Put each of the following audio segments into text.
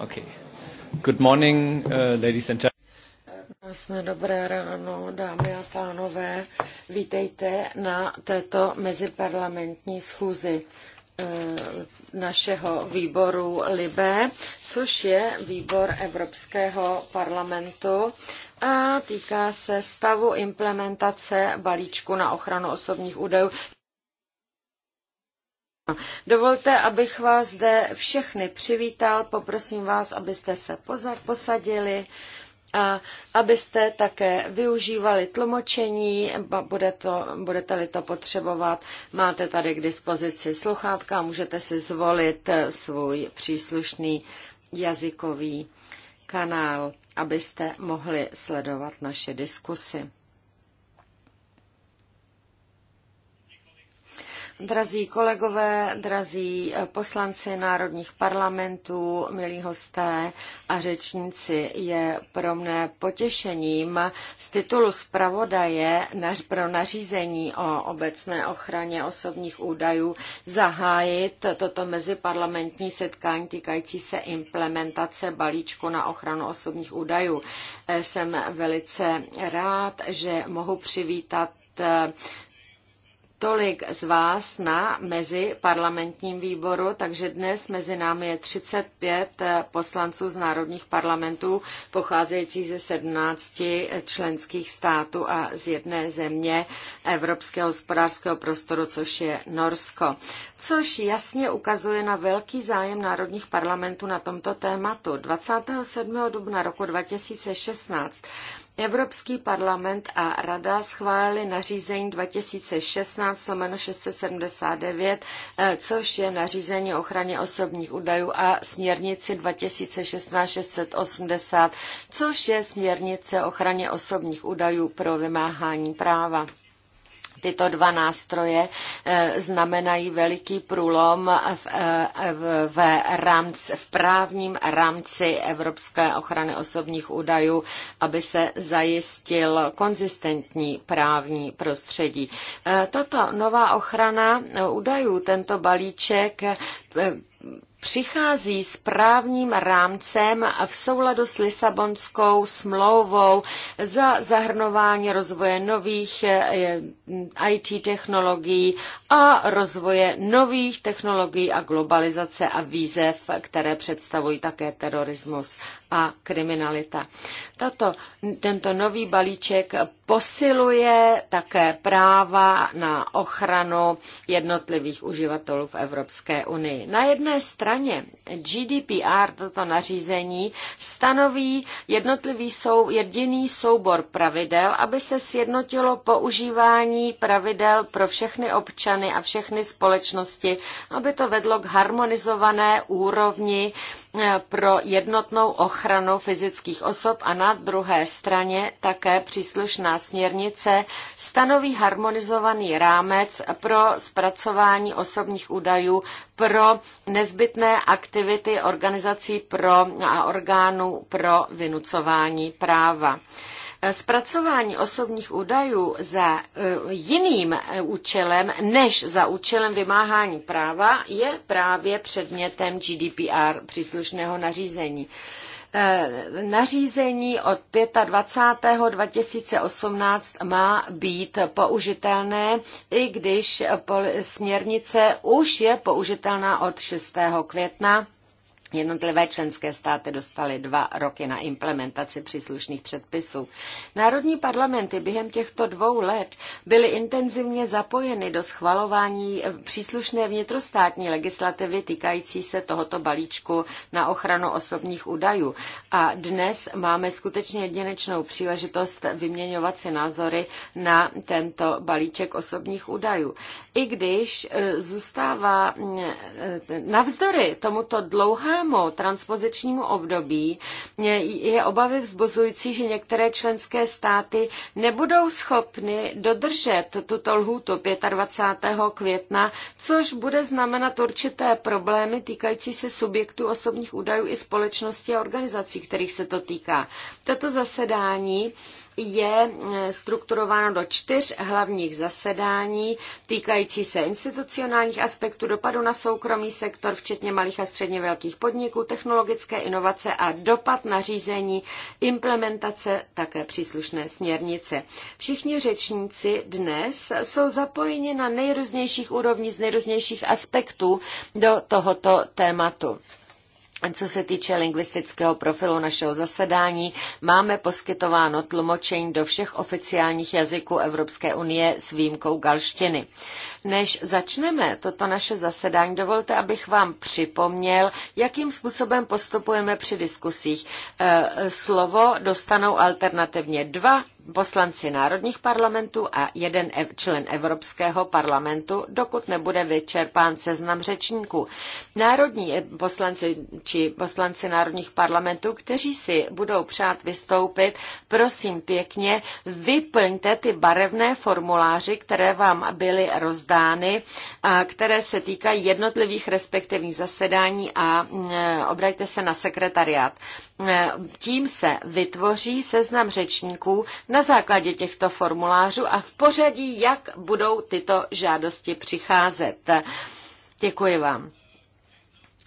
Okay. Good morning, uh, ladies and gentlemen. dobré ráno, dámy a pánové. Vítejte na této meziparlamentní schůzi eh, našeho výboru LIBE, což je výbor Evropského parlamentu a týká se stavu implementace balíčku na ochranu osobních údajů. Dovolte, abych vás zde všechny přivítal. Poprosím vás, abyste se posadili a abyste také využívali tlumočení, bude to, budete-li to potřebovat, máte tady k dispozici sluchátka, můžete si zvolit eh, svůj příslušný jazykový kanál, abyste mohli sledovat naše diskusy. Drazí kolegové, drazí eh, poslanci národních parlamentů, milí hosté a řečníci, je pro mne potěšením z titulu zpravodaje pro nařízení o obecné ochraně osobních údajů zahájit toto meziparlamentní setkání týkající se implementace balíčku na ochranu osobních údajů. Eh, Jsem velice rád, že mohu přivítat eh, tolik z vás na mezi parlamentním výboru, takže dnes mezi námi je 35 eh, poslanců z národních parlamentů, pocházejících ze 17 eh, členských států a z jedné země Evropského hospodářského prostoru, což je Norsko. Což jasně ukazuje na velký zájem národních parlamentů na tomto tématu. 27. dubna roku 2016 Evropský parlament a Rada schválili nařízení 2016-679, eh, což je nařízení o ochraně osobních údajů a směrnici 2016-680, což je směrnice o ochraně osobních údajů pro vymáhání práva. Tyto dva nástroje eh, znamenají veliký průlom v, eh, v, v, rámci, v právním rámci Evropské ochrany osobních údajů, aby se zajistil konzistentní právní prostředí. Eh, tato nová ochrana údajů, tento balíček přichází s právním rámcem v souladu s Lisabonskou smlouvou za zahrnování rozvoje nových eh, eh, IT technologií a rozvoje nových technologií a globalizace a výzev, které představují také terorismus a kriminalita. Tato, tento nový balíček posiluje také práva na ochranu jednotlivých uživatelů v Evropské unii. Na jedné straně GDPR, toto nařízení, stanoví jednotlivý sou, jediný soubor pravidel, aby se sjednotilo používání pravidel pro všechny občany a všechny společnosti, aby to vedlo k harmonizované úrovni eh, pro jednotnou ochranu ochranu fyzických osob a na druhé straně také příslušná směrnice stanoví harmonizovaný rámec pro zpracování osobních údajů pro nezbytné aktivity organizací pro a orgánů pro vynucování práva. Zpracování osobních údajů za e, jiným e, účelem než za účelem vymáhání práva je právě předmětem GDPR příslušného nařízení. Eh, nařízení od 25.2018 2018 má být použitelné, i když směrnice už je použitelná od 6. května Jednotlivé členské státy dostaly dva roky na implementaci příslušných předpisů. Národní parlamenty během těchto dvou let byly intenzivně zapojeny do schvalování eh, příslušné vnitrostátní legislativy týkající se tohoto balíčku na ochranu osobních údajů. A dnes máme skutečně jedinečnou příležitost vyměňovat si názory na tento balíček osobních údajů. I když eh, zůstává mm, eh, navzdory tomuto dlouhá novému transpozičnímu období je obavy vzbuzující, že některé členské státy nebudou schopny dodržet tuto lhůtu 25. května, což bude znamenat určité problémy týkající se subjektů osobních údajů i společnosti a organizací, kterých se to týká. Toto zasedání je eh, strukturováno do čtyř hlavních zasedání týkající se institucionálních aspektů dopadu na soukromý sektor, včetně malých a středně velkých podniků, technologické inovace a dopad na řízení, implementace také příslušné směrnice. Všichni řečníci dnes jsou zapojeni na nejrůznějších úrovních z nejrůznějších aspektů do tohoto tématu co se týče lingvistického profilu našeho zasedání, máme poskytováno tlumočení do všech oficiálních jazyků Evropské unie s výjimkou galštiny. Než začneme toto naše zasedání, dovolte, abych vám připomněl, jakým způsobem postupujeme při diskusích. Eh, slovo dostanou alternativně dva poslanci národních parlamentů a jeden člen Evropského parlamentu, dokud nebude vyčerpán seznam řečníků. Národní eh, poslanci či poslanci národních parlamentů, kteří si budou přát vystoupit, prosím pěkně, vyplňte ty barevné formuláři, které vám byly rozdány, a které se týkají jednotlivých respektivních zasedání a mm, eh, obraťte se na sekretariát. Eh, tím se vytvoří seznam řečníků, na základě těchto formulářů a v pořadí, jak budou tyto žádosti přicházet. Děkuji vám.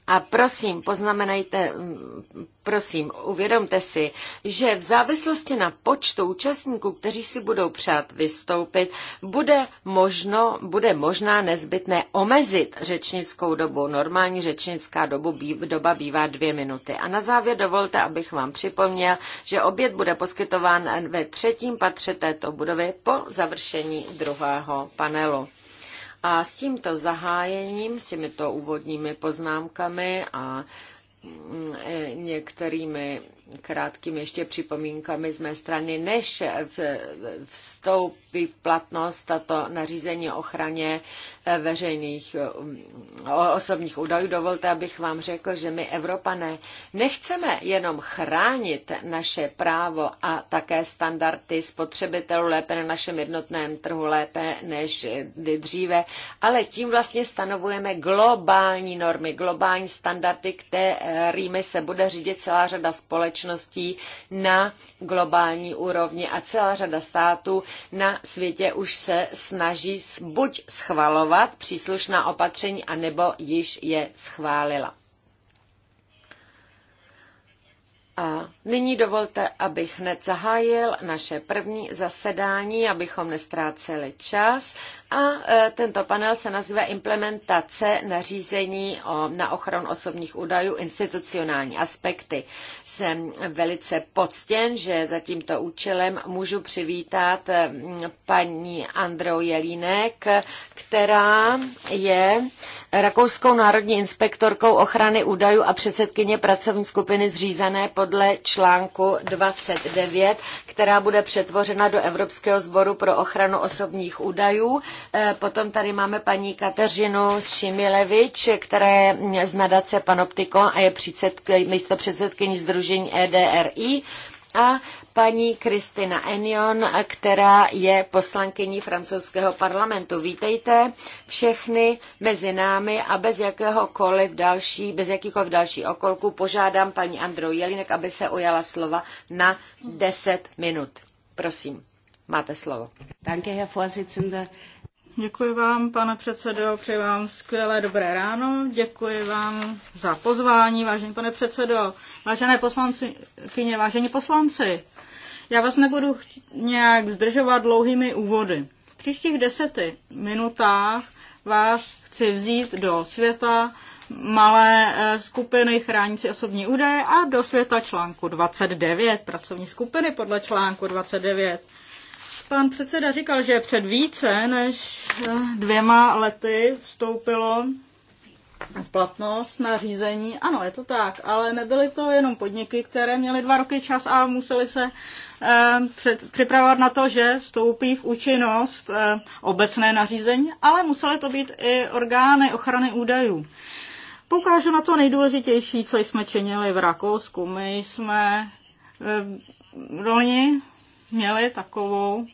A prosím, poznamenajte, mm, prosím, uvědomte si, že v závislosti na počtu účastníků, kteří si budou přát vystoupit, bude, možno, bude možná nezbytné omezit řečnickou dobu. Normální řečnická dobu, doba bývá dvě minuty. A na závěr dovolte, abych vám připomněl, že oběd bude poskytován ve třetím patře této budovy po završení druhého panelu. A s tímto zahájením, s těmito úvodními poznámkami a mm, e, některými krátkými ještě připomínkami z mé strany, než vstoupí v platnost tato nařízení o ochraně eh, veřejných mm, osobních údajů. Dovolte, abych vám řekl, že my Evropané nechceme jenom chránit naše právo a také standardy spotřebitelů lépe na našem jednotném trhu, lépe než dříve, ale tím vlastně stanovujeme globální normy, globální standardy, kterými se bude řídit celá řada společností společností na globální úrovni a celá řada států na světě už se snaží buď schvalovat příslušná opatření, anebo již je schválila. A nyní dovolte, abych hned zahájil naše první zasedání, abychom nestráceli čas a e, tento panel se nazývá implementace nařízení o, na ochranu osobních údajů institucionální aspekty. Jsem velice poctěn, že za tímto účelem můžu přivítat e, paní Andreu Jelínek, která je Rakouskou národní inspektorkou ochrany údajů a předsedkyně pracovní skupiny zřízené podle článku 29, která bude přetvořena do Evropského sboru pro ochranu osobních údajů Eh, potom tady máme paní Kateřinu Šimilevič, která je z nadace Panoptikon a je místopředsedkyní Združení EDRI. A paní Kristina Enion, která je poslankyní francouzského parlamentu. Vítejte všechny mezi námi a bez jakéhokoliv další, bez jakýchkoliv další okolků požádám paní Androu Jelinek, aby se ujala slova na 10 minut. Prosím, máte slovo. Danke, Herr Vorsitzender. Děkuji vám, pane předsedo, přeji vám skvělé dobré ráno. Děkuji vám za pozvání, vážený pane předsedo, vážené poslanci, kyně, vážení poslanci. Já vás nebudu nějak zdržovat dlouhými úvody. V příštích deseti minutách vás chci vzít do světa malé eh, skupiny chránící osobní údaje a do světa článku 29, pracovní skupiny podle článku 29. Pan předseda říkal, že před více než eh, dvěma lety vstoupilo v platnost na řízení. Ano, je to tak, ale nebyly to jenom podniky, které měly dva roky čas a museli se eh, před, připravovat na to, že vstoupí v účinnost eh, obecné nařízení, ale musely to být i orgány ochrany údajů. Poukážu na to nejdůležitější, co jsme činili v Rakousku. My jsme v Roni měli takovou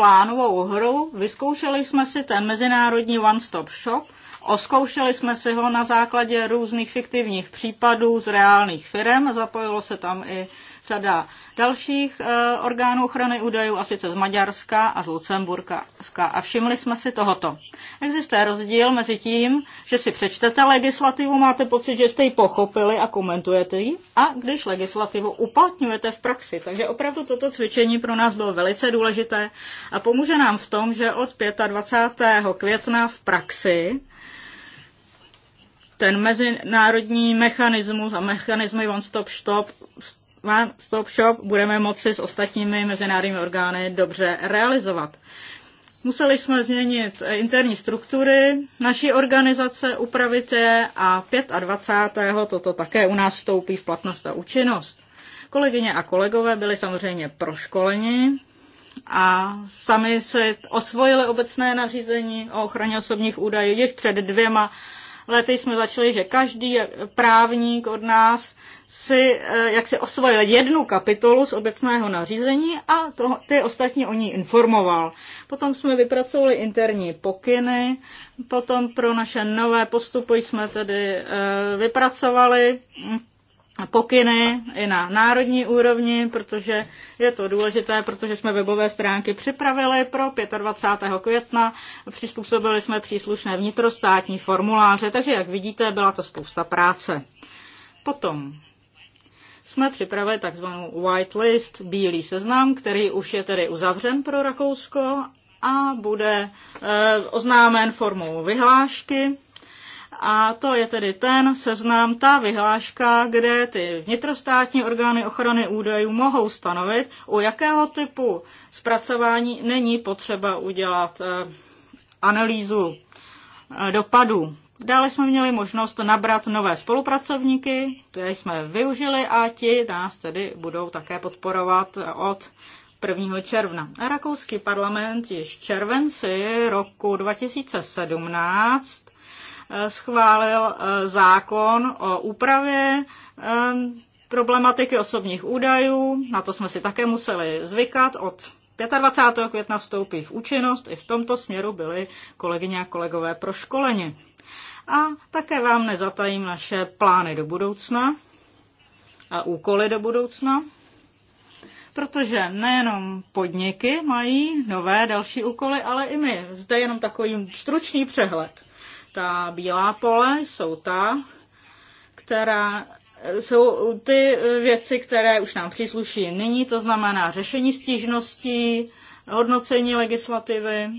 plánovou hru, vyzkoušeli jsme si ten mezinárodní one-stop shop, oskoušeli jsme si ho na základě různých fiktivních případů z reálných firm, zapojilo se tam i řada dalších eh, orgánů ochrany údajů, a sice z Maďarska a z Lucemburka. A všimli jsme si tohoto. Existuje rozdíl mezi tím, že si přečtete legislativu, máte pocit, že jste ji pochopili a komentujete ji, a když legislativu uplatňujete v praxi. Takže opravdu toto cvičení pro nás bylo velice důležité a pomůže nám v tom, že od 25. května v praxi ten mezinárodní mechanismus a mechanismy One Stop stop One Stop Shop budeme moci s ostatními mezinárodními orgány dobře realizovat. Museli jsme změnit interní struktury naší organizace, upravit je a 25. toto také u nás vstoupí v platnost a účinnost. Kolegyně a kolegové byli samozřejmě proškoleni a sami se osvojili obecné nařízení o ochraně osobních údajů již před dvěma lety jsme začali, že každý právník od nás si eh, jak si osvojil jednu kapitolu z obecného nařízení a to, ty ostatní o ní informoval. Potom jsme vypracovali interní pokyny, potom pro naše nové postupy jsme tedy eh, vypracovali pokyny i na národní úrovni, protože je to důležité, protože jsme webové stránky připravili pro 25. května, přizpůsobili jsme příslušné vnitrostátní formuláře, takže jak vidíte, byla to spousta práce. Potom jsme připravili takzvanou whitelist, bílý seznam, který už je tedy uzavřen pro Rakousko a bude e, oznámen formou vyhlášky a to je tedy ten seznam, ta vyhláška, kde ty vnitrostátní orgány ochrany údajů mohou stanovit, u jakého typu zpracování není potřeba udělat eh, analýzu eh, dopadů. Dále jsme měli možnost nabrat nové spolupracovníky, které jsme využili a ti nás tedy budou také podporovat eh, od 1. června. rakouský parlament již v červenci roku 2017 Eh, schválil eh, zákon o úpravě eh, problematiky osobních údajů. Na to jsme si také museli zvykat. Od 25. května vstoupí v účinnost. I v tomto směru byli kolegyně a kolegové proškoleni. A také vám nezatajím naše plány do budoucna a úkoly do budoucna protože nejenom podniky mají nové další úkoly, ale i my. Zde jenom takový stručný přehled. Ta bílá pole jsou ta, která jsou ty věci, které už nám přísluší nyní, to znamená řešení stížností, hodnocení legislativy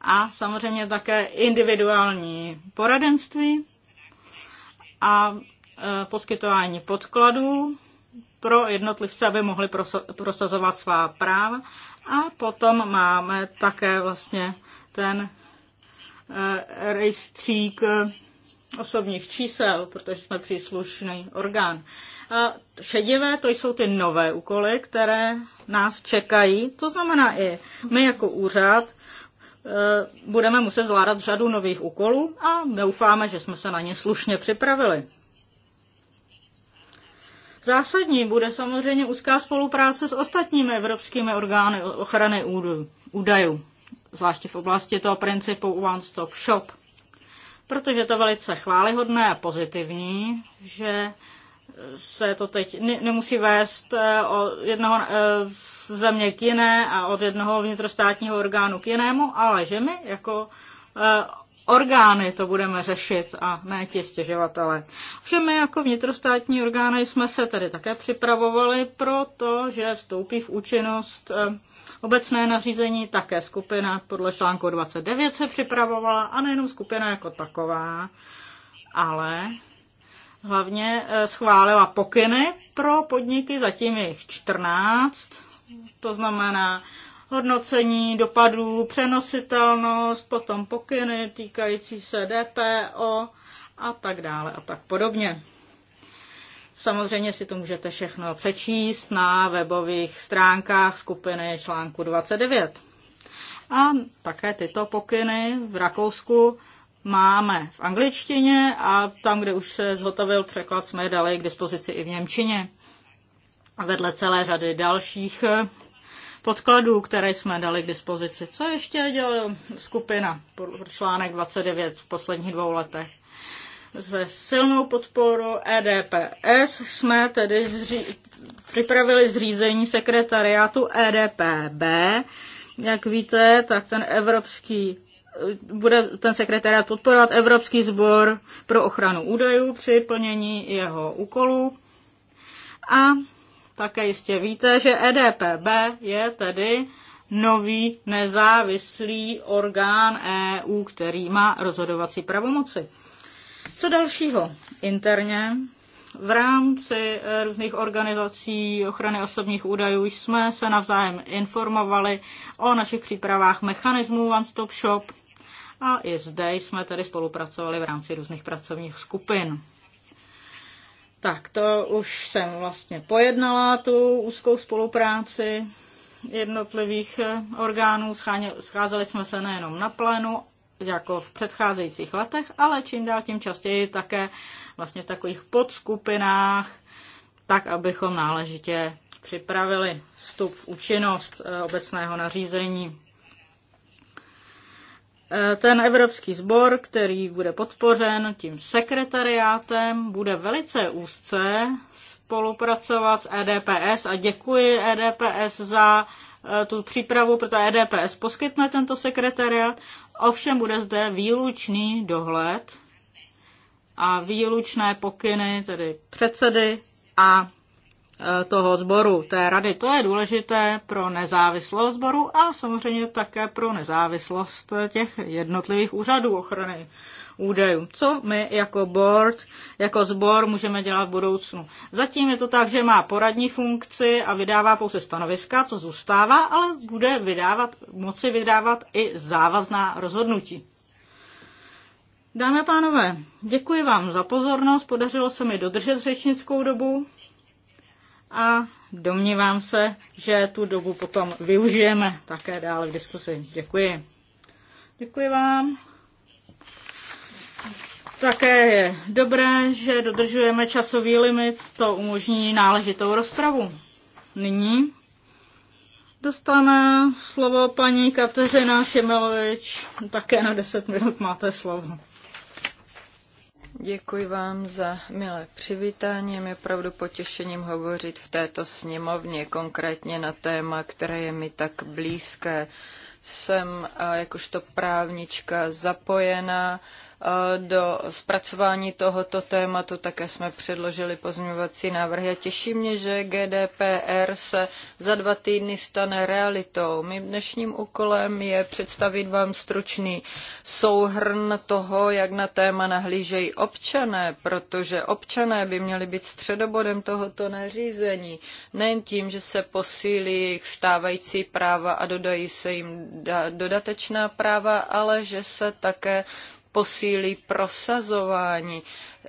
a samozřejmě také individuální poradenství a e, poskytování podkladů pro jednotlivce, aby mohli prosazovat svá práva. A potom máme také vlastně ten Eh, rejstřík eh, osobních čísel, protože jsme příslušný orgán. A šedivé to jsou ty nové úkoly, které nás čekají. To znamená i my jako úřad eh, budeme muset zvládat řadu nových úkolů a doufáme, že jsme se na ně slušně připravili. Zásadní bude samozřejmě úzká spolupráce s ostatními evropskými orgány ochrany údajů zvláště v oblasti toho principu One Stop Shop. Protože to velice chválihodné a pozitivní, že se to teď nemusí vést eh, od jednoho eh, země k jiné a od jednoho vnitrostátního orgánu k jinému, ale že my jako eh, orgány to budeme řešit a ne ti stěžovatele. Že my jako vnitrostátní orgány jsme se tedy také připravovali pro to, že vstoupí v účinnost Obecné nařízení také skupina podle článku 29 se připravovala a nejenom skupina jako taková, ale hlavně eh, schválila pokyny pro podniky, zatím je jich 14, to znamená hodnocení dopadů, přenositelnost, potom pokyny týkající se DPO a tak dále a tak podobně. Samozřejmě si to můžete všechno přečíst na webových stránkách skupiny článku 29. A také tyto pokyny v Rakousku máme v angličtině a tam, kde už se zhotovil překlad, jsme je dali k dispozici i v Němčině. A vedle celé řady dalších podkladů, které jsme dali k dispozici. Co ještě dělala skupina pro článek 29 v posledních dvou letech? zve silnou podporu EDPS jsme tedy zři- připravili zřízení sekretariátu EDPB. Jak víte, tak ten evropský bude ten sekretariát podporovat Evropský sbor pro ochranu údajů při plnění jeho úkolů. A také jistě víte, že EDPB je tedy nový nezávislý orgán EU, který má rozhodovací pravomoci. Co dalšího? Interně v rámci eh, různých organizací ochrany osobních údajů jsme se navzájem informovali o našich přípravách mechanismů One Stop Shop a i zde jsme tedy spolupracovali v rámci různých pracovních skupin. Tak to už jsem vlastně pojednala, tu úzkou spolupráci jednotlivých eh, orgánů. Scházeli jsme se nejenom na plénu, jako v předcházejících letech, ale čím dál tím častěji také vlastně v takových podskupinách, tak abychom náležitě připravili vstup v účinnost eh, obecného nařízení. Eh, ten Evropský sbor, který bude podpořen tím sekretariátem, bude velice úzce spolupracovat s EDPS a děkuji EDPS za e, tu přípravu, protože EDPS poskytne tento sekretariat. Ovšem bude zde výlučný dohled a výlučné pokyny, tedy předsedy a e, toho sboru, té rady. To je důležité pro nezávislost sboru a samozřejmě také pro nezávislost těch jednotlivých úřadů ochrany údajů. Co my jako board, jako sbor můžeme dělat v budoucnu? Zatím je to tak, že má poradní funkci a vydává pouze stanoviska, to zůstává, ale bude vydávat, moci vydávat i závazná rozhodnutí. Dámy a pánové, děkuji vám za pozornost, podařilo se mi dodržet řečnickou dobu a domnívám se, že tu dobu potom využijeme také dále v diskusi. Děkuji. Děkuji vám. Také je dobré, že dodržujeme časový limit, to umožní náležitou rozpravu. Nyní dostane slovo paní Kateřina Šemelovič. Také na 10 minut máte slovo. Děkuji vám za milé přivítání. Je opravdu potěšením hovořit v této sněmovně, konkrétně na téma, které je mi tak blízké. Jsem jakožto právnička zapojena Eh, do zpracování tohoto tématu. Také jsme předložili pozměňovací návrhy a těší mě, že GDPR se za dva týdny stane realitou. Mým dnešním úkolem je představit vám stručný souhrn toho, jak na téma nahlížejí občané, protože občané by měli být středobodem tohoto nařízení. Nejen tím, že se posílí jejich stávající práva a dodají se jim dodatečná práva, ale že se také posílí prosazování.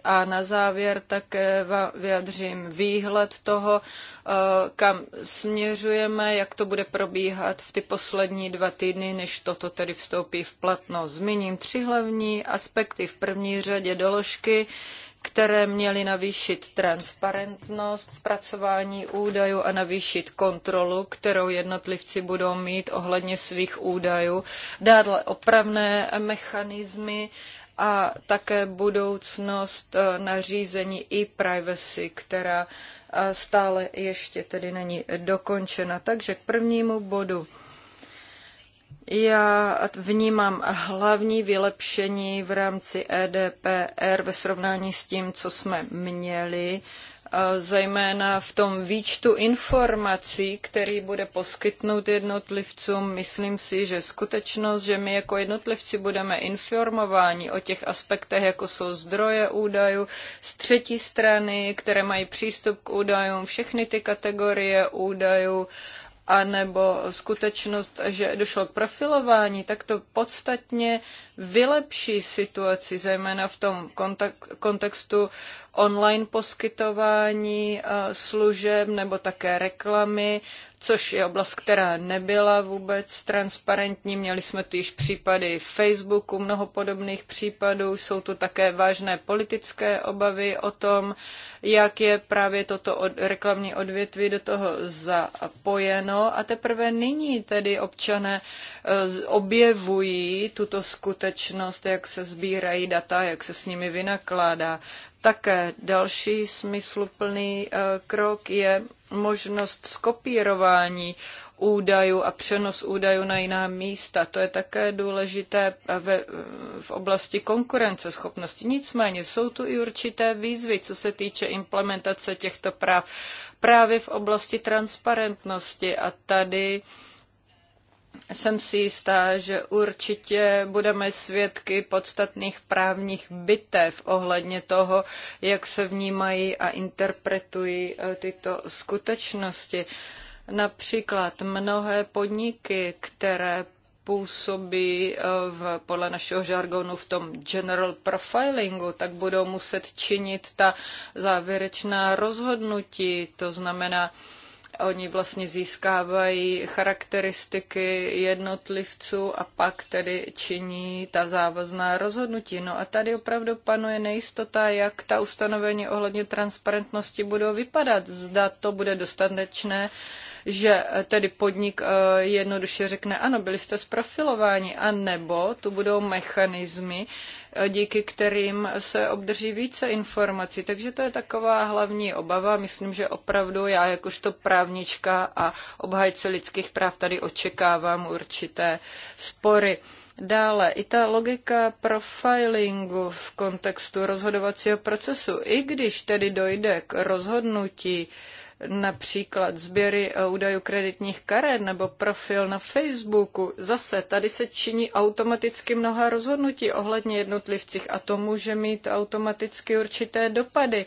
A na závěr také vyjadřím výhled toho, eh, kam směřujeme, jak to bude probíhat v ty poslední dva týdny, než toto tedy vstoupí v platnost. Zmíním tři hlavní aspekty. V první řadě doložky, které měly navýšit transparentnost zpracování údajů a navýšit kontrolu, kterou jednotlivci budou mít ohledně svých údajů, dát opravné mechanismy a také budoucnost eh, nařízení i privacy, která eh, stále ještě tedy není dokončena. Takže k prvnímu bodu já vnímám hlavní vylepšení v rámci EDPR ve srovnání s tím, co jsme měli, zejména v tom výčtu informací, který bude poskytnout jednotlivcům. Myslím si, že skutečnost, že my jako jednotlivci budeme informováni o těch aspektech, jako jsou zdroje údajů, z třetí strany, které mají přístup k údajům, všechny ty kategorie údajů, anebo skutečnost, že došlo k profilování, tak to podstatně vylepší situaci, zejména v tom kontextu online poskytování eh, služeb nebo také reklamy, což je oblast, která nebyla vůbec transparentní. Měli jsme tu již případy Facebooku, mnoho podobných případů. Jsou tu také vážné politické obavy o tom, jak je právě toto od, reklamní odvětví do toho zapojeno. A teprve nyní tedy občané e, objevují tuto skutečnost, jak se sbírají data, jak se s nimi vynakládá. Také další smysluplný eh, krok je možnost skopírování údajů a přenos údajů na jiná místa. To je také důležité eh, ve, eh, v oblasti konkurenceschopnosti. Nicméně jsou tu i určité výzvy, co se týče implementace těchto práv právě v oblasti transparentnosti a tady uh, jsem si jistá, že určitě budeme svědky podstatných právních bitev ohledně toho, jak se vnímají a interpretují eh, tyto skutečnosti. Například mnohé podniky, které působí eh, v, podle našeho žargonu v tom general profilingu, tak budou muset činit ta závěrečná rozhodnutí, to znamená, Oni vlastně získávají charakteristiky jednotlivců a pak tedy činí ta závazná rozhodnutí. No a tady opravdu panuje nejistota, jak ta ustanovení ohledně transparentnosti budou vypadat. Zda to bude dostatečné, že tedy podnik eh, jednoduše řekne, ano, byli jste zprofilováni, a nebo tu budou mechanismy, eh, díky kterým se obdrží více informací. Takže to je taková hlavní obava. Myslím, že opravdu já jakožto právnička a obhajce lidských práv tady očekávám určité spory. Dále i ta logika profilingu v kontextu rozhodovacího procesu, i když tedy dojde k rozhodnutí, například sběry eh, údajů kreditních karet nebo profil na Facebooku. Zase tady se činí automaticky mnoha rozhodnutí ohledně jednotlivcích a to může mít automaticky určité dopady.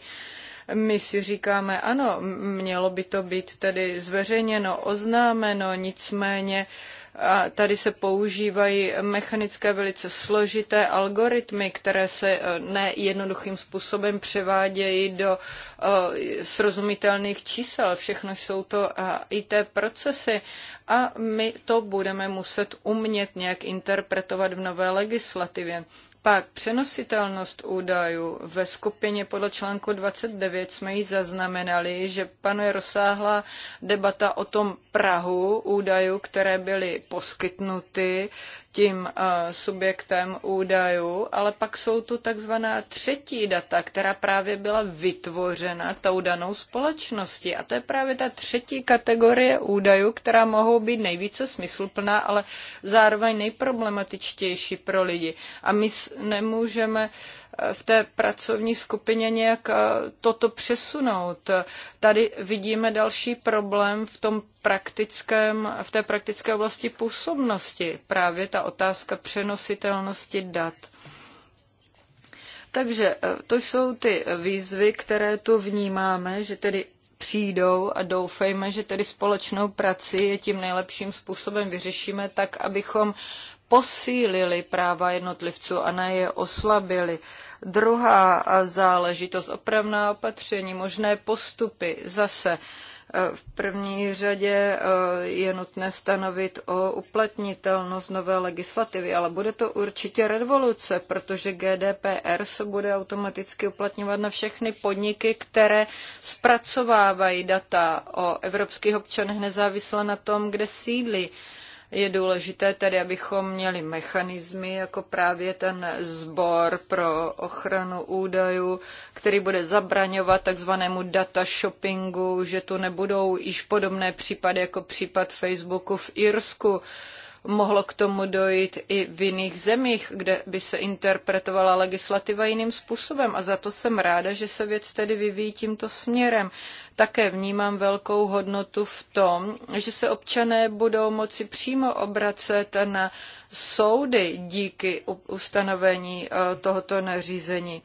My si říkáme, ano, mělo by to být tedy zveřejněno, oznámeno, nicméně uh, a tady se používají mechanické, velice složité algoritmy, které se e, nejednoduchým způsobem převádějí do e, srozumitelných čísel. Všechno jsou to e, i té procesy a my to budeme muset umět nějak interpretovat v nové legislativě. Pak přenositelnost údajů ve skupině podle článku 29 jsme ji zaznamenali, že panuje rozsáhlá debata o tom, Prahu údajů, které byly poskytnuty tím eh, subjektem údajů, ale pak jsou tu takzvaná třetí data, která právě byla vytvořena tou danou společností. A to je právě ta třetí kategorie údajů, která mohou být nejvíce smysluplná, ale zároveň nejproblematičtější pro lidi. A my nemůžeme uh, v té pracovní skupině nějak e, toto přesunout. Tady vidíme další problém v tom praktickém, v té praktické oblasti působnosti, právě ta otázka přenositelnosti dat. Takže e, to jsou ty výzvy, které tu vnímáme, že tedy přijdou a doufejme, že tedy společnou prací je tím nejlepším způsobem vyřešíme tak, abychom posílili práva jednotlivců a ne je oslabili. Druhá záležitost, opravná opatření, možné postupy zase. Eh, v první řadě eh, je nutné stanovit o uplatnitelnost nové legislativy, ale bude to určitě revoluce, protože GDPR se bude automaticky uplatňovat na všechny podniky, které zpracovávají data o evropských občanech nezávisle na tom, kde sídlí. Je důležité tedy, abychom měli mechanismy, jako právě ten sbor pro ochranu údajů, který bude zabraňovat takzvanému data shoppingu, že tu nebudou již podobné případy jako případ Facebooku v Irsku. Mohlo k tomu dojít i v jiných zemích, kde by se interpretovala legislativa jiným způsobem a za to jsem ráda, že se věc tedy vyvíjí tímto směrem. Také vnímám velkou hodnotu v tom, že se občané budou moci přímo obracet na soudy díky ustanovení eh, tohoto nařízení.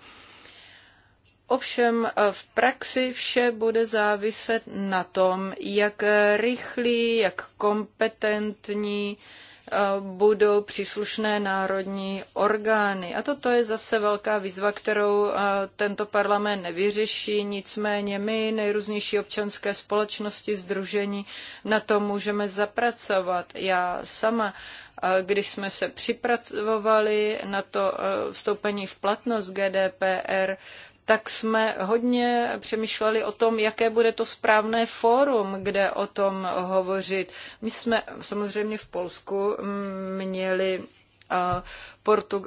Ovšem eh, v praxi vše bude záviset na tom, jak rychlý, jak kompetentní Eh, budou příslušné národní orgány. A toto je zase velká výzva, kterou eh, tento parlament nevyřeší, nicméně my, nejrůznější občanské společnosti, združení, na to můžeme zapracovat. Já sama eh, když jsme se připravovali na to vstoupení v platnost GDPR, tak jsme hodně přemýšleli o tom, jaké bude to správné fórum, kde o tom hovořit. My jsme samozřejmě v Polsku měli portu,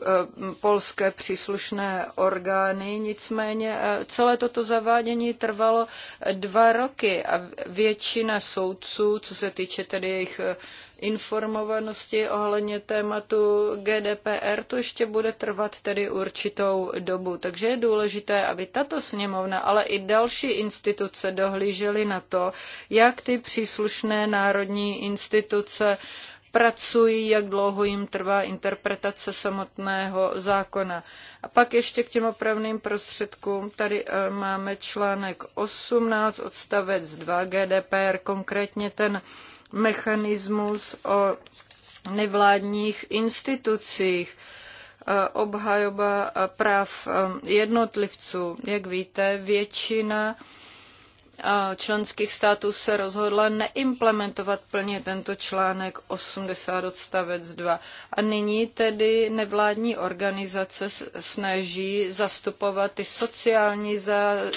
polské příslušné orgány. Nicméně e, celé toto zavádění trvalo e, dva roky a většina soudců, co se týče tedy jejich e, informovanosti ohledně tématu GDPR, to ještě bude trvat tedy určitou dobu. Takže je důležité, aby tato sněmovna, ale i další instituce dohlížely na to, jak ty příslušné národní instituce uh, pracují, jak dlouho jim trvá interpretace samotného zákona. A pak ještě k těm opravným prostředkům. Tady eh, máme článek 18, odstavec 2 GDPR, konkrétně ten mechanismus o nevládních institucích eh, obhajoba eh, práv jednotlivců. Jak víte, většina členských států se rozhodla neimplementovat plně tento článek 80 odstavec 2. A nyní tedy nevládní organizace snaží zastupovat ty sociální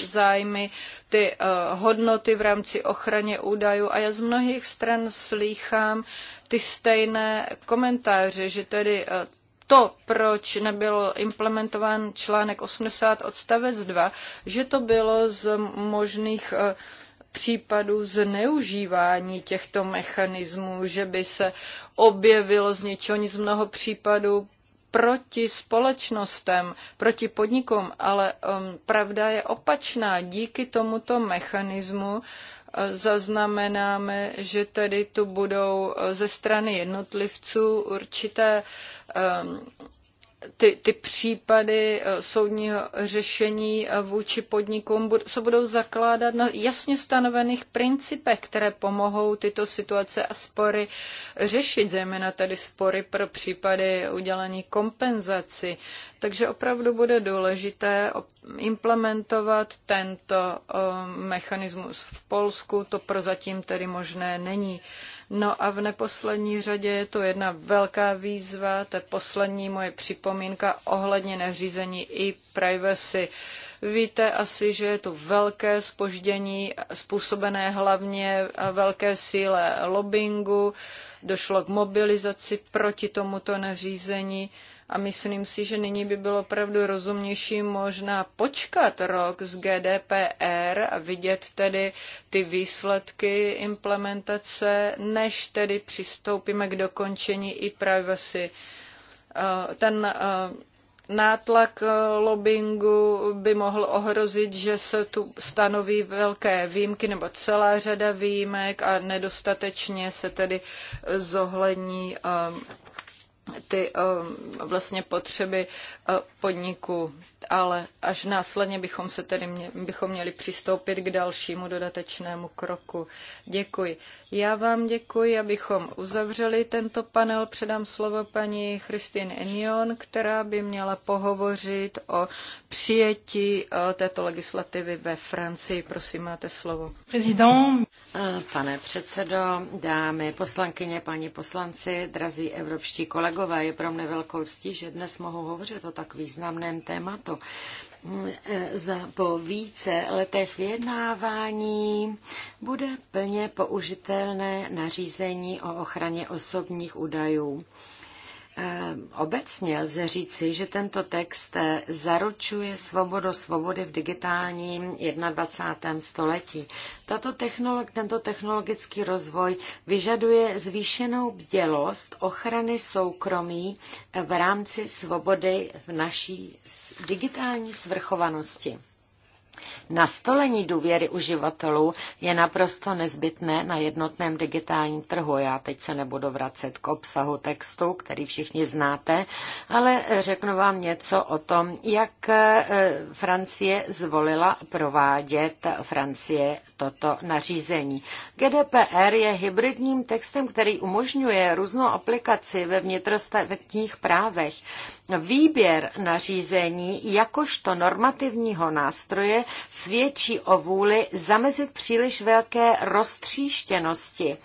zájmy, ty eh, hodnoty v rámci ochraně údajů a já z mnohých stran slýchám ty stejné komentáře, že tedy eh, to, proč nebyl implementován článek 80 odstavec 2, že to bylo z možných eh, případů zneužívání těchto mechanismů, že by se objevilo z něčeho nic mnoho případů proti společnostem, proti podnikům, ale um, pravda je opačná. Díky tomuto mechanismu zaznamenáme, že tedy tu budou e, ze strany jednotlivců určité um, ty, ty případy eh, soudního řešení eh, vůči podnikům se budou zakládat na jasně stanovených principech, které pomohou tyto situace a spory řešit, zejména tedy spory pro případy udělení kompenzaci. Takže opravdu bude důležité implementovat tento eh, mechanismus v Polsku. To prozatím tedy možné není. No a v neposlední řadě je to jedna velká výzva, to je poslední moje připomínka ohledně nařízení i privacy. Víte asi, že je to velké spoždění způsobené hlavně velké síle lobbingu. Došlo k mobilizaci proti tomuto nařízení. A myslím si, že nyní by bylo opravdu rozumnější možná počkat rok z GDPR a vidět tedy ty výsledky implementace, než tedy přistoupíme k dokončení i privacy. Eh, ten eh, nátlak eh, lobbingu by mohl ohrozit, že se tu stanoví velké výjimky nebo celá řada výjimek a nedostatečně se tedy zohlední ty eh, vlastně potřeby eh, podniku ale až následně bychom se tedy mě, bychom měli přistoupit k dalšímu dodatečnému kroku. Děkuji. Já vám děkuji, abychom uzavřeli tento panel. Předám slovo paní Christine Enion, která by měla pohovořit o přijetí eh, této legislativy ve Francii. Prosím, máte slovo. Eh, pane předsedo, dámy poslankyně, paní poslanci, drazí evropští kolegové, je pro mne velkou ctí, že dnes mohu hovořit o tak významném tématu to. Za, po více letech vyjednávání bude plně použitelné nařízení o ochraně osobních údajů Eh, obecně lze říci, že tento text eh, zaručuje svobodu svobody v digitálním 21. století. Tato technolog, tento technologický rozvoj vyžaduje zvýšenou bdělost ochrany soukromí eh, v rámci svobody v naší digitální svrchovanosti. Nastolení důvěry uživatelů je naprosto nezbytné na jednotném digitálním trhu. Já teď se nebudu vracet k obsahu textu, který všichni znáte, ale řeknu vám něco o tom, jak eh, Francie zvolila provádět Francie toto nařízení. GDPR je hybridním textem, který umožňuje různou aplikaci ve vnitrostátních právech. Výběr nařízení jakožto normativního nástroje svědčí o vůli zamezit příliš velké roztříštěnosti,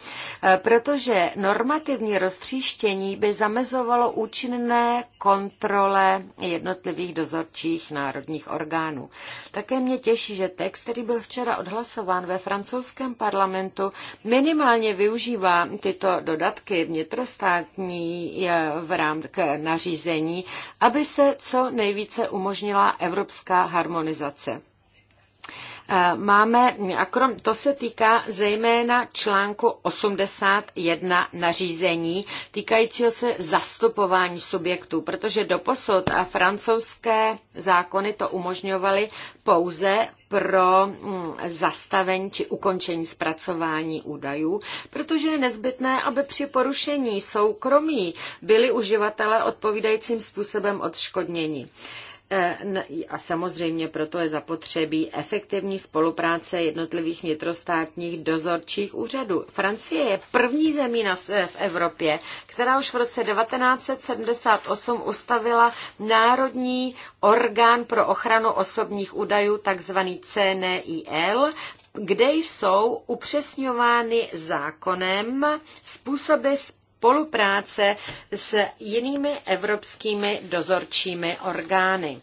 eh, protože normativní roztříštění by zamezovalo účinné kontrole jednotlivých dozorčích národních orgánů. Také mě těší, že text, který byl včera odhlasován ve francouzském parlamentu, minimálně využívá tyto dodatky vnitrostátní eh, v rámci nařízení, aby se co nejvíce umožnila evropská harmonizace. Eh, máme, a krom, to se týká zejména článku 81 nařízení týkajícího se zastupování subjektů, protože doposud a eh, francouzské zákony to umožňovaly pouze pro hm, zastavení či ukončení zpracování údajů, protože je nezbytné, aby při porušení soukromí byli uživatelé odpovídajícím způsobem odškodněni. E, a samozřejmě proto je zapotřebí efektivní spolupráce jednotlivých vnitrostátních dozorčích úřadů. Francie je první zemí e, v Evropě, která už v roce 1978 ustavila Národní orgán pro ochranu osobních údajů, takzvaný CNIL, kde jsou upřesňovány zákonem způsoby spolupráce s jinými evropskými dozorčími orgány.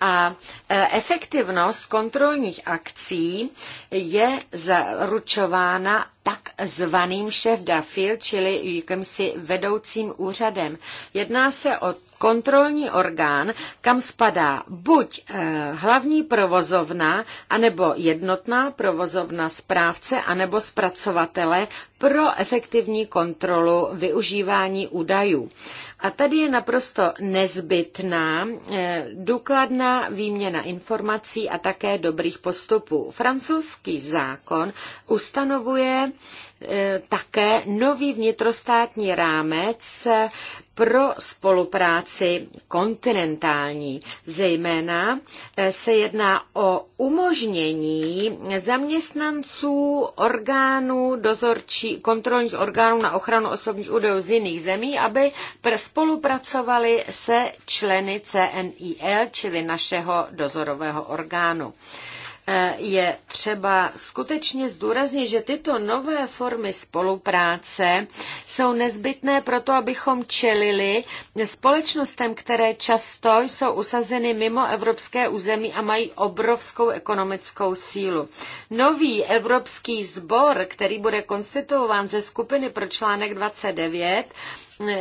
A e, efektivnost kontrolních akcí je zaručována tak zvaným šéf DAFIL, čili jakýmsi vedoucím úřadem. Jedná se o kontrolní orgán, kam spadá buď eh, hlavní provozovna, anebo jednotná provozovna správce, anebo zpracovatele pro efektivní kontrolu využívání údajů. A tady je naprosto nezbytná eh, důkladná výměna informací a také dobrých postupů. Francouzský zákon ustanovuje eh, také nový vnitrostátní rámec pro spolupráci kontinentální. Zejména eh, se jedná o umožnění zaměstnanců orgánů dozorčí, kontrolních orgánů na ochranu osobních údajů z jiných zemí, aby spolupracovali se členy CNIL, čili našeho dozorového orgánu. E, je třeba skutečně zdůraznit, že tyto nové formy spolupráce jsou nezbytné proto, abychom čelili společnostem, které často jsou usazeny mimo evropské území a mají obrovskou ekonomickou sílu. Nový evropský sbor, který bude konstituován ze skupiny pro článek 29,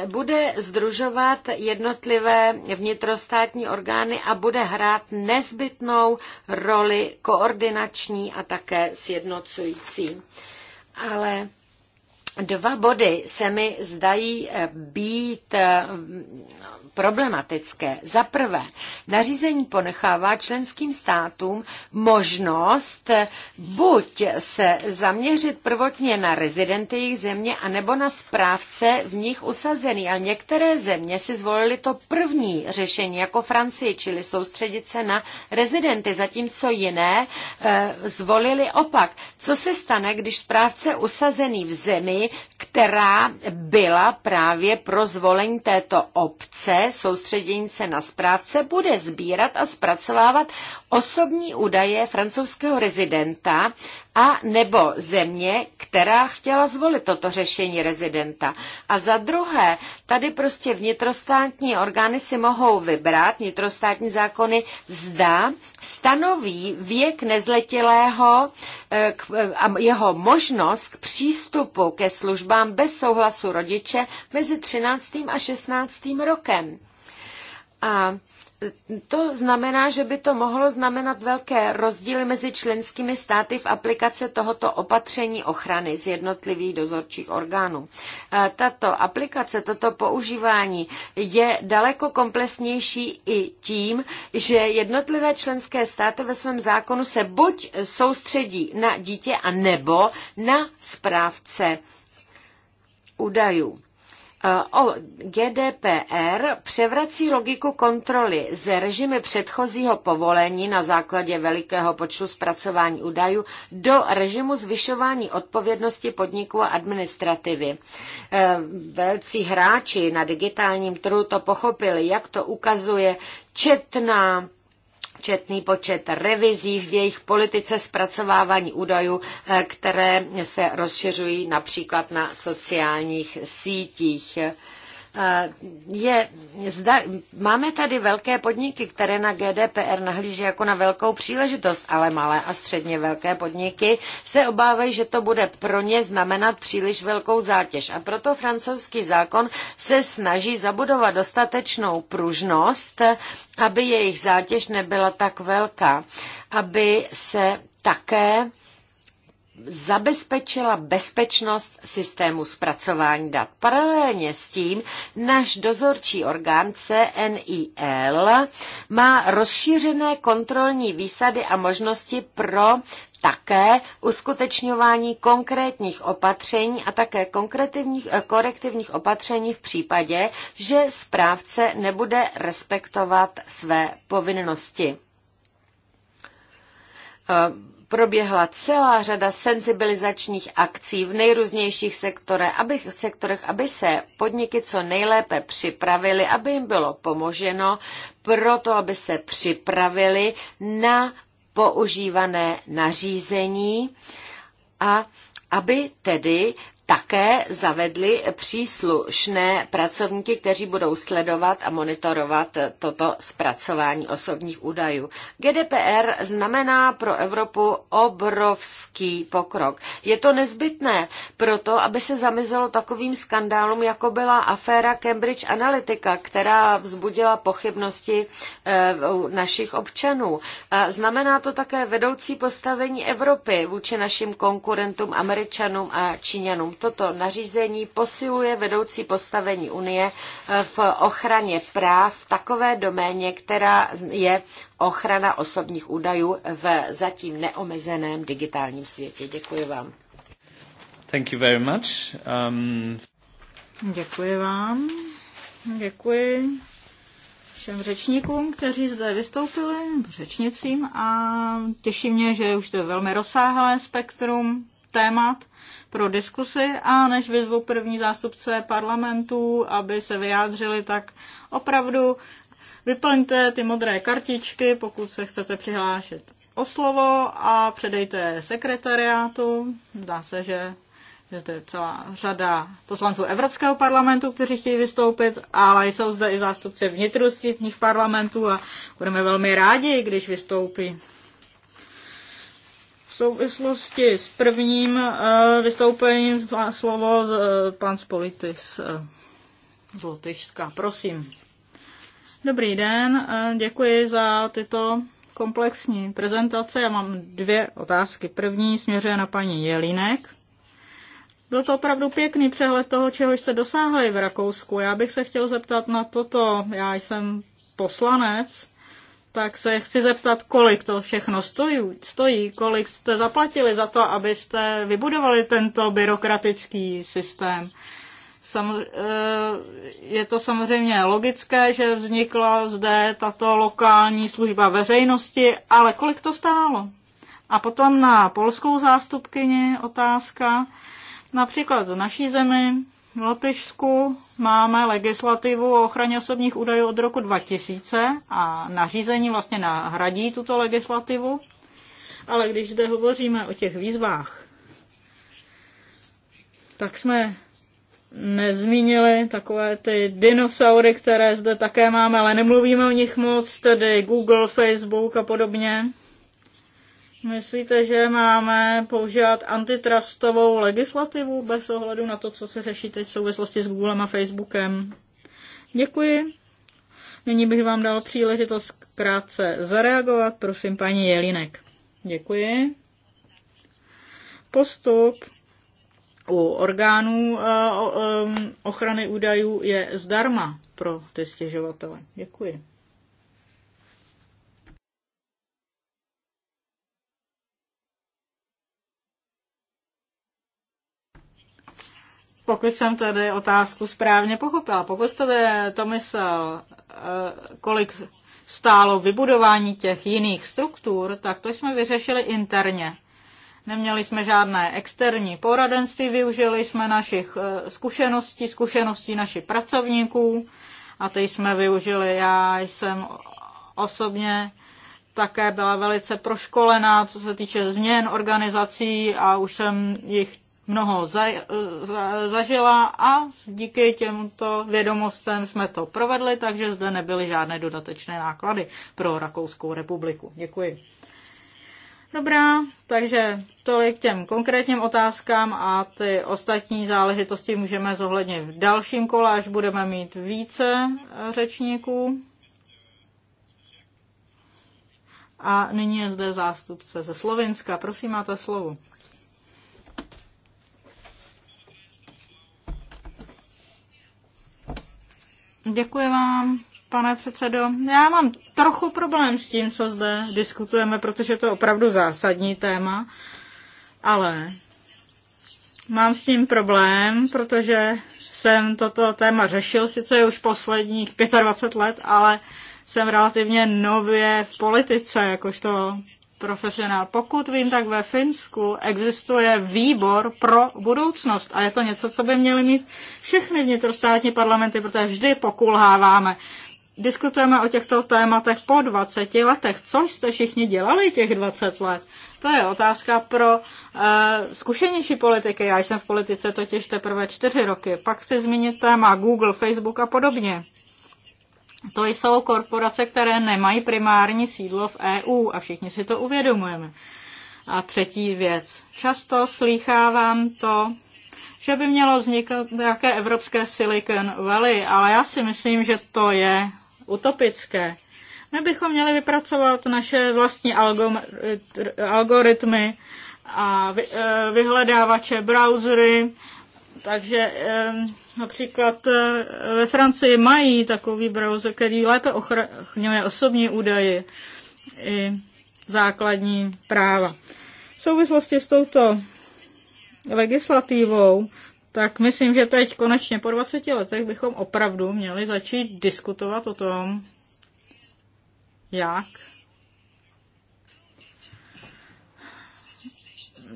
bude združovat jednotlivé vnitrostátní orgány a bude hrát nezbytnou roli koordinační a také sjednocující. Ale dva body se mi zdají být problematické. Za prvé, nařízení ponechává členským státům možnost buď se zaměřit prvotně na rezidenty jejich země, anebo na správce v nich usazený. Ale některé země si zvolily to první řešení, jako Francii, čili soustředit se na rezidenty, zatímco jiné e, zvolili opak. Co se stane, když správce usazený v zemi, která byla právě pro zvolení této obce, soustředění se na správce bude sbírat a zpracovávat osobní údaje francouzského rezidenta a nebo země, která chtěla zvolit toto řešení rezidenta. A za druhé, tady prostě vnitrostátní orgány si mohou vybrat, vnitrostátní zákony zda stanoví věk nezletilého eh, eh, a jeho možnost k přístupu ke službám bez souhlasu rodiče mezi 13. a 16. rokem. A to znamená, že by to mohlo znamenat velké rozdíly mezi členskými státy v aplikaci tohoto opatření ochrany z jednotlivých dozorčích orgánů. E, tato aplikace, toto používání je daleko komplexnější i tím, že jednotlivé členské státy ve svém zákonu se buď soustředí na dítě a nebo na správce údajů. O GDPR převrací logiku kontroly z režimy předchozího povolení na základě velikého počtu zpracování údajů do režimu zvyšování odpovědnosti podniku a administrativy. E, velcí hráči na digitálním trhu to pochopili, jak to ukazuje četná četný počet revizí v jejich politice zpracovávání údajů, eh, které se rozšiřují například na sociálních sítích. Eh, je, zda, máme tady velké podniky, které na GDPR nahlíží jako na velkou příležitost, ale malé a středně velké podniky se obávají, že to bude pro ně znamenat příliš velkou zátěž. A proto francouzský zákon se snaží zabudovat dostatečnou pružnost, aby jejich zátěž nebyla tak velká, aby se také zabezpečila bezpečnost systému zpracování dat. Paralelně s tím náš dozorčí orgán CNIL má rozšířené kontrolní výsady a možnosti pro také uskutečňování konkrétních opatření a také eh, korektivních opatření v případě, že správce nebude respektovat své povinnosti eh, proběhla celá řada senzibilizačních akcí v nejrůznějších sektorech, aby, sektorech, aby se podniky co nejlépe připravili, aby jim bylo pomoženo, proto aby se připravili na používané nařízení a aby tedy také zavedli příslušné pracovníky, kteří budou sledovat a monitorovat toto zpracování osobních údajů. GDPR znamená pro Evropu obrovský pokrok. Je to nezbytné proto, aby se zamizelo takovým skandálům, jako byla aféra Cambridge Analytica, která vzbudila pochybnosti eh, našich občanů. Znamená to také vedoucí postavení Evropy vůči našim konkurentům, američanům a číňanům toto nařízení posiluje vedoucí postavení Unie eh, v ochraně práv v takové doméně, která je ochrana osobních údajů v zatím neomezeném digitálním světě. Děkuji vám. Thank you very much. Um... Děkuji vám. Děkuji všem řečníkům, kteří zde vystoupili, řečnicím a těší mě, že už to je velmi rozsáhlé spektrum témat pro diskusy a než vyzvu první zástupce parlamentu, aby se vyjádřili, tak opravdu vyplňte ty modré kartičky, pokud se chcete přihlášet o slovo a předejte sekretariátu. Zdá se, že že to je celá řada poslanců Evropského parlamentu, kteří chtějí vystoupit, ale jsou zde i zástupci vnitrostitních parlamentů a budeme velmi rádi, když vystoupí v souvislosti s prvním eh, vystoupením má slovo eh, pan Spolitis eh, z Lotyšska. Prosím. Dobrý den, děkuji za tyto komplexní prezentace. Já mám dvě otázky. První směřuje na paní Jelínek. Byl to opravdu pěkný přehled toho, čeho jste dosáhli v Rakousku. Já bych se chtěl zeptat na toto. Já jsem poslanec tak se chci zeptat, kolik to všechno stojí, stojí, kolik jste zaplatili za to, abyste vybudovali tento byrokratický systém. Sam, eh, je to samozřejmě logické, že vznikla zde tato lokální služba veřejnosti, ale kolik to stálo? A potom na polskou zástupkyni otázka. Například v naší zemi v Lotyšsku máme legislativu o ochraně osobních údajů od roku 2000 a nařízení vlastně nahradí tuto legislativu. Ale když zde hovoříme o těch výzvách, tak jsme nezmínili takové ty dinosaury, které zde také máme, ale nemluvíme o nich moc, tedy Google, Facebook a podobně. Myslíte, že máme používat antitrustovou legislativu bez ohledu na to, co se řeší teď v souvislosti s Googlem a Facebookem? Děkuji. Nyní bych vám dal příležitost krátce zareagovat. Prosím, paní Jelinek. Děkuji. Postup u orgánů eh, eh, ochrany údajů je zdarma pro ty stěžovatele. Děkuji. Pokud jsem tedy otázku správně pochopila, pokud jste to myslel, eh, kolik stálo vybudování těch jiných struktur, tak to jsme vyřešili interně. Neměli jsme žádné externí poradenství, využili jsme našich eh, zkušeností, zkušeností našich pracovníků a ty jsme využili. Já jsem osobně také byla velice proškolená, co se týče změn organizací a už jsem jich mnoho za, za, zažila a díky těmto vědomostem jsme to provedli, takže zde nebyly žádné dodatečné náklady pro Rakouskou republiku. Děkuji. Dobrá, takže tolik těm konkrétním otázkám a ty ostatní záležitosti můžeme zohlednit v dalším kole, až budeme mít více eh, řečníků. A nyní je zde zástupce ze Slovenska. Prosím, máte slovo. Děkuji vám, pane předsedo. Já mám trochu problém s tím, co zde diskutujeme, protože to je opravdu zásadní téma, ale mám s tím problém, protože jsem toto téma řešil, sice už posledních 25 let, ale jsem relativně nově v politice, jakožto profesionál. Pokud vím, tak ve Finsku existuje výbor pro budoucnost a je to něco, co by měly mít všechny vnitrostátní parlamenty, protože vždy pokulháváme. Diskutujeme o těchto tématech po 20 letech. Co jste všichni dělali těch 20 let? To je otázka pro uh, zkušenější politiky. Já jsem v politice totiž teprve 4 roky. Pak chci zmínit téma Google, Facebook a podobně. To jsou korporace, které nemají primární sídlo v EU a všichni si to uvědomujeme. A třetí věc. Často slýchávám to, že by mělo vzniknout nějaké evropské Silicon Valley, ale já si myslím, že to je utopické. My bychom měli vypracovat naše vlastní algoritmy a eh, vyhledávače, browsery, takže Například eh, ve Francii mají takový browser, který lépe ochraňuje osobní údaje i základní práva. V souvislosti s touto legislativou, tak myslím, že teď konečně po 20 letech bychom opravdu měli začít diskutovat o tom, jak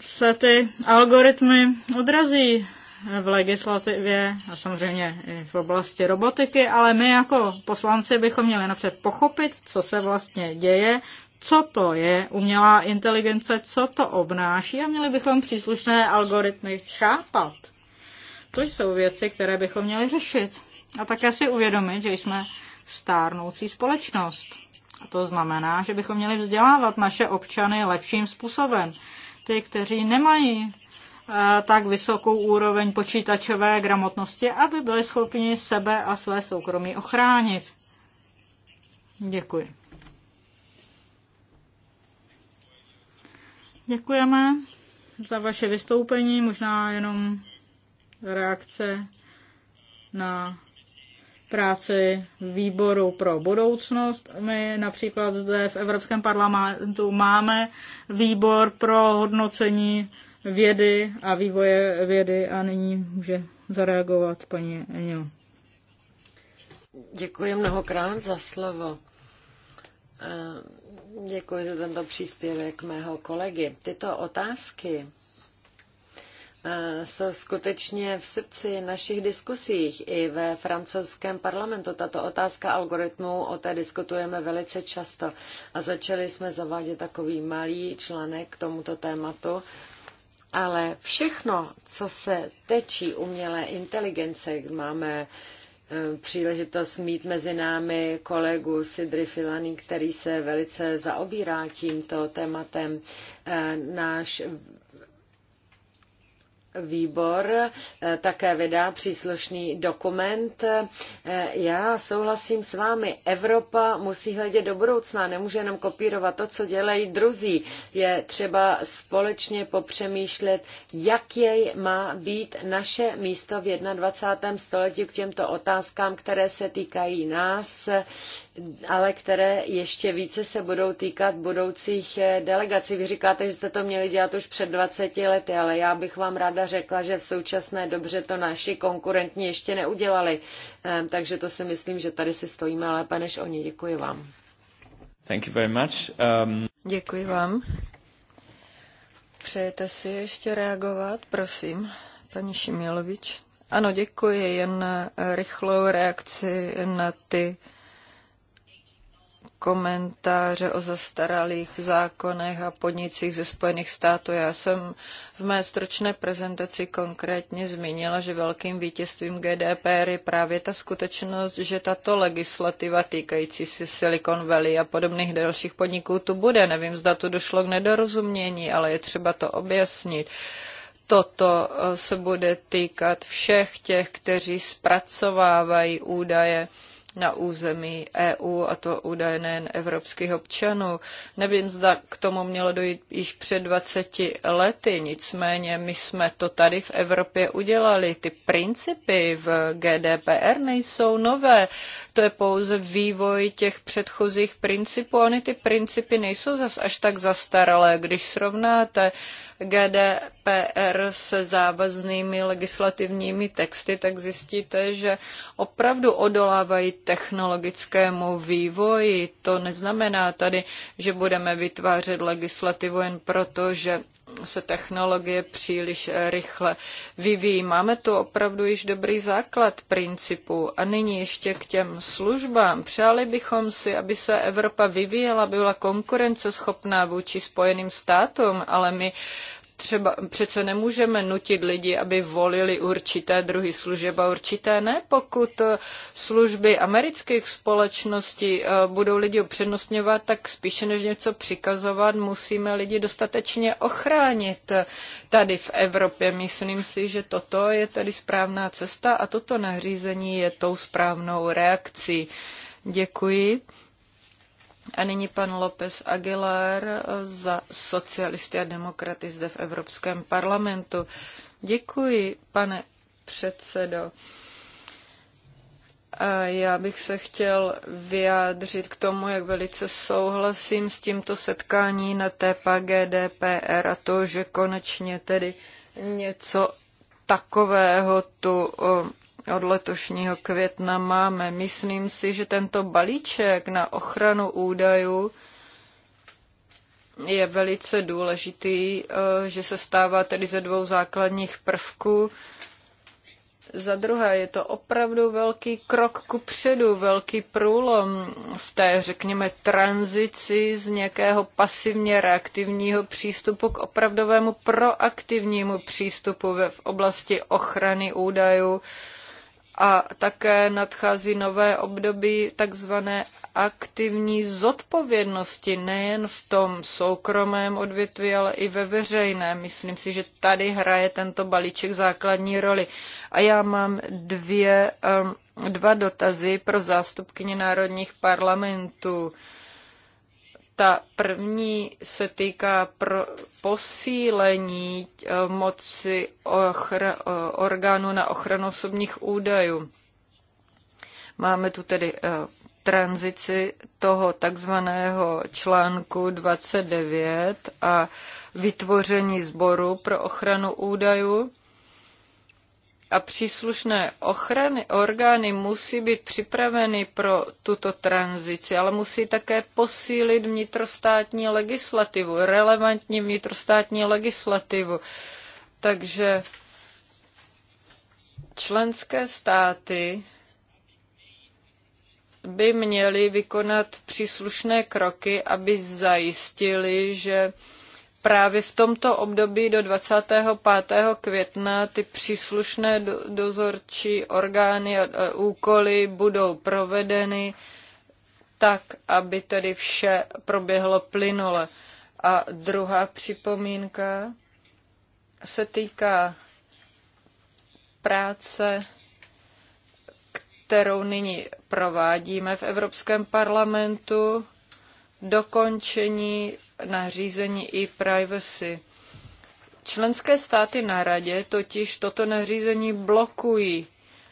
se ty algoritmy odrazí v legislativě a samozřejmě i v oblasti robotiky, ale my jako poslanci bychom měli napřed pochopit, co se vlastně děje, co to je umělá inteligence, co to obnáší a měli bychom příslušné algoritmy chápat. To jsou věci, které bychom měli řešit. A také si uvědomit, že jsme stárnoucí společnost. A to znamená, že bychom měli vzdělávat naše občany lepším způsobem. Ty, kteří nemají Eh, tak vysokou úroveň počítačové gramotnosti, aby byli schopni sebe a své soukromí ochránit. Děkuji. Děkujeme za vaše vystoupení, možná jenom reakce na práci výboru pro budoucnost. My například zde v Evropském parlamentu máme výbor pro hodnocení vědy a vývoje vědy a nyní může zareagovat paní Enio. Děkuji mnohokrát za slovo. Děkuji za tento příspěvek mého kolegy. Tyto otázky jsou skutečně v srdci našich diskusích. I ve francouzském parlamentu tato otázka algoritmů, o té diskutujeme velice často. A začali jsme zavádět takový malý článek k tomuto tématu ale všechno, co se tečí umělé inteligence, máme eh, příležitost mít mezi námi kolegu Sidry Filany, který se velice zaobírá tímto tématem. Eh, náš výbor eh, také vydá příslušný dokument. Eh, já souhlasím s vámi, Evropa musí hledět do budoucna, nemůže jenom kopírovat to, co dělají druzí. Je třeba společně popřemýšlet, jak jej má být naše místo v 21. století k těmto otázkám, které se týkají nás, ale které ještě více se budou týkat budoucích eh, delegací. Vy říkáte, že jste to měli dělat už před 20 lety, ale já bych vám ráda řekla, že v současné dobře to naši konkurentní ještě neudělali. Eh, takže to si myslím, že tady si stojíme lépe než oni. Děkuji vám. Thank you very much. Um... Děkuji vám. Přejete si ještě reagovat, prosím, paní šimelovič? Ano, děkuji. Jen eh, rychlou reakci na ty komentáře o zastaralých zákonech a podnicích ze Spojených států. Já jsem v mé stročné prezentaci konkrétně zmínila, že velkým vítězstvím GDPR je právě ta skutečnost, že tato legislativa týkající se Silicon Valley a podobných dalších podniků tu bude. Nevím, zda tu došlo k nedorozumění, ale je třeba to objasnit toto eh, se bude týkat všech těch, kteří zpracovávají údaje na území EU, a to údaje nejen evropských občanů. Nevím, zda k tomu mělo dojít již před 20 lety, nicméně my jsme to tady v Evropě udělali. Ty principy v GDPR nejsou nové, to je pouze vývoj těch předchozích principů. Ony ty principy nejsou zas až tak zastaralé, když srovnáte GDPR se závaznými legislativními texty, tak zjistíte, že opravdu odolávají technologickému vývoji. To neznamená tady, že budeme vytvářet legislativu jen proto, že se technologie příliš rychle vyvíjí. Máme tu opravdu již dobrý základ principu. A nyní ještě k těm službám. Přáli bychom si, aby se Evropa vyvíjela, byla konkurenceschopná vůči Spojeným státům, ale my třeba přece nemůžeme nutit lidi, aby volili určité druhy služeb a určité ne. Pokud eh, služby amerických společností eh, budou lidi upřednostňovat, tak spíše než něco přikazovat, musíme lidi dostatečně ochránit eh, tady v Evropě. Myslím si, že toto je tady správná cesta a toto nařízení je tou správnou reakcí. Děkuji. A nyní pan López Aguilar za socialisty a demokraty zde v Evropském parlamentu. Děkuji, pane předsedo. A já bych se chtěl vyjádřit k tomu, jak velice souhlasím s tímto setkání na TEPA GDPR a to, že konečně tedy něco takového tu um, od letošního května máme. Myslím si, že tento balíček na ochranu údajů je velice důležitý, eh, že se stává tedy ze dvou základních prvků. Za druhé, je to opravdu velký krok ku předu, velký průlom v té, řekněme, tranzici z nějakého pasivně reaktivního přístupu k opravdovému proaktivnímu přístupu v oblasti ochrany údajů a také nadchází nové období takzvané aktivní zodpovědnosti nejen v tom soukromém odvětví, ale i ve veřejném. Myslím si, že tady hraje tento balíček základní roli. A já mám dvě, dva dotazy pro zástupkyně národních parlamentů. Ta první se týká pro posílení eh, moci ochr- eh, orgánu na ochranu osobních údajů. Máme tu tedy eh, tranzici toho takzvaného článku 29 a vytvoření sboru pro ochranu údajů a příslušné ochrany, orgány musí být připraveny pro tuto tranzici, ale musí také posílit vnitrostátní legislativu, relevantní vnitrostátní legislativu. Takže členské státy by měly vykonat příslušné kroky, aby zajistili, že právě v tomto období do 25. května ty příslušné dozorčí orgány a úkoly budou provedeny tak, aby tedy vše proběhlo plynule. A druhá připomínka se týká práce, kterou nyní provádíme v Evropském parlamentu, dokončení nařízení e-privacy. Členské státy na radě totiž toto nařízení blokují.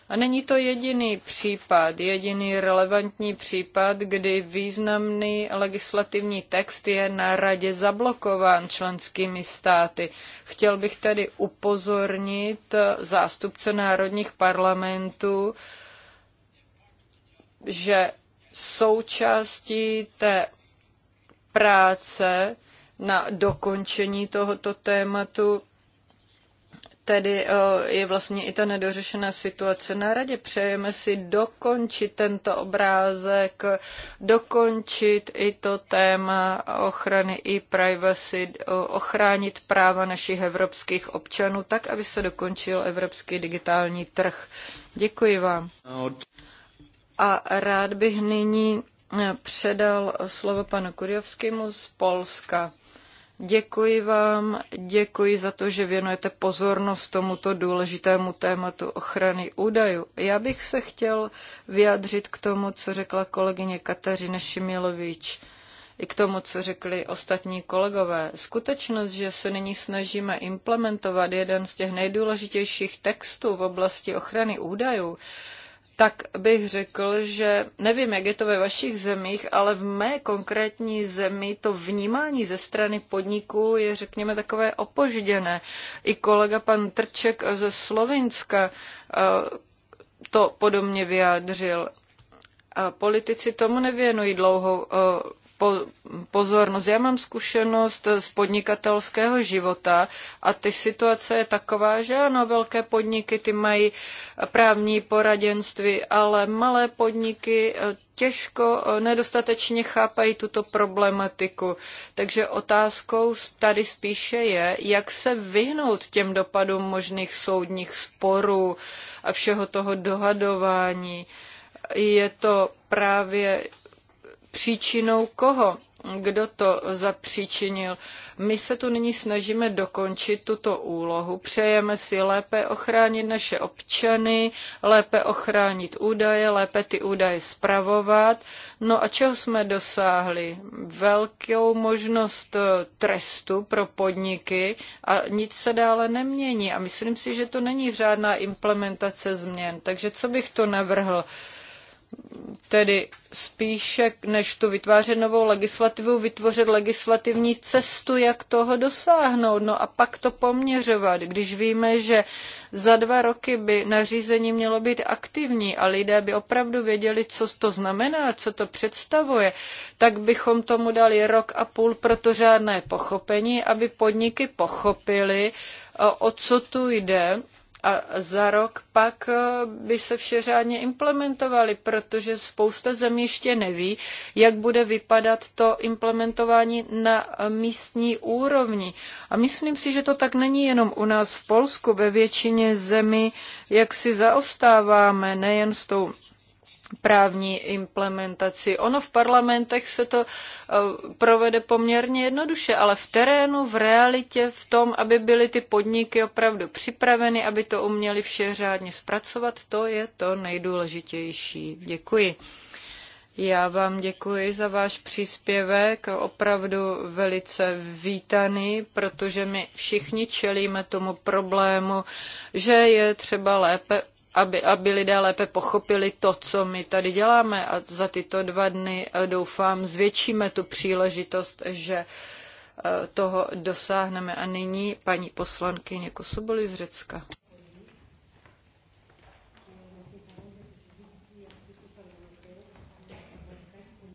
A není to jediný případ, jediný relevantní případ, kdy významný legislativní text je na radě zablokován členskými státy. Chtěl bych tedy upozornit zástupce národních parlamentů, že součástí té práce na dokončení tohoto tématu tedy eh, je vlastně i ta nedořešená situace na radě. Přejeme si dokončit tento obrázek, dokončit i to téma ochrany i privacy, eh, ochránit práva našich evropských občanů tak, aby se dokončil evropský digitální trh. Děkuji vám. A rád bych nyní předal slovo panu Kurjovskému z Polska. Děkuji vám, děkuji za to, že věnujete pozornost tomuto důležitému tématu ochrany údajů. Já bych se chtěl vyjádřit k tomu, co řekla kolegyně Kateřina Šimilovič i k tomu, co řekli ostatní kolegové. Skutečnost, že se nyní snažíme implementovat jeden z těch nejdůležitějších textů v oblasti ochrany údajů, tak bych řekl, že nevím, jak je to ve vašich zemích, ale v mé konkrétní zemi to vnímání ze strany podniků je, řekněme, takové opožděné. I kolega pan Trček ze Slovinska eh, to podobně vyjádřil. politici tomu nevěnují dlouhou eh, pozornost. Já mám zkušenost z podnikatelského života a ty situace je taková, že ano, velké podniky ty mají právní poradenství, ale malé podniky eh, těžko, eh, nedostatečně chápají tuto problematiku. Takže otázkou tady spíše je, jak se vyhnout těm dopadům možných soudních sporů a všeho toho dohadování. Je to právě příčinou koho kdo to zapříčinil. My se tu nyní snažíme dokončit tuto úlohu. Přejeme si lépe ochránit naše občany, lépe ochránit údaje, lépe ty údaje spravovat. No a čeho jsme dosáhli? Velkou možnost eh, trestu pro podniky a nic se dále nemění. A myslím si, že to není řádná implementace změn. Takže co bych to navrhl? tedy spíše, než tu vytvářet novou legislativu, vytvořit legislativní cestu, jak toho dosáhnout. No a pak to poměřovat, když víme, že za dva roky by nařízení mělo být aktivní a lidé by opravdu věděli, co to znamená, co to představuje, tak bychom tomu dali rok a půl pro to žádné pochopení, aby podniky pochopili, o co tu jde a za rok pak eh, by se vše řádně implementovaly, protože spousta zemí ještě neví, jak bude vypadat to implementování na místní úrovni. A myslím si, že to tak není jenom u nás v Polsku, ve většině zemí, jak si zaostáváme nejen s tou právní implementaci. Ono v parlamentech se to eh, provede poměrně jednoduše, ale v terénu, v realitě, v tom, aby byly ty podniky opravdu připraveny, aby to uměli vše řádně zpracovat, to je to nejdůležitější. Děkuji. Já vám děkuji za váš příspěvek, opravdu velice vítaný, protože my všichni čelíme tomu problému, že je třeba lépe aby, aby lidé lépe pochopili to, co my tady děláme. A za tyto dva dny eh, doufám zvětšíme tu příležitost, že eh, toho dosáhneme. A nyní paní poslankyně Kosoboli z Řecka.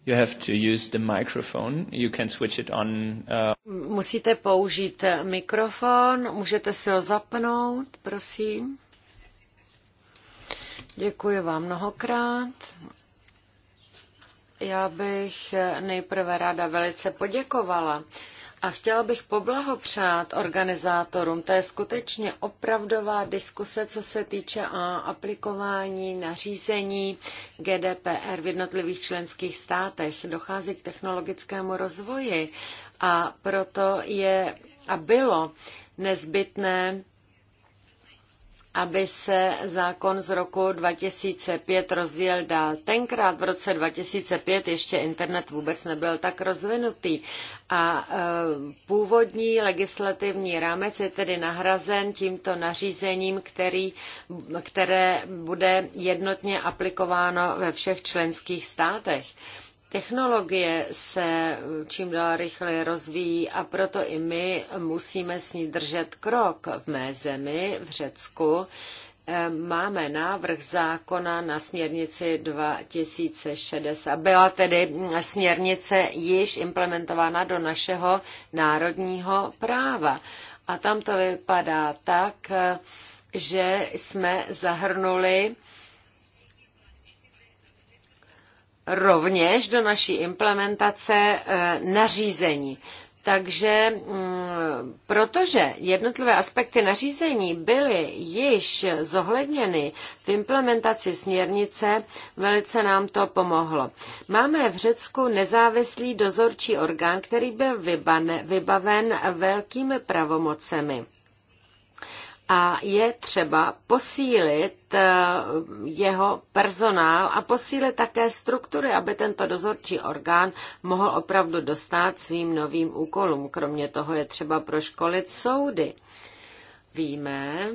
You have to use the microphone. You can switch it on. Uh... Musíte použít mikrofon, můžete si ho zapnout, prosím. Děkuji vám mnohokrát. Já bych nejprve ráda velice poděkovala a chtěla bych poblahopřát organizátorům. To je skutečně opravdová diskuse, co se týče aplikování nařízení GDPR v jednotlivých členských státech. Dochází k technologickému rozvoji a proto je a bylo nezbytné aby se zákon z roku 2005 rozvíjel dál. Tenkrát v roce 2005 ještě internet vůbec nebyl tak rozvinutý a e, původní legislativní rámec je tedy nahrazen tímto nařízením, který, které bude jednotně aplikováno ve všech členských státech. Technologie se čím dál rychleji rozvíjí a proto i my musíme s ní držet krok. V mé zemi, v Řecku, eh, máme návrh zákona na směrnici 2060. Byla tedy směrnice již implementována do našeho národního práva. A tam to vypadá tak, eh, že jsme zahrnuli rovněž do naší implementace e, nařízení. Takže protože jednotlivé aspekty nařízení byly již zohledněny v implementaci směrnice, velice nám to pomohlo. Máme v Řecku nezávislý dozorčí orgán, který byl vybaven velkými pravomocemi a je třeba posílit eh, jeho personál a posílit také struktury, aby tento dozorčí orgán mohl opravdu dostat svým novým úkolům. Kromě toho je třeba proškolit soudy. Víme,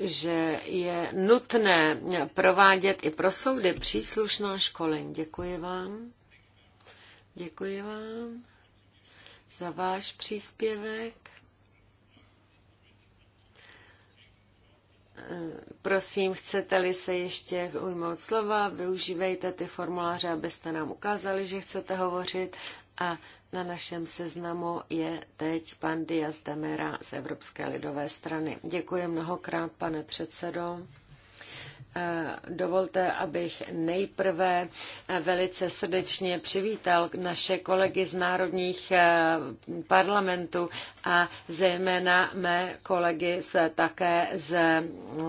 že je nutné provádět i pro soudy příslušná školení. Děkuji vám. Děkuji vám za váš příspěvek. Prosím, chcete-li se ještě ujmout slova, využívejte ty formuláře, abyste nám ukázali, že chcete hovořit. A na našem seznamu je teď pan Diaz Demera z Evropské lidové strany. Děkuji mnohokrát, pane předsedo. Dovolte, abych nejprve velice srdečně přivítal naše kolegy z národních eh, parlamentů a zejména mé kolegy z, také z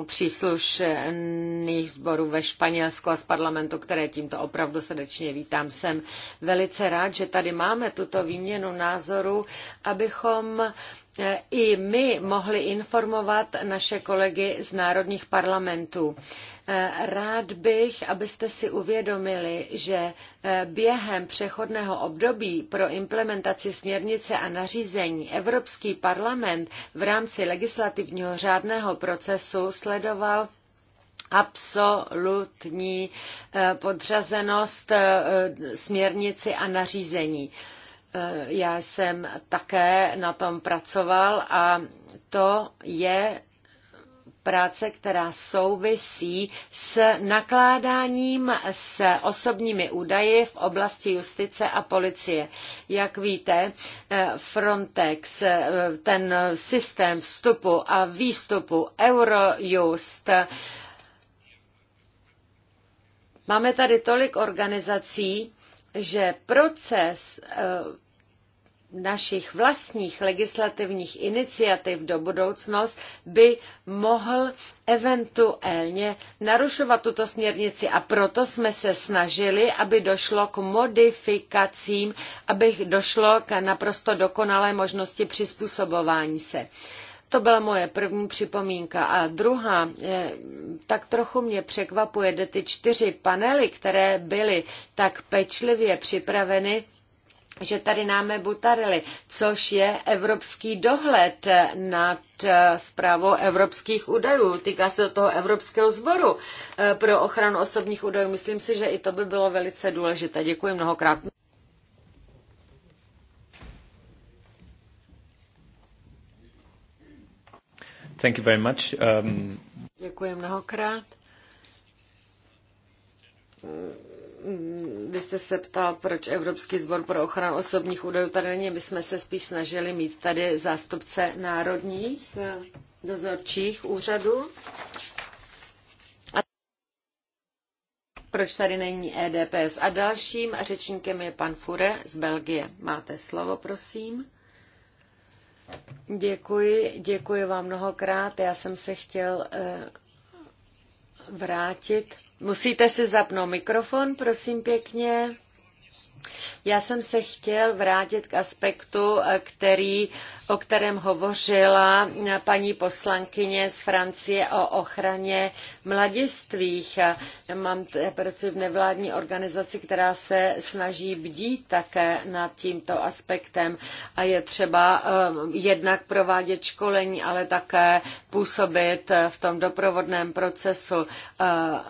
příslušných sborů ve Španělsku a z parlamentu, které tímto opravdu srdečně vítám. Jsem velice rád, že tady máme tuto výměnu názoru, abychom i my mohli informovat naše kolegy z národních parlamentů. Eh, rád bych, abyste si uvědomili, že eh, během přechodného období pro implementaci směrnice a nařízení Evropský parlament v rámci legislativního řádného procesu sledoval absolutní eh, podřazenost směrnici a nařízení. Eh, já jsem také na tom pracoval a to je práce, která souvisí s nakládáním s osobními údaji v oblasti justice a policie. Jak víte, eh, Frontex, eh, ten systém vstupu a výstupu Eurojust, Máme tady tolik organizací, že proces našich vlastních legislativních iniciativ do budoucnost by mohl eventuálně narušovat tuto směrnici a proto jsme se snažili, aby došlo k modifikacím, aby došlo k naprosto dokonalé možnosti přizpůsobování se. To byla moje první připomínka. A druhá, eh, tak trochu mě překvapuje, že ty čtyři panely, které byly tak pečlivě připraveny, že tady máme Butarely, což je evropský dohled nad eh, zprávou evropských údajů. Týká se do toho Evropského sboru eh, pro ochranu osobních údajů. Myslím si, že i to by bylo velice důležité. Děkuji mnohokrát. Thank you very much. Um... Děkuji mnohokrát Mm, vy jste se ptal, proč Evropský sbor pro ochranu osobních údajů tady není. My jsme se spíš snažili mít tady zástupce národních eh, dozorčích úřadů. A proč tady není EDPS? A dalším řečníkem je pan Fure z Belgie. Máte slovo, prosím. Děkuji, děkuji vám mnohokrát. Já jsem se chtěl eh, vrátit Musíte si zapnout mikrofon, prosím pěkně. Já jsem se chtěl vrátit k aspektu, který, o kterém hovořila paní poslankyně z Francie o ochraně mladistvých. Já mám pracuji v nevládní organizaci, která se snaží bdít také nad tímto aspektem a je třeba eh, jednak provádět školení, ale také působit v tom doprovodném procesu. Eh,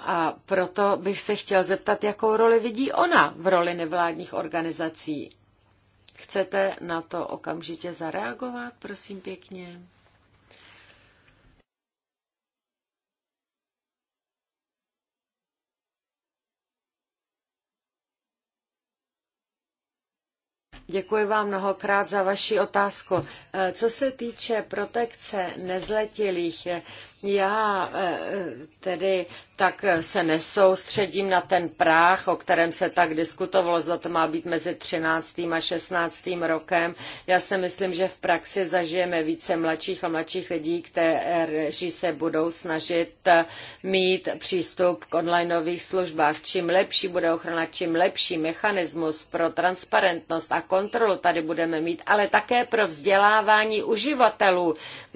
a proto bych se chtěl zeptat, jakou roli vidí ona v roli nevládní mezinárodních organizací. Chcete na to okamžitě zareagovat, prosím pěkně? Děkuji vám mnohokrát za vaši otázku. Eh, co se týče protekce nezletilých, eh, já eh, tedy tak se nesoustředím na ten práh, o kterém se tak diskutovalo, zda to má být mezi 13. a 16. rokem. Já si myslím, že v praxi zažijeme více mladších a mladších lidí, kteří se budou snažit eh, mít přístup k onlineových službách. Čím lepší bude ochrana, čím lepší mechanismus pro transparentnost a kontrolu tady budeme mít, ale také pro vzdělávání uživatelů.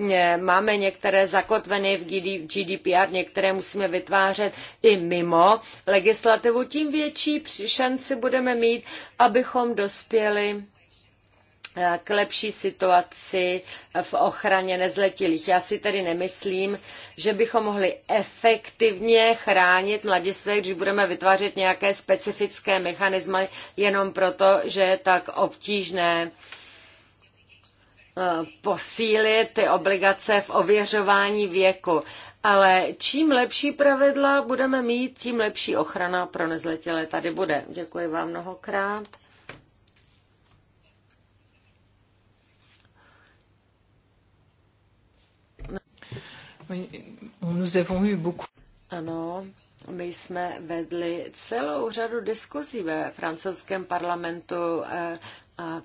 Eh, máme některé zakotveny změny v GDPR, některé musíme vytvářet i mimo legislativu, tím větší šanci budeme mít, abychom dospěli eh, k lepší situaci v ochraně nezletilých. Já si tedy nemyslím, že bychom mohli efektivně chránit mladistvé, když budeme vytvářet nějaké specifické mechanismy jenom proto, že je tak obtížné uh, posílit ty obligace v ověřování věku. Ale čím lepší pravidla budeme mít, tím lepší ochrana pro nezletilé tady bude. Děkuji vám mnohokrát. Ano, my jsme vedli celou řadu diskuzí ve francouzském parlamentu eh, a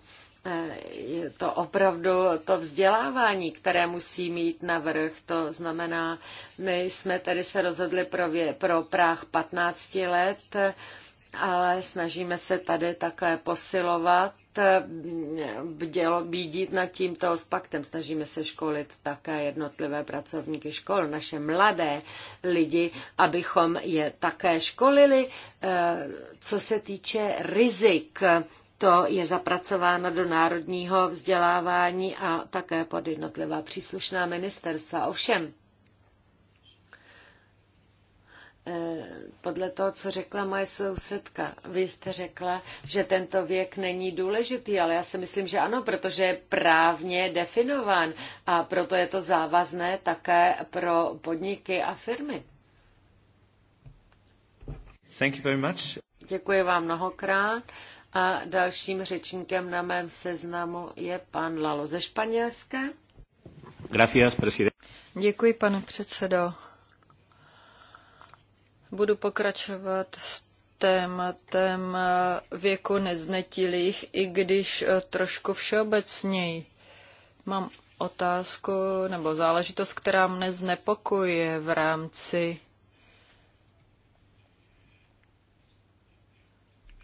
je to opravdu to vzdělávání, které musí mít na vrch. To znamená, my jsme tady se rozhodli pro, vě, pro práh 15 let, ale snažíme se tady také posilovat bdělo, bídit nad tímto s paktem. Snažíme se školit také jednotlivé pracovníky škol, naše mladé lidi, abychom je také školili, eh, co se týče rizik to je zapracováno do národního vzdělávání a také pod jednotlivá příslušná ministerstva. Ovšem, eh, podle toho, co řekla moje sousedka, vy jste řekla, že tento věk není důležitý, ale já si myslím, že ano, protože je právně definován a proto je to závazné také pro podniky a firmy. Thank you very much. Děkuji vám mnohokrát. A dalším řečníkem na mém seznamu je pan Lalo ze Španělska. Gracias, president. Děkuji, pane předsedo. Budu pokračovat s tématem věku neznetilých, i když eh, trošku všeobecněji. Mám otázku nebo záležitost, která mne znepokuje v rámci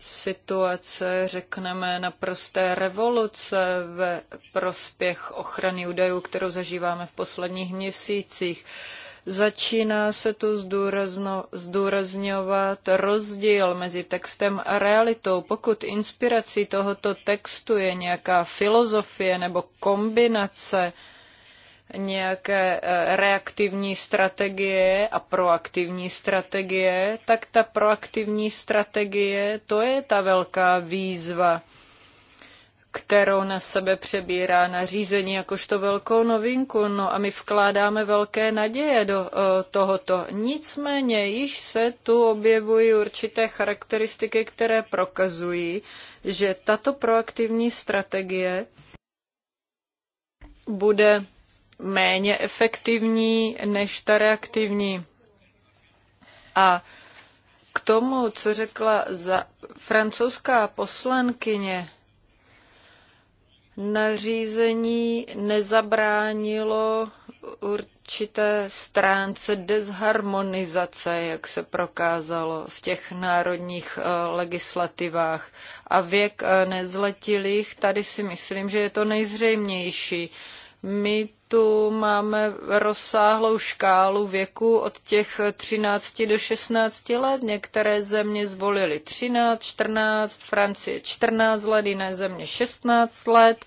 situace, řekneme, naprosté revoluce ve prospěch ochrany údajů, kterou zažíváme v posledních měsících. Začíná se tu zdůrazno, zdůrazňovat rozdíl mezi textem a realitou. Pokud inspirací tohoto textu je nějaká filozofie nebo kombinace, nějaké eh, reaktivní strategie a proaktivní strategie, tak ta proaktivní strategie, to je ta velká výzva, kterou na sebe přebírá nařízení jakožto velkou novinku. No a my vkládáme velké naděje do eh, tohoto. Nicméně již se tu objevují určité charakteristiky, které prokazují, že tato proaktivní strategie bude méně efektivní než ta reaktivní. A k tomu, co řekla za francouzská poslankyně, nařízení nezabránilo určité stránce dezharmonizace, jak se prokázalo v těch národních eh, legislativách. A věk eh, nezletilých, tady si myslím, že je to nejzřejmější. My tu máme rozsáhlou škálu věku od těch 13 do 16 let. Některé země zvolily 13, 14, Francie 14 let, jiné země 16 let.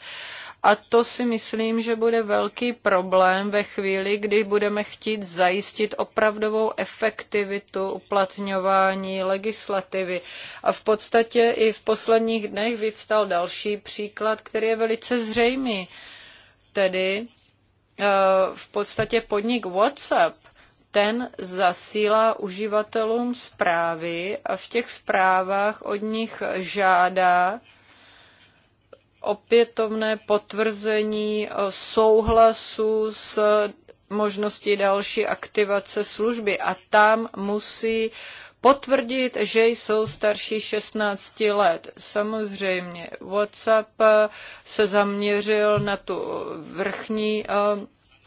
A to si myslím, že bude velký problém ve chvíli, kdy budeme chtít zajistit opravdovou efektivitu uplatňování legislativy. A v podstatě i v posledních dnech vyvstal další příklad, který je velice zřejmý. Tedy Eh, v podstatě podnik WhatsApp, ten zasílá uživatelům zprávy a v těch zprávách od nich žádá opětovné potvrzení eh, souhlasu s možností další aktivace služby. A tam musí potvrdit, že jsou starší 16 let. Samozřejmě WhatsApp eh, se zaměřil na tu vrchní eh,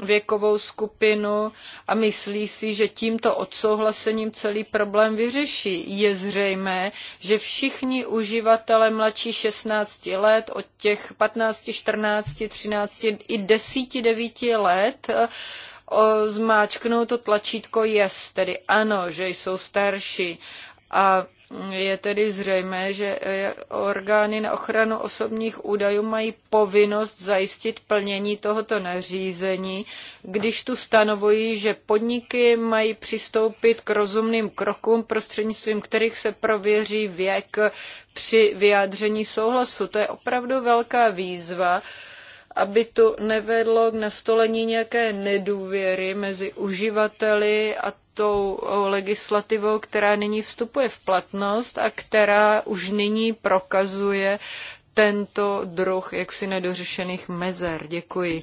věkovou skupinu a myslí si, že tímto odsouhlasením celý problém vyřeší. Je zřejmé, že všichni uživatelé mladší 16 let, od těch 15, 14, 13 i 10, 9 let, eh, zmáčknou to tlačítko yes, tedy ano, že jsou starší. A je tedy zřejmé, že e, orgány na ochranu osobních údajů mají povinnost zajistit plnění tohoto nařízení, když tu stanovují, že podniky mají přistoupit k rozumným krokům, prostřednictvím kterých se prověří věk při vyjádření souhlasu. To je opravdu velká výzva aby to nevedlo k nastolení nějaké nedůvěry mezi uživateli a tou legislativou, která nyní vstupuje v platnost a která už nyní prokazuje tento druh jaksi nedořešených mezer. Děkuji.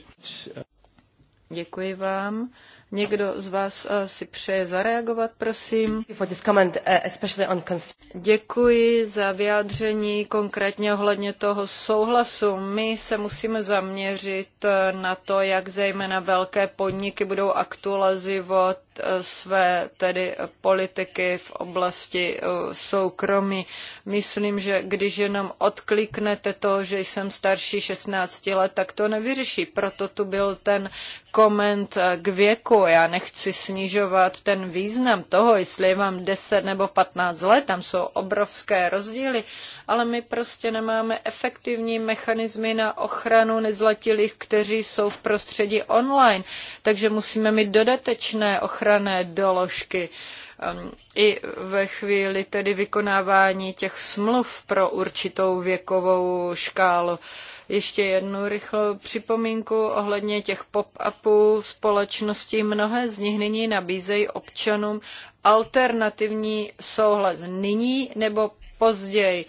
Děkuji vám. Někdo z vás eh, si přeje zareagovat, prosím. Eh, Děkuji za vyjádření konkrétně ohledně toho souhlasu. My se musíme zaměřit eh, na to, jak zejména velké podniky budou aktualizovat své tedy politiky v oblasti eh, soukromí. Myslím, že když jenom odkliknete to, že jsem starší 16 let, tak to nevyřeší. Proto tu byl ten koment eh, k věku. Já nechci snižovat ten význam toho, jestli je vám 10 nebo 15 let, tam jsou obrovské rozdíly, ale my prostě nemáme efektivní mechanismy na ochranu nezletilých, kteří jsou v prostředí online, takže musíme mít dodatečné ochrany ochranné doložky um, i ve chvíli tedy vykonávání těch smluv pro určitou věkovou škálu. Ještě jednu rychlou připomínku ohledně těch pop-upů společností. Mnohé z nich nyní nabízejí občanům alternativní souhlas nyní nebo později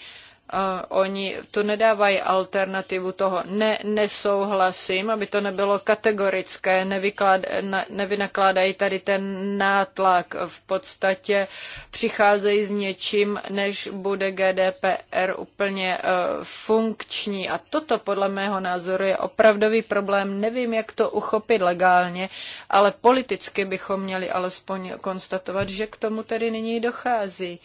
oni to nedávají alternativu toho ne, nesouhlasím, aby to nebylo kategorické, nevyklad, ne, nevynakládají tady ten nátlak, v podstatě přicházejí s něčím, než bude GDPR úplně uh, funkční a toto podle mého názoru je opravdový problém, nevím, jak to uchopit legálně, ale politicky bychom měli alespoň konstatovat, že k tomu tedy nyní dochází.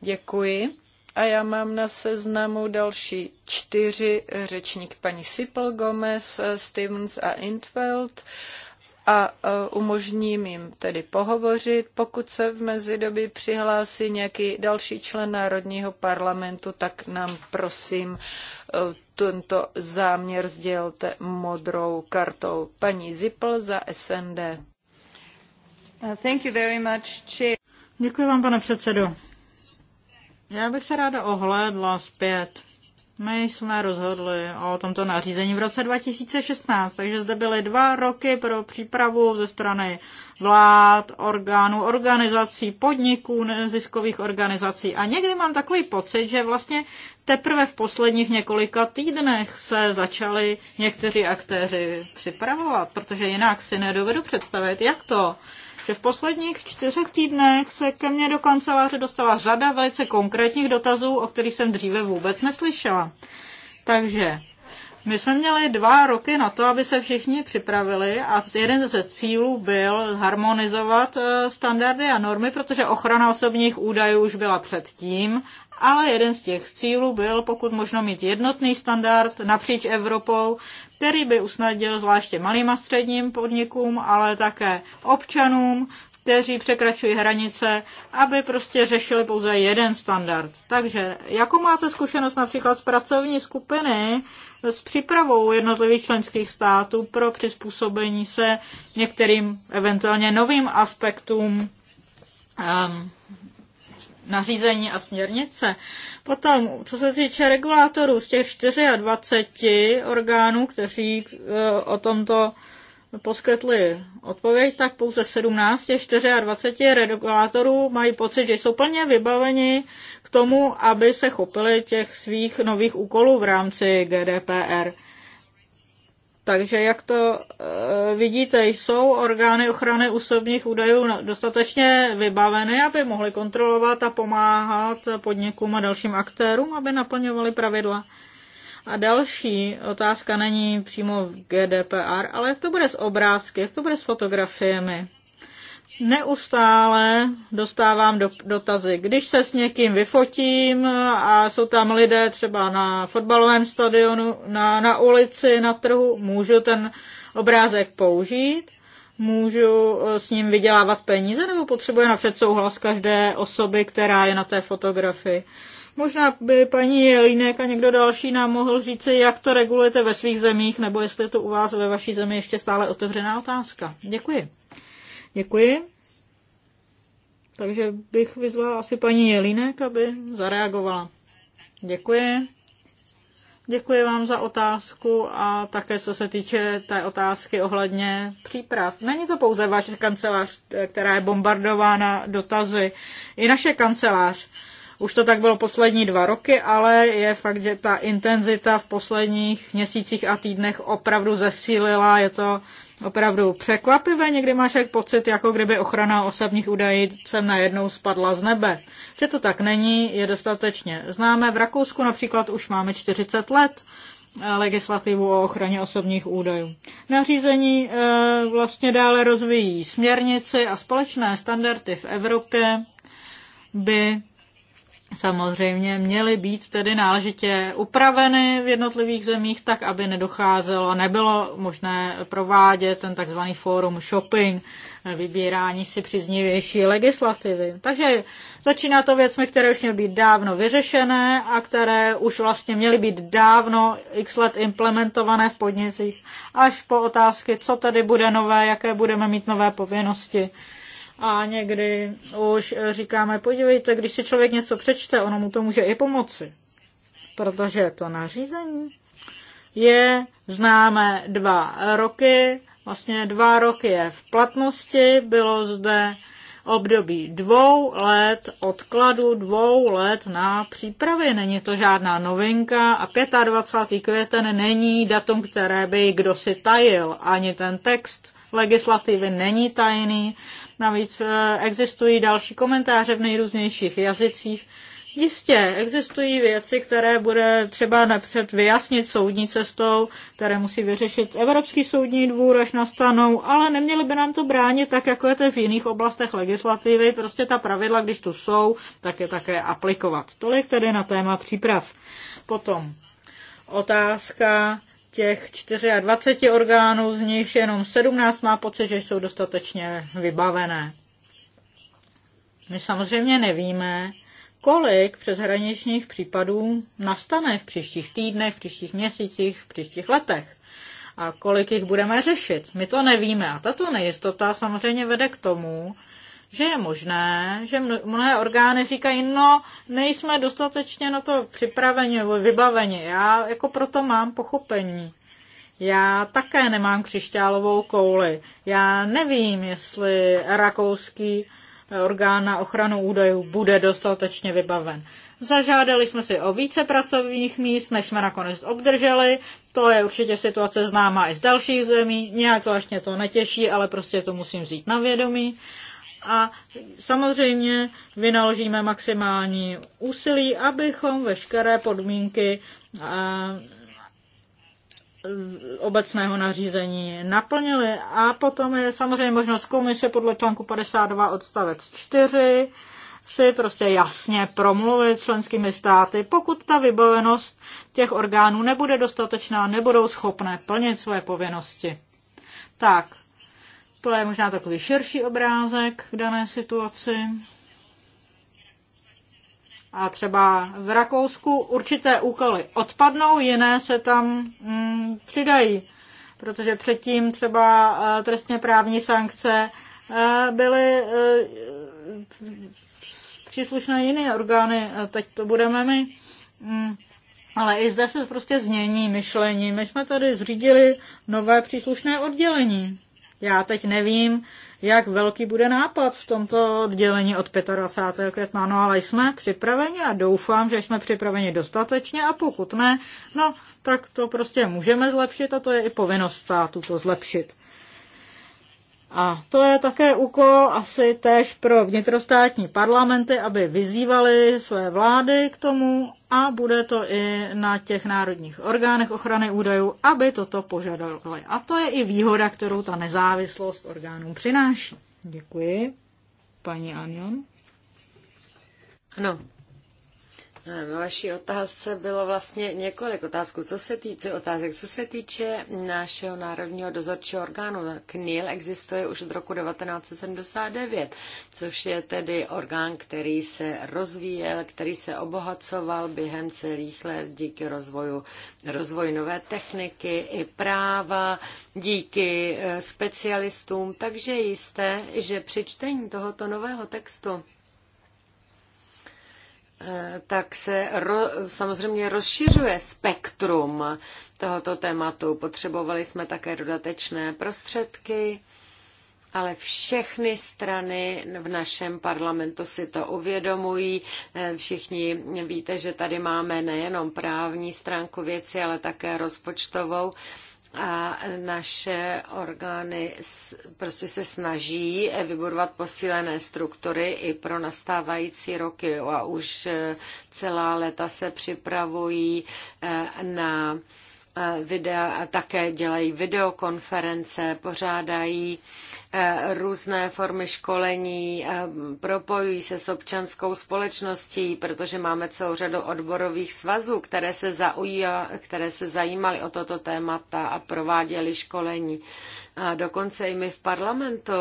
Děkuji. A já mám na seznamu další čtyři řečník paní Sipel, Gomez, eh, Stevens a Intveld a eh, umožním jim tedy pohovořit. Pokud se v mezidobí přihlásí nějaký další člen Národního parlamentu, tak nám prosím eh, tento záměr sdělte modrou kartou. Paní Zipl za SND. Uh, thank you very much, Děkuji vám, pane předsedo. Já bych se ráda ohlédla zpět. My jsme rozhodli o tomto nařízení v roce 2016, takže zde byly dva roky pro přípravu ze strany vlád, orgánů, organizací, podniků, neziskových organizací. A někdy mám takový pocit, že vlastně teprve v posledních několika týdnech se začali někteří aktéři připravovat, protože jinak si nedovedu představit, jak to že v posledních čtyřech týdnech se ke mně do kanceláře dostala řada velice konkrétních dotazů, o kterých jsem dříve vůbec neslyšela. Takže my jsme měli dva roky na to, aby se všichni připravili a jeden ze cílů byl harmonizovat eh, standardy a normy, protože ochrana osobních údajů už byla předtím ale jeden z těch cílů byl pokud možno mít jednotný standard napříč Evropou, který by usnadnil zvláště malým a středním podnikům, ale také občanům, kteří překračují hranice, aby prostě řešili pouze jeden standard. Takže jako máte zkušenost například z pracovní skupiny s přípravou jednotlivých členských států pro přizpůsobení se některým eventuálně novým aspektům um, nařízení a směrnice. Potom, co se týče regulátorů, z těch 24 orgánů, kteří eh, o tomto poskytli odpověď, tak pouze 17 těch 24 regulátorů mají pocit, že jsou plně vybaveni k tomu, aby se chopili těch svých nových úkolů v rámci GDPR. Takže jak to eh, vidíte, jsou orgány ochrany osobních údajů dostatečně vybaveny, aby mohly kontrolovat a pomáhat podnikům a dalším aktérům, aby naplňovali pravidla? A další otázka není přímo v GDPR, ale jak to bude s obrázky, jak to bude s fotografiemi? neustále dostávám do, dotazy. Když se s někým vyfotím a jsou tam lidé třeba na fotbalovém stadionu, na, na ulici, na trhu, můžu ten obrázek použít? Můžu eh, s ním vydělávat peníze nebo potřebuje na souhlas každé osoby, která je na té fotografii? Možná by paní Jelínek a někdo další nám mohl říci, jak to regulujete ve svých zemích, nebo jestli je to u vás ve vaší zemi ještě stále otevřená otázka. Děkuji. Děkuji. Takže bych vyzvala asi paní Jelínek, aby zareagovala. Děkuji. Děkuji vám za otázku a také co se týče té otázky ohledně příprav. Není to pouze vaše kancelář, která je bombardována dotazy, i naše kancelář. Už to tak bylo poslední dva roky, ale je fakt, že ta intenzita v posledních měsících a týdnech opravdu zesílila. Je to opravdu překvapivé. Někdy máš jak pocit, jako kdyby ochrana osobních údajů sem najednou spadla z nebe. Že to tak není, je dostatečně známe. V Rakousku například už máme 40 let eh, legislativu o ochraně osobních údajů. Nařízení eh, vlastně dále rozvíjí směrnici a společné standardy v Evropě by samozřejmě měly být tedy náležitě upraveny v jednotlivých zemích tak, aby nedocházelo, nebylo možné provádět ten takzvaný forum shopping, vybírání si příznivější legislativy. Takže začíná to věcmi, které už měly být dávno vyřešené a které už vlastně měly být dávno x let implementované v podnicích, až po otázky, co tady bude nové, jaké budeme mít nové povinnosti a někdy už eh, říkáme, podívejte, když si člověk něco přečte, ono mu to může i pomoci. Protože to nařízení je známé dva roky, vlastně dva roky je v platnosti, bylo zde období dvou let odkladu, dvou let na přípravy. Není to žádná novinka a 25. květen není datum, které by kdo si tajil. Ani ten text legislativy není tajný. Navíc eh, existují další komentáře v nejrůznějších jazycích. Jistě, existují věci, které bude třeba napřed vyjasnit soudní cestou, které musí vyřešit Evropský soudní dvůr, až nastanou, ale neměli by nám to bránit tak, jako je to v jiných oblastech legislativy. Prostě ta pravidla, když tu jsou, tak je také aplikovat. Tolik tedy na téma příprav. Potom otázka těch 24 orgánů, z nich jenom 17 má pocit, že jsou dostatečně vybavené. My samozřejmě nevíme, kolik přeshraničních případů nastane v příštích týdnech, v příštích měsících, v příštích letech a kolik jich budeme řešit. My to nevíme a tato nejistota samozřejmě vede k tomu, že je možné, že mnohé orgány říkají, no, nejsme dostatečně na to připraveni nebo vybaveni. Já jako proto mám pochopení. Já také nemám křišťálovou kouli. Já nevím, jestli rakouský eh, orgán na ochranu údajů bude dostatečně vybaven. Zažádali jsme si o více pracovních míst, než jsme nakonec obdrželi. To je určitě situace známá i z dalších zemí. Nějak to vlastně to netěší, ale prostě to musím vzít na vědomí a samozřejmě vynaložíme maximální úsilí, abychom veškeré podmínky obecného nařízení naplnili. A potom je samozřejmě možnost komise podle článku 52 odstavec 4 si prostě jasně promluvit členskými státy, pokud ta vybavenost těch orgánů nebude dostatečná, nebudou schopné plnit své povinnosti. Tak, to je možná takový širší obrázek v dané situaci. A třeba v Rakousku určité úkoly odpadnou, jiné se tam mm, přidají, protože předtím třeba eh, trestně právní sankce eh, byly eh, příslušné jiné orgány, teď to budeme my. Mm. Ale i zde se prostě změní myšlení. My jsme tady zřídili nové příslušné oddělení. Já teď nevím, jak velký bude nápad v tomto oddělení od 25. května, no ale jsme připraveni a doufám, že jsme připraveni dostatečně a pokud ne, no tak to prostě můžeme zlepšit a to je i povinnost státu to zlepšit. A to je také úkol asi též pro vnitrostátní parlamenty, aby vyzývali své vlády k tomu a bude to i na těch národních orgánech ochrany údajů, aby toto požadovali. A to je i výhoda, kterou ta nezávislost orgánům přináší. Děkuji. Paní Anion. Ano, ve vaší otázce bylo vlastně několik otázků. Co se týče otázek, co se týče našeho národního dozorčího orgánu, KNIL existuje už od roku 1979, což je tedy orgán, který se rozvíjel, který se obohacoval během celých let díky rozvoju, rozvoji nové techniky i práva, díky eh, specialistům. Takže jisté, že při čtení tohoto nového textu Eh, tak se ro, samozřejmě rozšiřuje spektrum tohoto tématu. Potřebovali jsme také dodatečné prostředky, ale všechny strany v našem parlamentu si to uvědomují. Eh, všichni víte, že tady máme nejenom právní stránku věci, ale také rozpočtovou a naše orgány prostě se snaží eh, vybudovat posílené struktury i pro nastávající roky a už eh, celá léta se připravují eh, na videa, také dělají videokonference, pořádají e, různé formy školení, e, propojují se s občanskou společností, protože máme celou řadu odborových svazů, které se, zaujíma, které se zajímaly o toto témata a prováděly školení. A dokonce i my v parlamentu